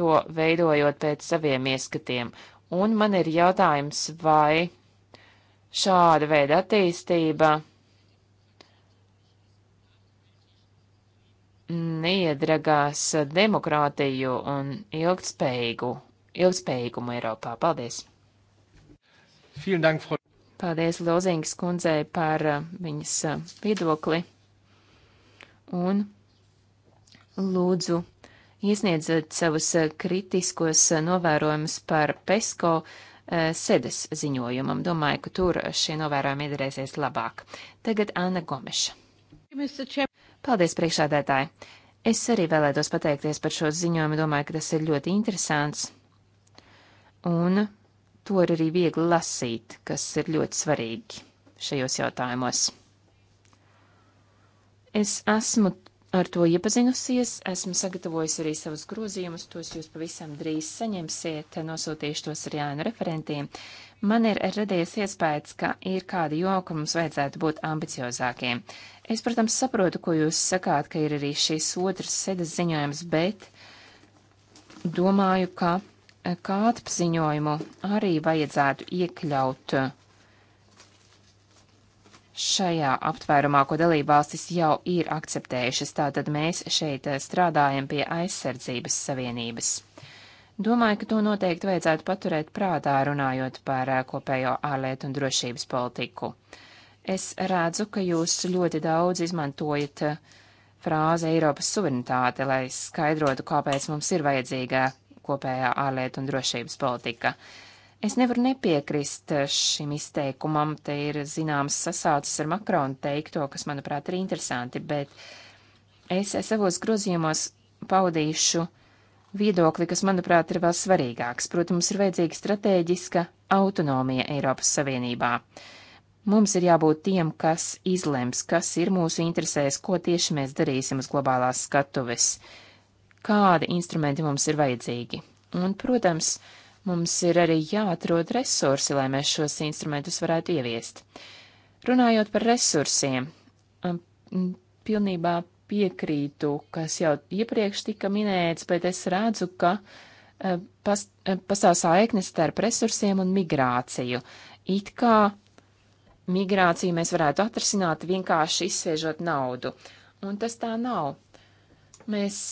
to veidojot pēc saviem ieskatiem. Un man ir jautājums, vai šāda veida attīstība neiedragās demokrātiju un ilgtspējīgu ilgspējīgumu Eiropā. Paldies! Paldies Lozingas kundzei par uh, viņas uh, viedokli un lūdzu iesniedziet savus uh, kritiskos novērojumus par PESCO sedes ziņojumam. Domāju, ka tur šie novērojumi iedarēsies labāk. Tagad Anna Gomeša. Paldies, priekšādētāji! Es arī vēlētos pateikties par šo ziņojumu, domāju, ka tas ir ļoti interesants un to ir arī viegli lasīt, kas ir ļoti svarīgi šajos jautājumos. Es esmu ar to iepazinusies, esmu sagatavojis arī savus grozījumus, tos jūs pavisam drīz saņemsiet, nosūtīšu tos ar Jānu referentiem. Man ir radies iespējas, ka ir kāda joma, kur mums vajadzētu būt ambiciozākiem. Es, protams, saprotu, ko jūs sakāt, ka ir arī šīs otras sedas ziņojums, bet domāju, ka kādu ziņojumu arī vajadzētu iekļaut šajā aptvērumā, ko dalībvalstis jau ir akceptējušas, tātad mēs šeit strādājam pie aizsardzības savienības. Domāju, ka to noteikti vajadzētu paturēt prātā, runājot par kopējo ārlietu un drošības politiku. Es redzu, ka jūs ļoti daudz izmantojat frāzi Eiropas suverenitāte, lai skaidrotu, kāpēc mums ir vajadzīga kopējā ārlietu un drošības politika. Es nevaru nepiekrist eh, šim izteikumam, te ir zināms sasaucis ar Makrona teikto, kas, manuprāt, ir interesanti, bet es savos grozījumos paudīšu viedokli, kas, manuprāt, ir vēl svarīgāks. Protams, ir vajadzīga stratēģiska autonomija Eiropas Savienībā. Mums ir jābūt tiem, kas izlems, kas ir mūsu interesēs, ko tieši mēs darīsim uz globālās skatuves kādi instrumenti mums ir vajadzīgi. Un, protams, mums ir arī jāatrod resursi, lai mēs šos instrumentus varētu ieviest. Runājot par resursiem, um, pilnībā piekrītu, kas jau iepriekš tika minēts, bet es redzu, ka eh, pas, eh, pastāv saikne starp resursiem un migrāciju. It kā migrāciju mēs varētu atrasināt vienkārši izsēžot naudu, un tas tā nav. Mēs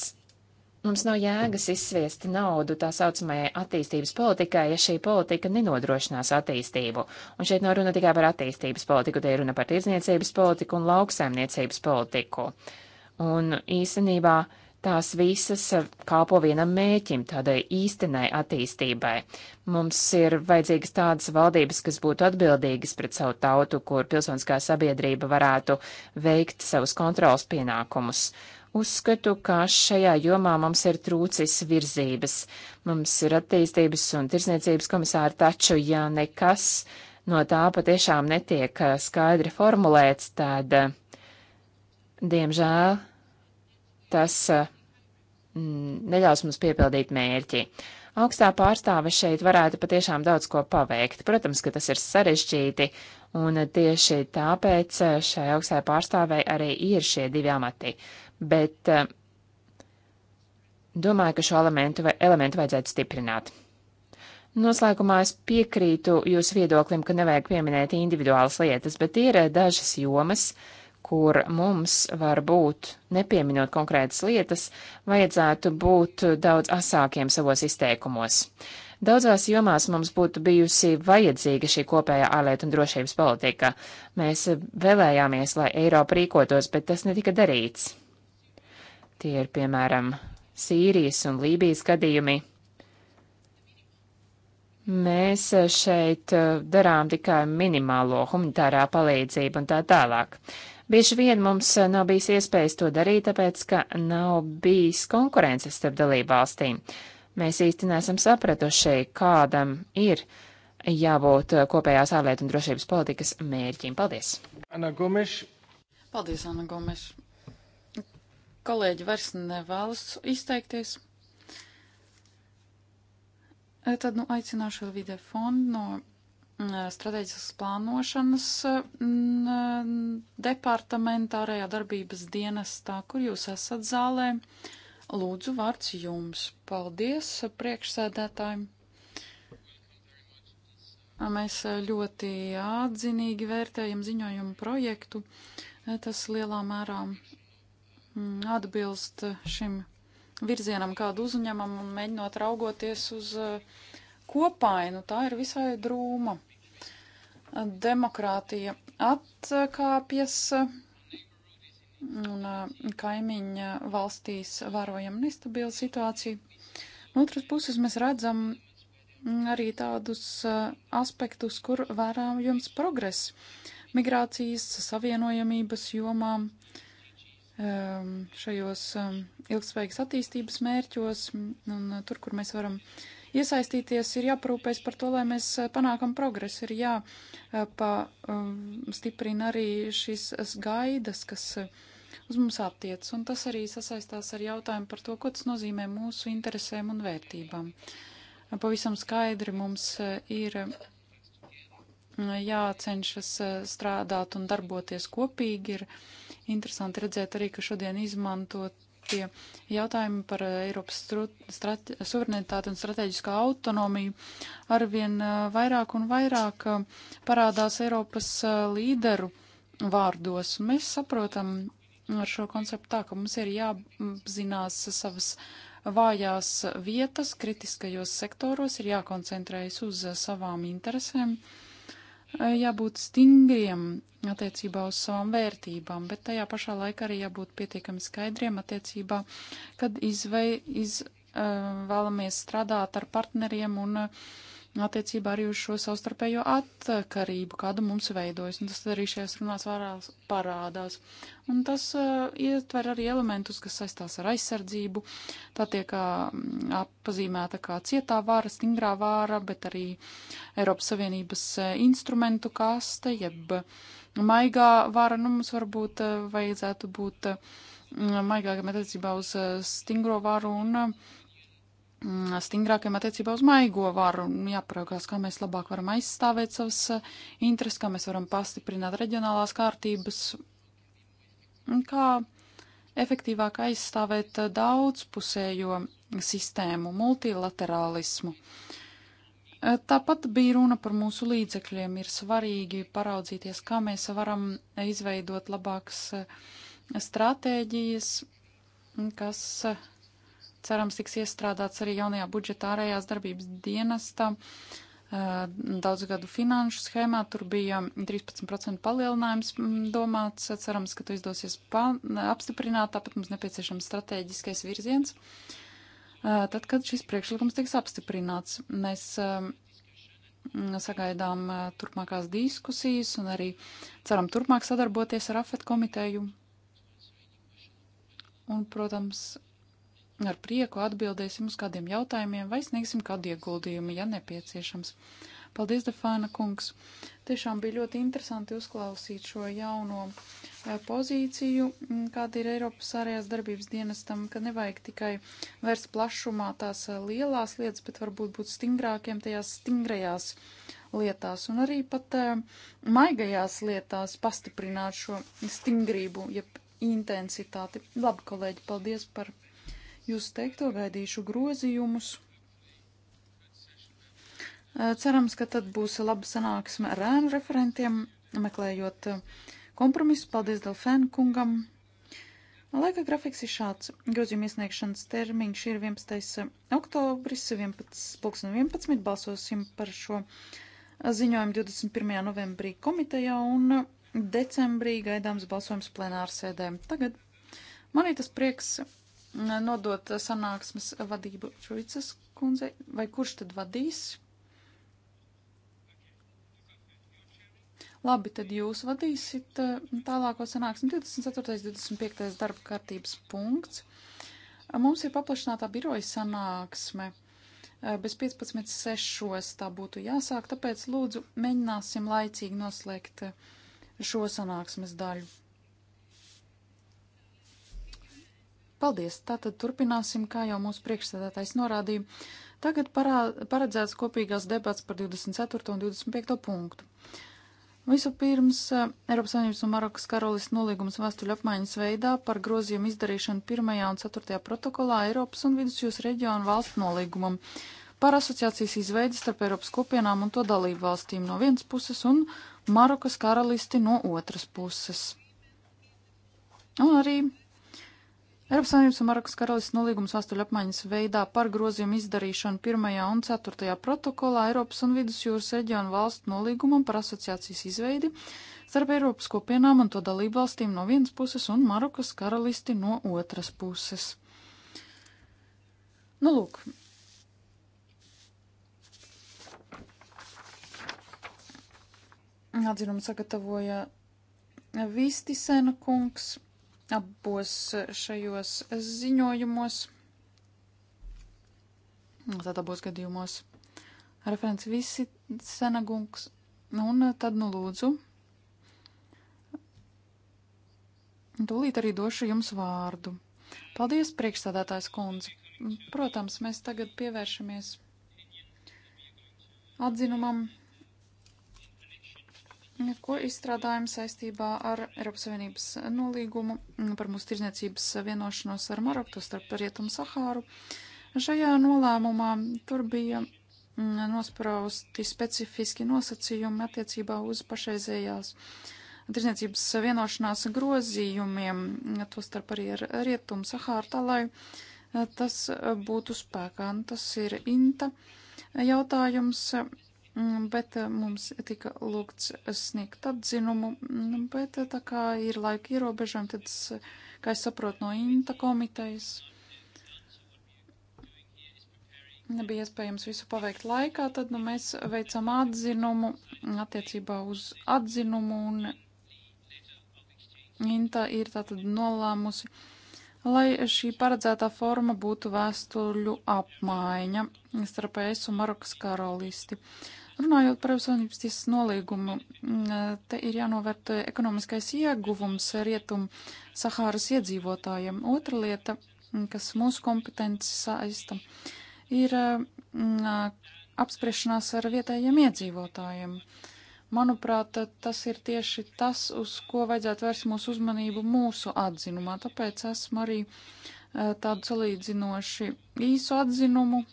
Mums nav jēgas izsviest naudu tā saucamajai attīstības politikai, ja šī politika nenodrošinās attīstību. Un šeit nav runa tikai par attīstības politiku, te ir runa par tirdzniecības politiku un lauksaimniecības politiku. Un īstenībā tās visas kalpo vienam mēķim, tādai īstenai attīstībai. Mums ir vajadzīgas tādas valdības, kas būtu atbildīgas pret savu tautu, kur pilsoniskā sabiedrība varētu veikt savus kontrols pienākumus. Uh, Uzskatu, ka šajā jomā mums ir trūcis virzības. Mums ir attīstības un tirsniecības komisāri, taču, ja nekas no tā patiešām netiek eh, skaidri formulēts, tad, eh, diemžēl, tas eh, mm, neļaus mums piepildīt mērķi. Augstā pārstāve šeit varētu patiešām daudz ko paveikt. Protams, ka tas ir sarežģīti, un tieši tāpēc šai augstai pārstāvei arī ir šie divi amati bet eh, domāju, ka šo elementu, elementu vajadzētu stiprināt. Noslēgumā es piekrītu jūsu viedoklim, ka nevajag pieminēt individuālas lietas, bet ir eh, dažas jomas, kur mums var būt, nepieminot konkrētas lietas, vajadzētu būt daudz asākiem savos izteikumos. Daudzās jomās mums būtu bijusi vajadzīga šī kopējā ārlietu un drošības politika. Mēs eh, vēlējāmies, lai Eiropa rīkotos, bet tas netika darīts. Tie ir, piemēram, Sīrijas un Lībijas gadījumi. Mēs šeit eh, darām tikai minimālo humanitārā palīdzību un tā tālāk. Bieži vien mums eh, nav bijis iespējas to darīt, tāpēc, ka nav bijis konkurences starp dalībvalstīm. Mēs īsti nesam sapratuši, kādam ir jābūt eh, kopējās ārlietu un drošības politikas mērķim. Paldies! Ana Gomeša. Paldies, Ana Gomeša kolēģi vairs nevēlas izteikties, e, tad nu, aicināšu Elvide Fondu no mm, e, strateģiskas plānošanas mm, e, departamenta ārējā darbības dienestā, kur jūs esat zālē. Lūdzu, vārds jums. Paldies priekšsēdētājiem. Mēs ļoti atzinīgi vērtējam ziņojumu projektu. Tas lielā mērā Mm, atbilst eh, šim virzienam, kādu uzņemam un mēģinot raugoties uz eh, kopainu. Tā ir visai drūma. Demokrātija atkāpjas un eh, kaimiņa valstīs vērojam nestabilu situāciju. No otras puses mēs redzam mm, arī tādus aspektus, kur vērājams progress migrācijas savienojamības jomām. Uh, Um, šajos um, ilgspējīgas attīstības mērķos, un uh, tur, kur mēs varam iesaistīties, ir jāparūpēs par to, lai mēs uh, panākam progresu, ir jāpastiprina uh, um, arī šīs gaidas, kas uz mums attiec, un tas arī sasaistās ar jautājumu par to, ko tas nozīmē mūsu interesēm un vērtībām. Pavisam skaidri mums ir jācenšas strādāt un darboties kopīgi, ir interesanti redzēt arī, ka šodien izmantot tie jautājumi par Eiropas suverenitāti un strateģisko autonomiju arvien vairāk un vairāk parādās Eiropas līderu vārdos. Un mēs saprotam ar šo konceptu tā, ka mums ir jāapzinās savas vājās vietas, kritiskajos sektoros ir jākoncentrējas uz savām interesēm. Uh, jābūt stingriem attiecībā uz savām vērtībām, bet tajā pašā laikā arī jābūt pietiekami skaidriem attiecībā, kad izvei, iz, eh, vēlamies strādāt ar partneriem un uh, attiecībā arī uz šo savstarpējo atkarību, kādu mums veidojas, un tas arī šajās runās vārās parādās. Un tas uh, ietver arī elementus, kas saistās ar aizsardzību, tā tiek mm, apzīmēta kā cietā vāra, stingrā vāra, bet arī Eiropas Savienības eh, instrumentu kaste, jeb maigā vāra, nu mums varbūt uh, vajadzētu būt uh, maigākam attiecībā uz uh, stingro vāru un uh, Mm, stingrākiem attiecībā uz maigo varu un jāparaugās, kā mēs labāk varam aizstāvēt savas eh, intereses, kā mēs varam pastiprināt reģionālās kārtības un kā efektīvāk aizstāvēt eh, daudzpusējo sistēmu, multilaterālismu. Eh, tāpat bija runa par mūsu līdzekļiem. Ir svarīgi paraudzīties, kā mēs varam izveidot labākas stratēģijas, kas cerams tiks iestrādāts arī jaunajā budžetā ārējās darbības dienesta eh, daudzgadu finanšu schēmā. Tur bija 13% palielinājums mm, domāts. Cerams, ka to izdosies apstiprināt, tāpat mums nepieciešams strateģiskais virziens. Eh, tad, kad šis priekšlikums tiks apstiprināts, mēs eh, sagaidām turpmākās diskusijas un arī ceram turpmāk sadarboties ar AFET komiteju. Un, protams, ar prieku atbildēsim uz kādiem jautājumiem vai sniegsim kādu ieguldījumu, ja nepieciešams. Paldies, Defāna kungs! Tiešām bija ļoti interesanti uzklausīt šo jauno e, pozīciju, kāda ir Eiropas ārējās darbības dienestam, ka nevajag tikai vērst plašumā tās e, lielās lietas, bet varbūt būt stingrākiem tajās stingrajās lietās un arī pat e, maigajās lietās pastiprināt šo stingrību, jeb intensitāti. Labi, kolēģi, paldies par! jūs teikto gaidīšu grozījumus. Cerams, ka tad būs laba sanāksme ar ēnu referentiem, meklējot kompromisu. Paldies Delfēnu kungam. Laika grafiks ir šāds. Grozījuma iesniegšanas termiņš ir 11. oktobris, 11. 11. Balsosim par šo ziņojumu 21. novembrī komitejā un decembrī gaidāms balsojums plenārsēdē. Tagad man ir tas prieks nodot sanāksmes vadību Šuicas kundzei, vai kurš tad vadīs? Labi, tad jūs vadīsit eh, tālāko sanāksmi 24. 25. darba kārtības punkts. Mums ir paplašinātā biroja sanāksme. Eh, bez 15.6. tā būtu jāsāk, tāpēc lūdzu mēģināsim laicīgi noslēgt eh, šo sanāksmes daļu. Paldies! Tātad turpināsim, kā jau mūsu priekšsēdētājs norādīja. Tagad parā, paredzēts kopīgās debats par 24. un 25. punktu. Vispirms eh, Eiropas Savienības un Marokas karalists nolīgums vēstuļu apmaiņas veidā par grozījumu izdarīšanu 1. un 4. protokolā Eiropas un Vidusjūras reģionu valstu nolīgumam par asociācijas izveidi starp Eiropas kopienām un to dalību valstīm no vienas puses un Marokas karalisti no otras puses. Un arī Eiropas Savienības un Marakas karalistas nolīgums vēstuļu apmaiņas veidā par grozījumu izdarīšanu 1. un 4. protokolā Eiropas un Vidusjūras reģionu valstu nolīgumam par asociācijas izveidi starp Eiropas kopienām un to dalību valstīm no vienas puses un Marokas karalisti no otras puses. Nu, lūk. Atzinumu sagatavoja Vistisena kungs abos šajos ziņojumos, tad abos gadījumos referents visi senagungs, un tad nu lūdzu. Tūlīt arī došu jums vārdu. Paldies, priekšstādātājs kundze. Protams, mēs tagad pievēršamies atzinumam ko izstrādājam saistībā ar Eiropas Savienības nolīgumu par mūsu tirzniecības vienošanos ar Maroku, starp Rietumu Sahāru. Šajā nolēmumā tur bija mm, nosprausti specifiski nosacījumi attiecībā uz pašreizējās tirzniecības vienošanās grozījumiem, to starp arī ar Rietumu Sahāru, tā lai eh, tas eh, būtu spēkā. Tas ir INTA jautājums Mm, bet eh, mums tika lūgts sniegt atzinumu, mm, bet eh, tā kā ir laika ierobežojumi, tad, es, kā es saprotu no INTA komitejas, nebija iespējams visu paveikt laikā, tad nu, mēs veicam atzinumu attiecībā uz atzinumu un INTA ir tātad nolēmusi lai šī paredzētā forma būtu vēstuļu apmaiņa starp ES un Marokas karalisti. Runājot par Savienības tiesas nolīgumu, mm, te ir jānovērtē ekonomiskais ieguvums rietum Sahāras iedzīvotājiem. Otra lieta, mm, kas mūsu kompetenci saista, ir mm, apspriešanās ar vietējiem iedzīvotājiem. Manuprāt, tas ir tieši tas, uz ko vajadzētu vērst mūsu uzmanību mūsu atzinumā, tāpēc esmu arī eh, tādu salīdzinoši īsu atzinumu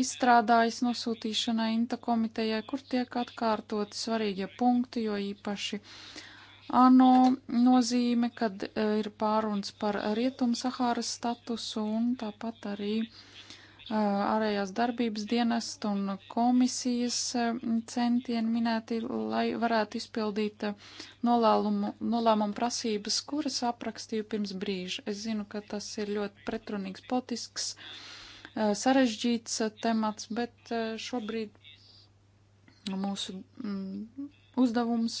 izstrādājis nosūtīšanai Inta komitejai, kur tiek atkārtoti svarīgie punkti, jo īpaši ANO nozīme, kad e, ir pāruns par Rietumu Sahāras statusu un tāpat arī e, ārējās darbības dienestu un komisijas e, centieni minēti, lai varētu izpildīt nolēmumu, nolēmumu prasības, kuras aprakstīju pirms brīža. Es zinu, ka tas ir ļoti pretrunīgs politisks uh, Eh, sarežģīts eh, temats, bet eh, šobrīd mūsu mm, uzdevums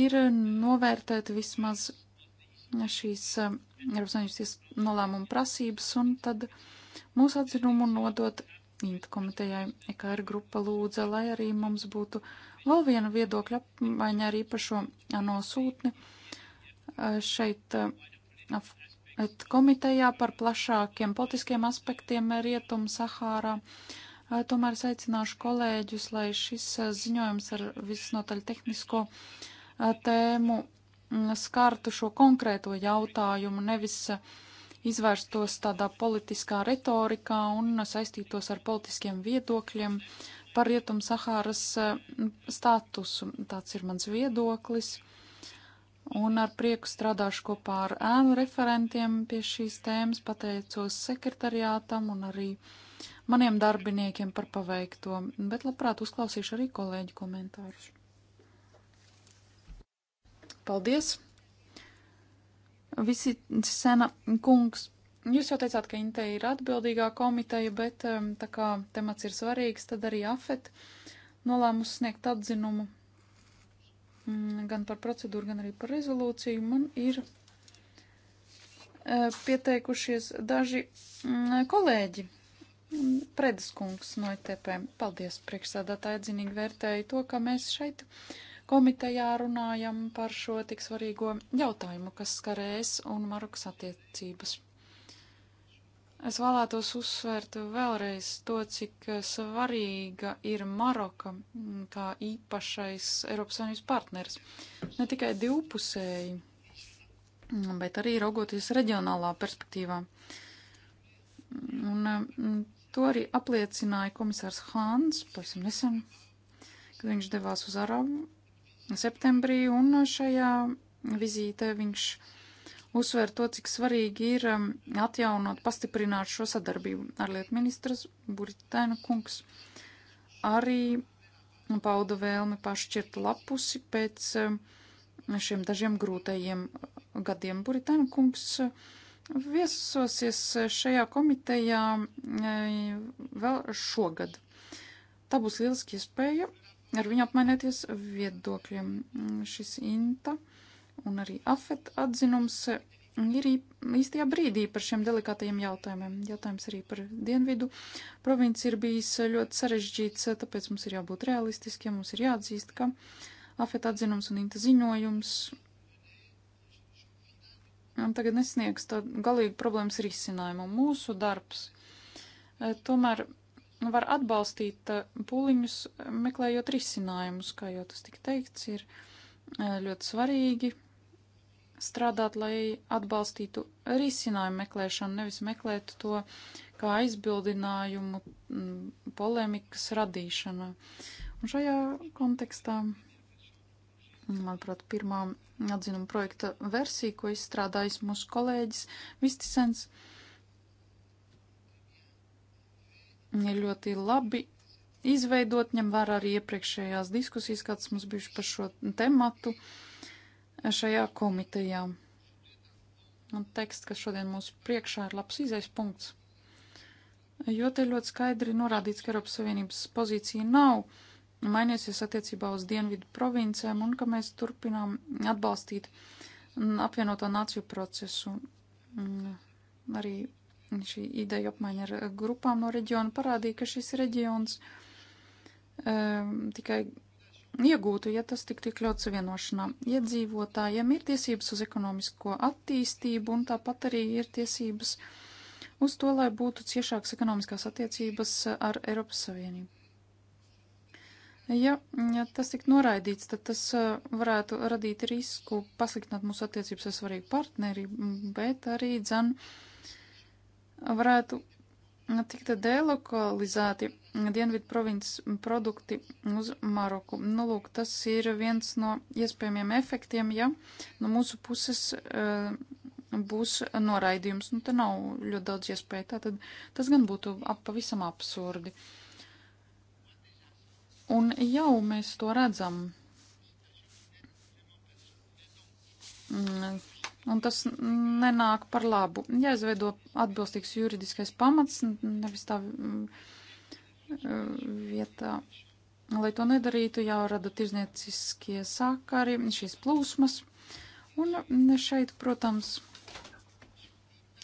ir novērtēt vismaz šīs Eiropas Savienības nolēmuma prasības un tad mūsu atzinumu nodot Inta komitejai. EKR grupa lūdza, lai arī mums būtu vēl viena viedokļa apmaiņa ar īpašo ANO sūtni šeit komitejā par plašākiem politiskiem aspektiem Rietum Sahārā. Tomēr es aicināšu kolēģus, lai šis ziņojums ar visnotaļ tehnisko tēmu skartu šo konkrēto jautājumu, nevis izvērstos tādā politiskā retorikā un saistītos ar politiskiem viedokļiem par Rietum Sahāras statusu. Tāds ir mans viedoklis un ar prieku strādāšu kopā ar ēnu referentiem pie šīs tēmas, pateicos sekretariātam un arī maniem darbiniekiem par paveikto, bet labprāt uzklausīšu arī kolēģi komentārus. Paldies! Visi sena kungs, jūs jau teicāt, ka Inte ir atbildīgā komiteja, bet um, tā kā temats ir svarīgs, tad arī Afet nolēmus sniegt atzinumu Mm, gan par procedūru, gan arī par rezolūciju. Man ir eh, pieteikušies daži mm, kolēģi. Predeskungs no ITP. E Paldies, priekšsādātāji, dzinīgi vērtēju to, ka mēs šeit komitejā runājam par šo tik svarīgo jautājumu, kas skarēs un Marokas attiecības. Es vēlētos uzsvērt vēlreiz to, cik svarīga ir Maroka mm, kā īpašais Eiropas Savienības partners. Ne tikai divpusēji, mm, bet arī raugoties reģionālā perspektīvā. Un mm, to arī apliecināja komisārs Hāns pavisam nesen, kad viņš devās uz Arabu septembrī, un šajā vizītē viņš uzsver to, cik svarīgi ir um, atjaunot, pastiprināt šo sadarbību. Ārlietu ministrs Buritēna kungs arī pauda vēlmi pašķirt lapusi pēc um, šiem dažiem grūtajiem uh, gadiem. Buritēna kungs uh, viesosies uh, šajā komitejā vēl šogad. Tā būs lieliski iespēja ar viņu apmainēties viedokļiem. Mm, šis Inta un arī afet atzinums ir īstajā brīdī par šiem delikātajiem jautājumiem. Jautājums arī par dienvidu provinci ir bijis ļoti sarežģīts, tāpēc mums ir jābūt realistiskiem, mums ir jāatzīst, ka afet atzinums un inta ziņojums tagad nesniegs tādu galīgu problēmas risinājumu. Mūsu darbs e, tomēr var atbalstīt e, pūliņus, meklējot risinājumus, kā jau tas tika teikts, ir e, ļoti svarīgi strādāt, lai atbalstītu risinājumu meklēšanu, nevis meklēt to kā aizbildinājumu, mm, polemikas radīšanu. Un šajā kontekstā, manuprāt, pirmā atzinuma projekta versija, ko izstrādājis mūsu kolēģis Vistisens, ir ļoti labi izveidot, ņem vērā arī iepriekšējās diskusijas, kādas mums bijušas par šo tematu. Uh, šajā komitejā. Un teksts, kas šodien mūsu priekšā ir labs izais punkts, jo te ļoti skaidri norādīts, ka Eiropas Savienības pozīcija nav mainījusies attiecībā uz dienvidu provincēm un ka mēs turpinām atbalstīt apvienoto nāciju procesu. Mm, arī šī ideja apmaiņa ar grupām no reģiona parādīja, ka šis reģions um, tikai iegūtu, ja tas tiktu iekļauts vienošanā. Iedzīvotājiem ir tiesības uz ekonomisko attīstību un tāpat arī ir tiesības uz to, lai būtu ciešākas ekonomiskās attiecības ar Eiropas Savienību. Ja, ja tas tik noraidīts, tad tas uh, varētu radīt risku pasliktināt mūsu attiecības ar svarīgu partneri, bet arī, dzen, varētu tika delokalizēti Dienvidu provinces produkti uz Maroku. Nu, lūk, tas ir viens no iespējamiem efektiem, ja no mūsu puses uh, būs noraidījums. Nu, te nav ļoti daudz iespēju. Tātad tas gan būtu ap, pavisam absurdi. Un jau mēs to redzam. Mm un tas nenāk par labu. Jāizveido atbilstīgs juridiskais pamats, nevis tā mm, vietā. Lai to nedarītu, jārada tirznieciskie sakari, šīs plūsmas. Un šeit, protams,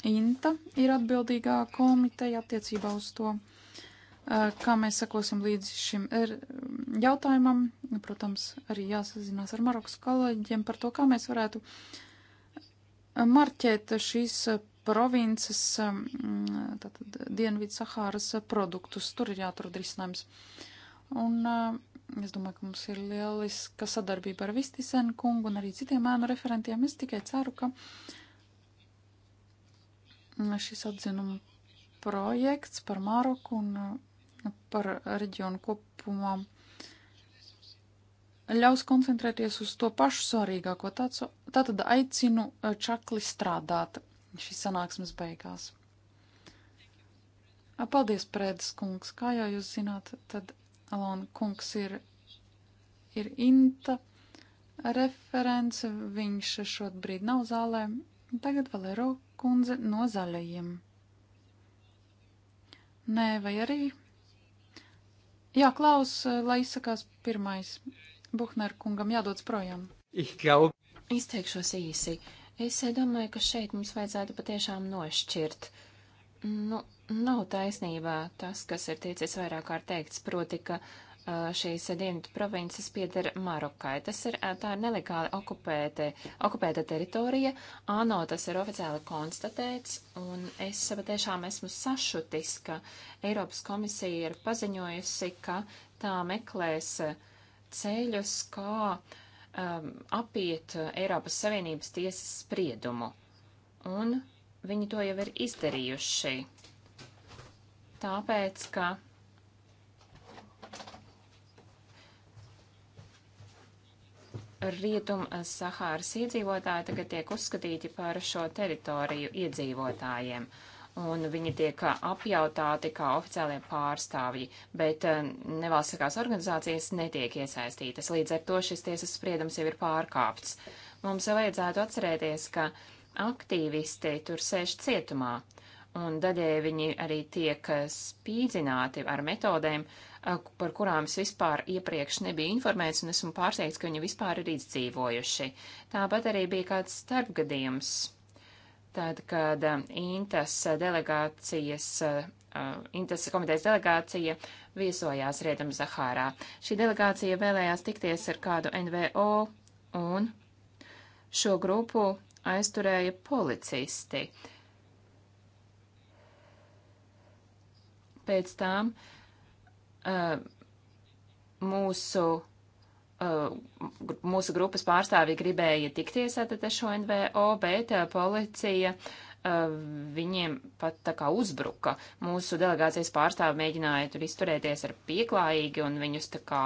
Inta ir atbildīgā komiteja attiecībā uz to, eh, kā mēs sakosim līdz šim er, jautājumam. Protams, arī jāsazinās ar Marokas kolēģiem par to, kā mēs varētu uh, marķēt šīs eh, provinces, mm, tātad Dienvidu Sahāras eh, produktus. Tur ir jāatrod risinājums. Un eh, es domāju, ka mums ir lieliska sadarbība ar Vistisenu kungu un arī citiem ēnu referentiem. Es tikai ceru, ka mm, šis atzinuma projekts par Maroku un par reģionu kopumā ļaus koncentrēties uz to pašu svarīgāko. Tātad aicinu eh, čakli strādāt šīs sanāksmes beigās. Paldies, Prēdas kungs. Kā jau jūs zināt, tad Alona kungs ir, ir inta referents. Viņš šobrīd nav zālē. Tagad Valero kundze no zaļajiem. Nē, vai arī? Jā, Klaus, eh, lai izsakās pirmais. Buhner kungam jādodas projām. Jau... Izteikšos īsi. Es eh, domāju, ka šeit mums vajadzētu patiešām nošķirt. Nu, nav taisnībā tas, kas ir ticis vairāk kārt teikts, proti, ka eh, šīs dienvidu provinces pieder Marokai. Tas ir eh, tā ir nelegāli okupēta, okupēta teritorija. ANO tas ir oficiāli konstatēts, un es patiešām esmu sašutis, ka Eiropas komisija ir paziņojusi, ka tā meklēs uh, ceļus, kā um, apiet Eiropas Savienības tiesas spriedumu. Un viņi to jau ir izdarījuši. Tāpēc, ka Rietum uh, Sahāras iedzīvotāji tagad tiek uzskatīti par šo teritoriju iedzīvotājiem. Uh, un viņi tiek apjautāti kā oficiālie pārstāvji, bet nevalstiskās organizācijas netiek iesaistītas. Līdz ar to šis tiesas spriedums jau ir pārkāpts. Mums vajadzētu atcerēties, ka aktīvisti tur sēž cietumā, un daļēji viņi arī tiek spīdzināti ar metodēm, par kurām es vispār iepriekš nebiju informēts, un esmu pārsteigts, ka viņi vispār ir izdzīvojuši. Tāpat arī bija kāds starpgadījums Tad, kad um, Intas delegācijas, uh, uh, Intas komitejas delegācija viesojās Rietumu Zahārā. Šī delegācija vēlējās tikties ar kādu NVO un šo grupu aizturēja policisti. Pēc tam uh, mūsu Uh, mūsu grupas pārstāvji gribēja tikties ar šo NVO, bet uh, policija uh, viņiem pat tā kā uzbruka. Mūsu delegācijas pārstāvi mēģināja tur izturēties ar pieklājīgi un viņus tā kā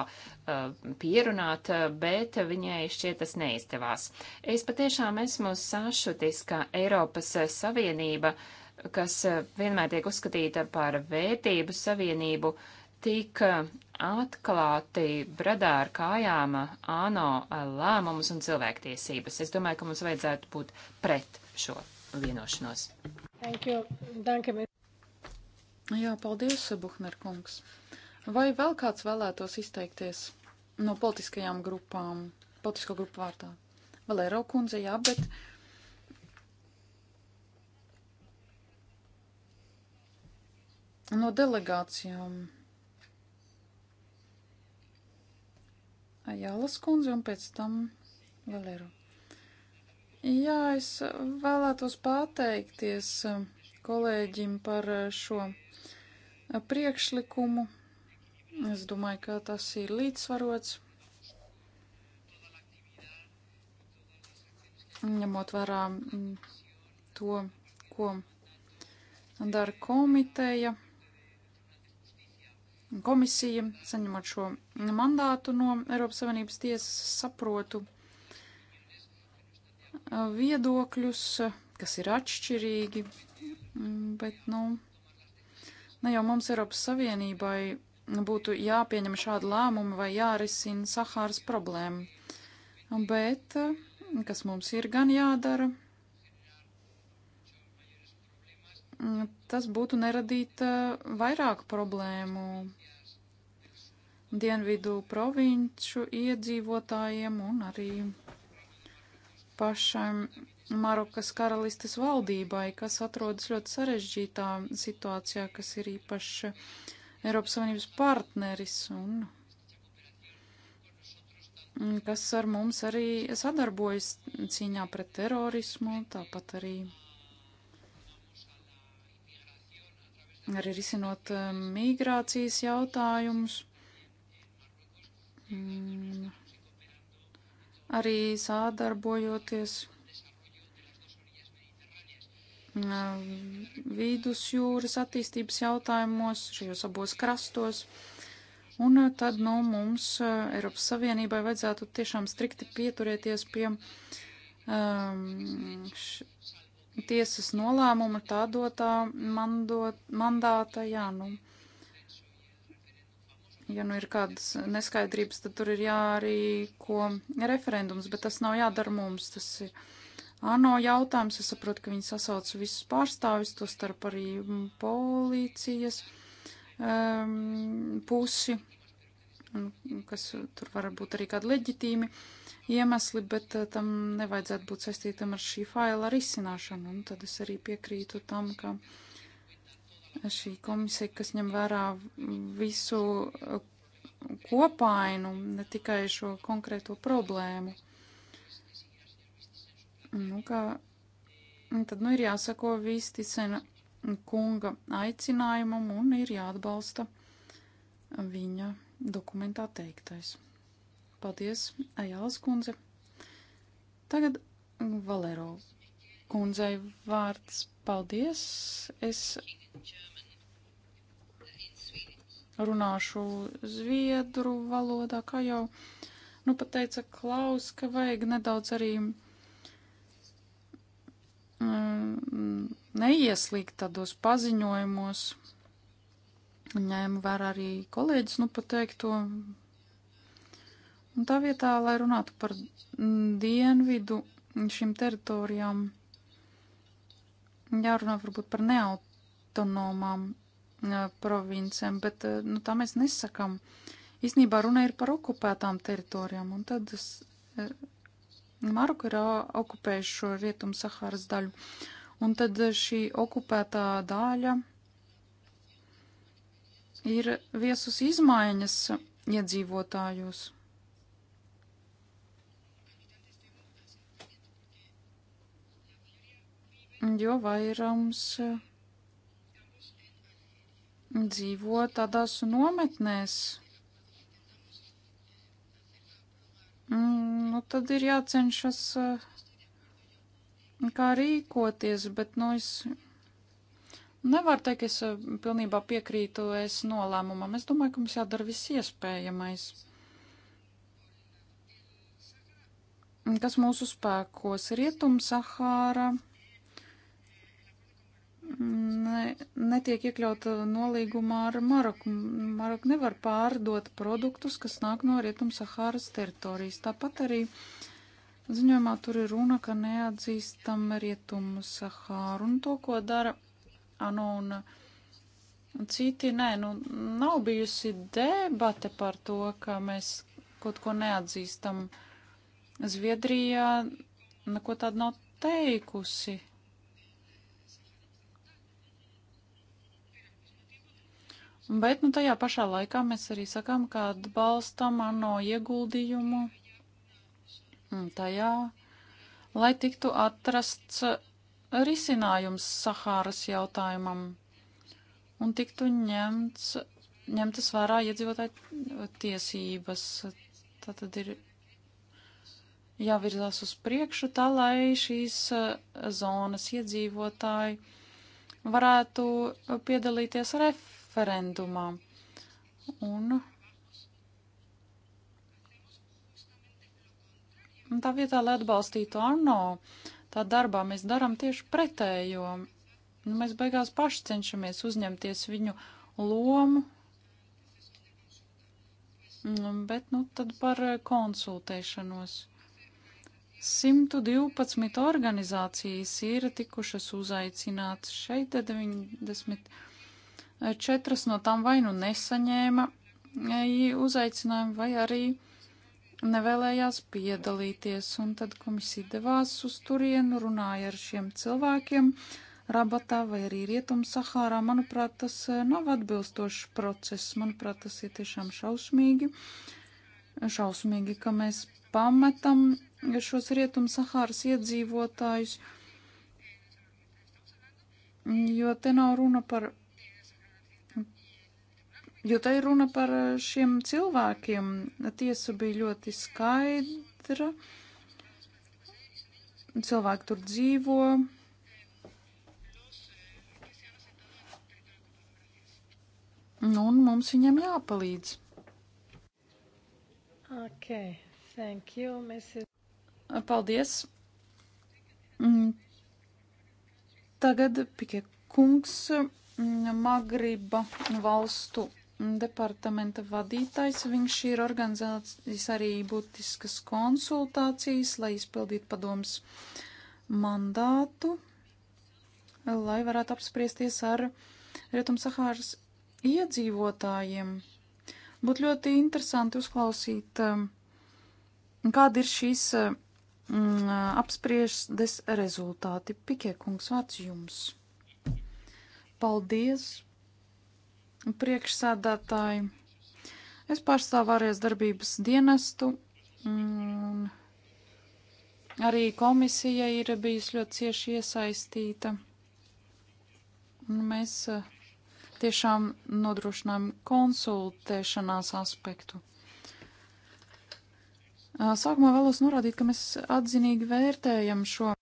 pierunāt, bet viņai šķiet tas neizdevās. Es patiešām esmu sašutis, ka Eiropas Savienība, kas vienmēr tiek uzskatīta par vērtību savienību, tik atklāti bradā ar kājām ANO lēmumus un cilvēktiesības. Es domāju, ka mums vajadzētu būt pret šo vienošanos. Thank you. Thank you. Jā, paldies, Buhner kungs. Vai vēl kāds vēlētos izteikties no politiskajām grupām, politisko grupu vārdā? Valēro kundze, jā, bet. No delegācijām Jālas kundze un pēc tam Valero. Jā, es vēlētos pateikties eh, kolēģim par eh, šo eh, priekšlikumu. Es domāju, ka tas ir līdzsvarots. Ņemot vērā mm, to, ko dara komiteja. Komisija, saņemot šo mandātu no Eiropas Savienības tiesas, saprotu uh, viedokļus, kas ir atšķirīgi, mm, bet, nu, ne jau mums Eiropas Savienībai būtu jāpieņem šādi lēmumi vai jārisina Sahāras problēma, bet, uh, kas mums ir gan jādara, tas būtu neradīt eh, vairāk problēmu dienvidu provinču iedzīvotājiem un arī pašam Marokas karalistes valdībai, kas atrodas ļoti sarežģītā situācijā, kas ir īpaši Eiropas Savienības partneris un kas ar mums arī sadarbojas cīņā pret terorismu, tāpat arī arī risinot eh, migrācijas jautājumus. Mm. Arī sādarbojoties mm, vidusjūras attīstības jautājumos, šajos abos krastos. Un eh, tad nu, mums eh, Eiropas Savienībai vajadzētu tiešām strikti pieturēties pie um, š, tiesas nolēmuma tā dotā mandot, mandāta, jā, nu, ja nu ir kādas neskaidrības, tad tur ir jārīko referendums, bet tas nav jādara mums, tas ir ANO jautājums, es saprotu, ka viņi sasauc visus pārstāvis, to starp arī policijas um, pusi, kas uh, tur var būt arī kādi leģitīmi iemesli, bet uh, tam nevajadzētu būt saistītam ar šī faila risināšanu. Un tad es arī piekrītu tam, ka šī komisija, kas ņem vērā visu uh, kopainu, ne tikai šo konkrēto problēmu. Nu, kā, tad nu ir jāsako Vīsticena kunga aicinājumam un ir jāatbalsta viņa dokumentā teiktais. Paldies, Ajāls kundze. Tagad Valero kundzei vārds. Paldies. Es runāšu zviedru valodā, kā jau nu pateica Klaus, ka vajag nedaudz arī mm, neieslīgt tādos paziņojumos ņēmu vērā arī kolēģis, nu, pateikto. Un tā vietā, lai runātu par dienvidu šīm teritorijām, jārunā varbūt par neautonomām provincēm, bet, nu, tā mēs nesakam. Īsnībā runa ir par okupētām teritorijām, un tad es, Maroka ir okupējuši šo rietumu Saharas daļu, un tad šī okupētā daļa ir viesus izmaiņas iedzīvotājos. Jo vairums eh, dzīvo tādās nometnēs. Mm, nu, tad ir jācenšas eh, kā rīkoties, bet, nu, es Nevar teikt, es eh, pilnībā piekrītu es nolēmumam. Es domāju, ka mums jādara viss iespējamais. Kas mūsu spēkos? Rietum Sahāra ne, netiek iekļauta eh, nolīgumā ar Maroku. Maroku nevar pārdot produktus, kas nāk no Rietum Sahāras teritorijas. Tāpat arī ziņojumā tur ir runa, ka neatzīstam Rietumu Sahāru un to, ko dara ANO ah, nu, un, un citi nē. Nu, nav bijusi debate par to, ka mēs kaut ko neatzīstam. Zviedrijā neko tādu nav teikusi. Bet, nu, tajā pašā laikā mēs arī sakām, ka atbalstam ANO ieguldījumu mm, tajā, lai tiktu atrasts risinājums Sahāras jautājumam un tiktu ņemts, ņemtas vērā iedzīvotāju tiesības. Tā tad ir jāvirzās uz priekšu tā, lai šīs eh, zonas iedzīvotāji varētu piedalīties referendumā. Un tā vietā, lai atbalstītu ANO, uh, tā darbā mēs darām tieši pretējo. Nu, mēs beigās paši cenšamies uzņemties viņu lomu, nu, bet nu tad par eh, konsultēšanos. 112 organizācijas ir tikušas uzaicināts šeit, 94 eh, no tām vai nu nesaņēma eh, uzaicinājumu, vai arī nevēlējās piedalīties, un tad komisija devās uz turienu, runāja ar šiem cilvēkiem. Rabatā vai arī Rietum Sahārā, manuprāt, tas e, nav atbilstošs process. Manuprāt, tas ir tiešām šausmīgi. Šausmīgi, ka mēs pametam šos Rietum Sahāras iedzīvotājus, jo te nav runa par Jo tai ir runa par eh, šiem cilvēkiem. Tiesa bija ļoti skaidra. Cilvēki tur dzīvo. Nu, un mums viņam jāpalīdz. Ok, thank you, Mrs. Paldies. Mm. Tagad Pike kungs mm, Magriba valstu departamenta vadītājs. Viņš ir organizējis arī būtiskas konsultācijas, lai izpildītu padomus mandātu, lai varētu apspriesties ar Rietumsahāras iedzīvotājiem. Būtu ļoti interesanti uzklausīt, um, kāda ir šīs um, apspriestas rezultāti. Pikē kungs, vārds jums. Paldies priekšsēdētāji. Es pārstāvu ārējas darbības dienestu, un arī komisija ir bijusi ļoti cieši iesaistīta. Un mēs eh, tiešām nodrošinām konsultēšanās aspektu. Eh, sākumā vēlos norādīt, ka mēs atzinīgi vērtējam šo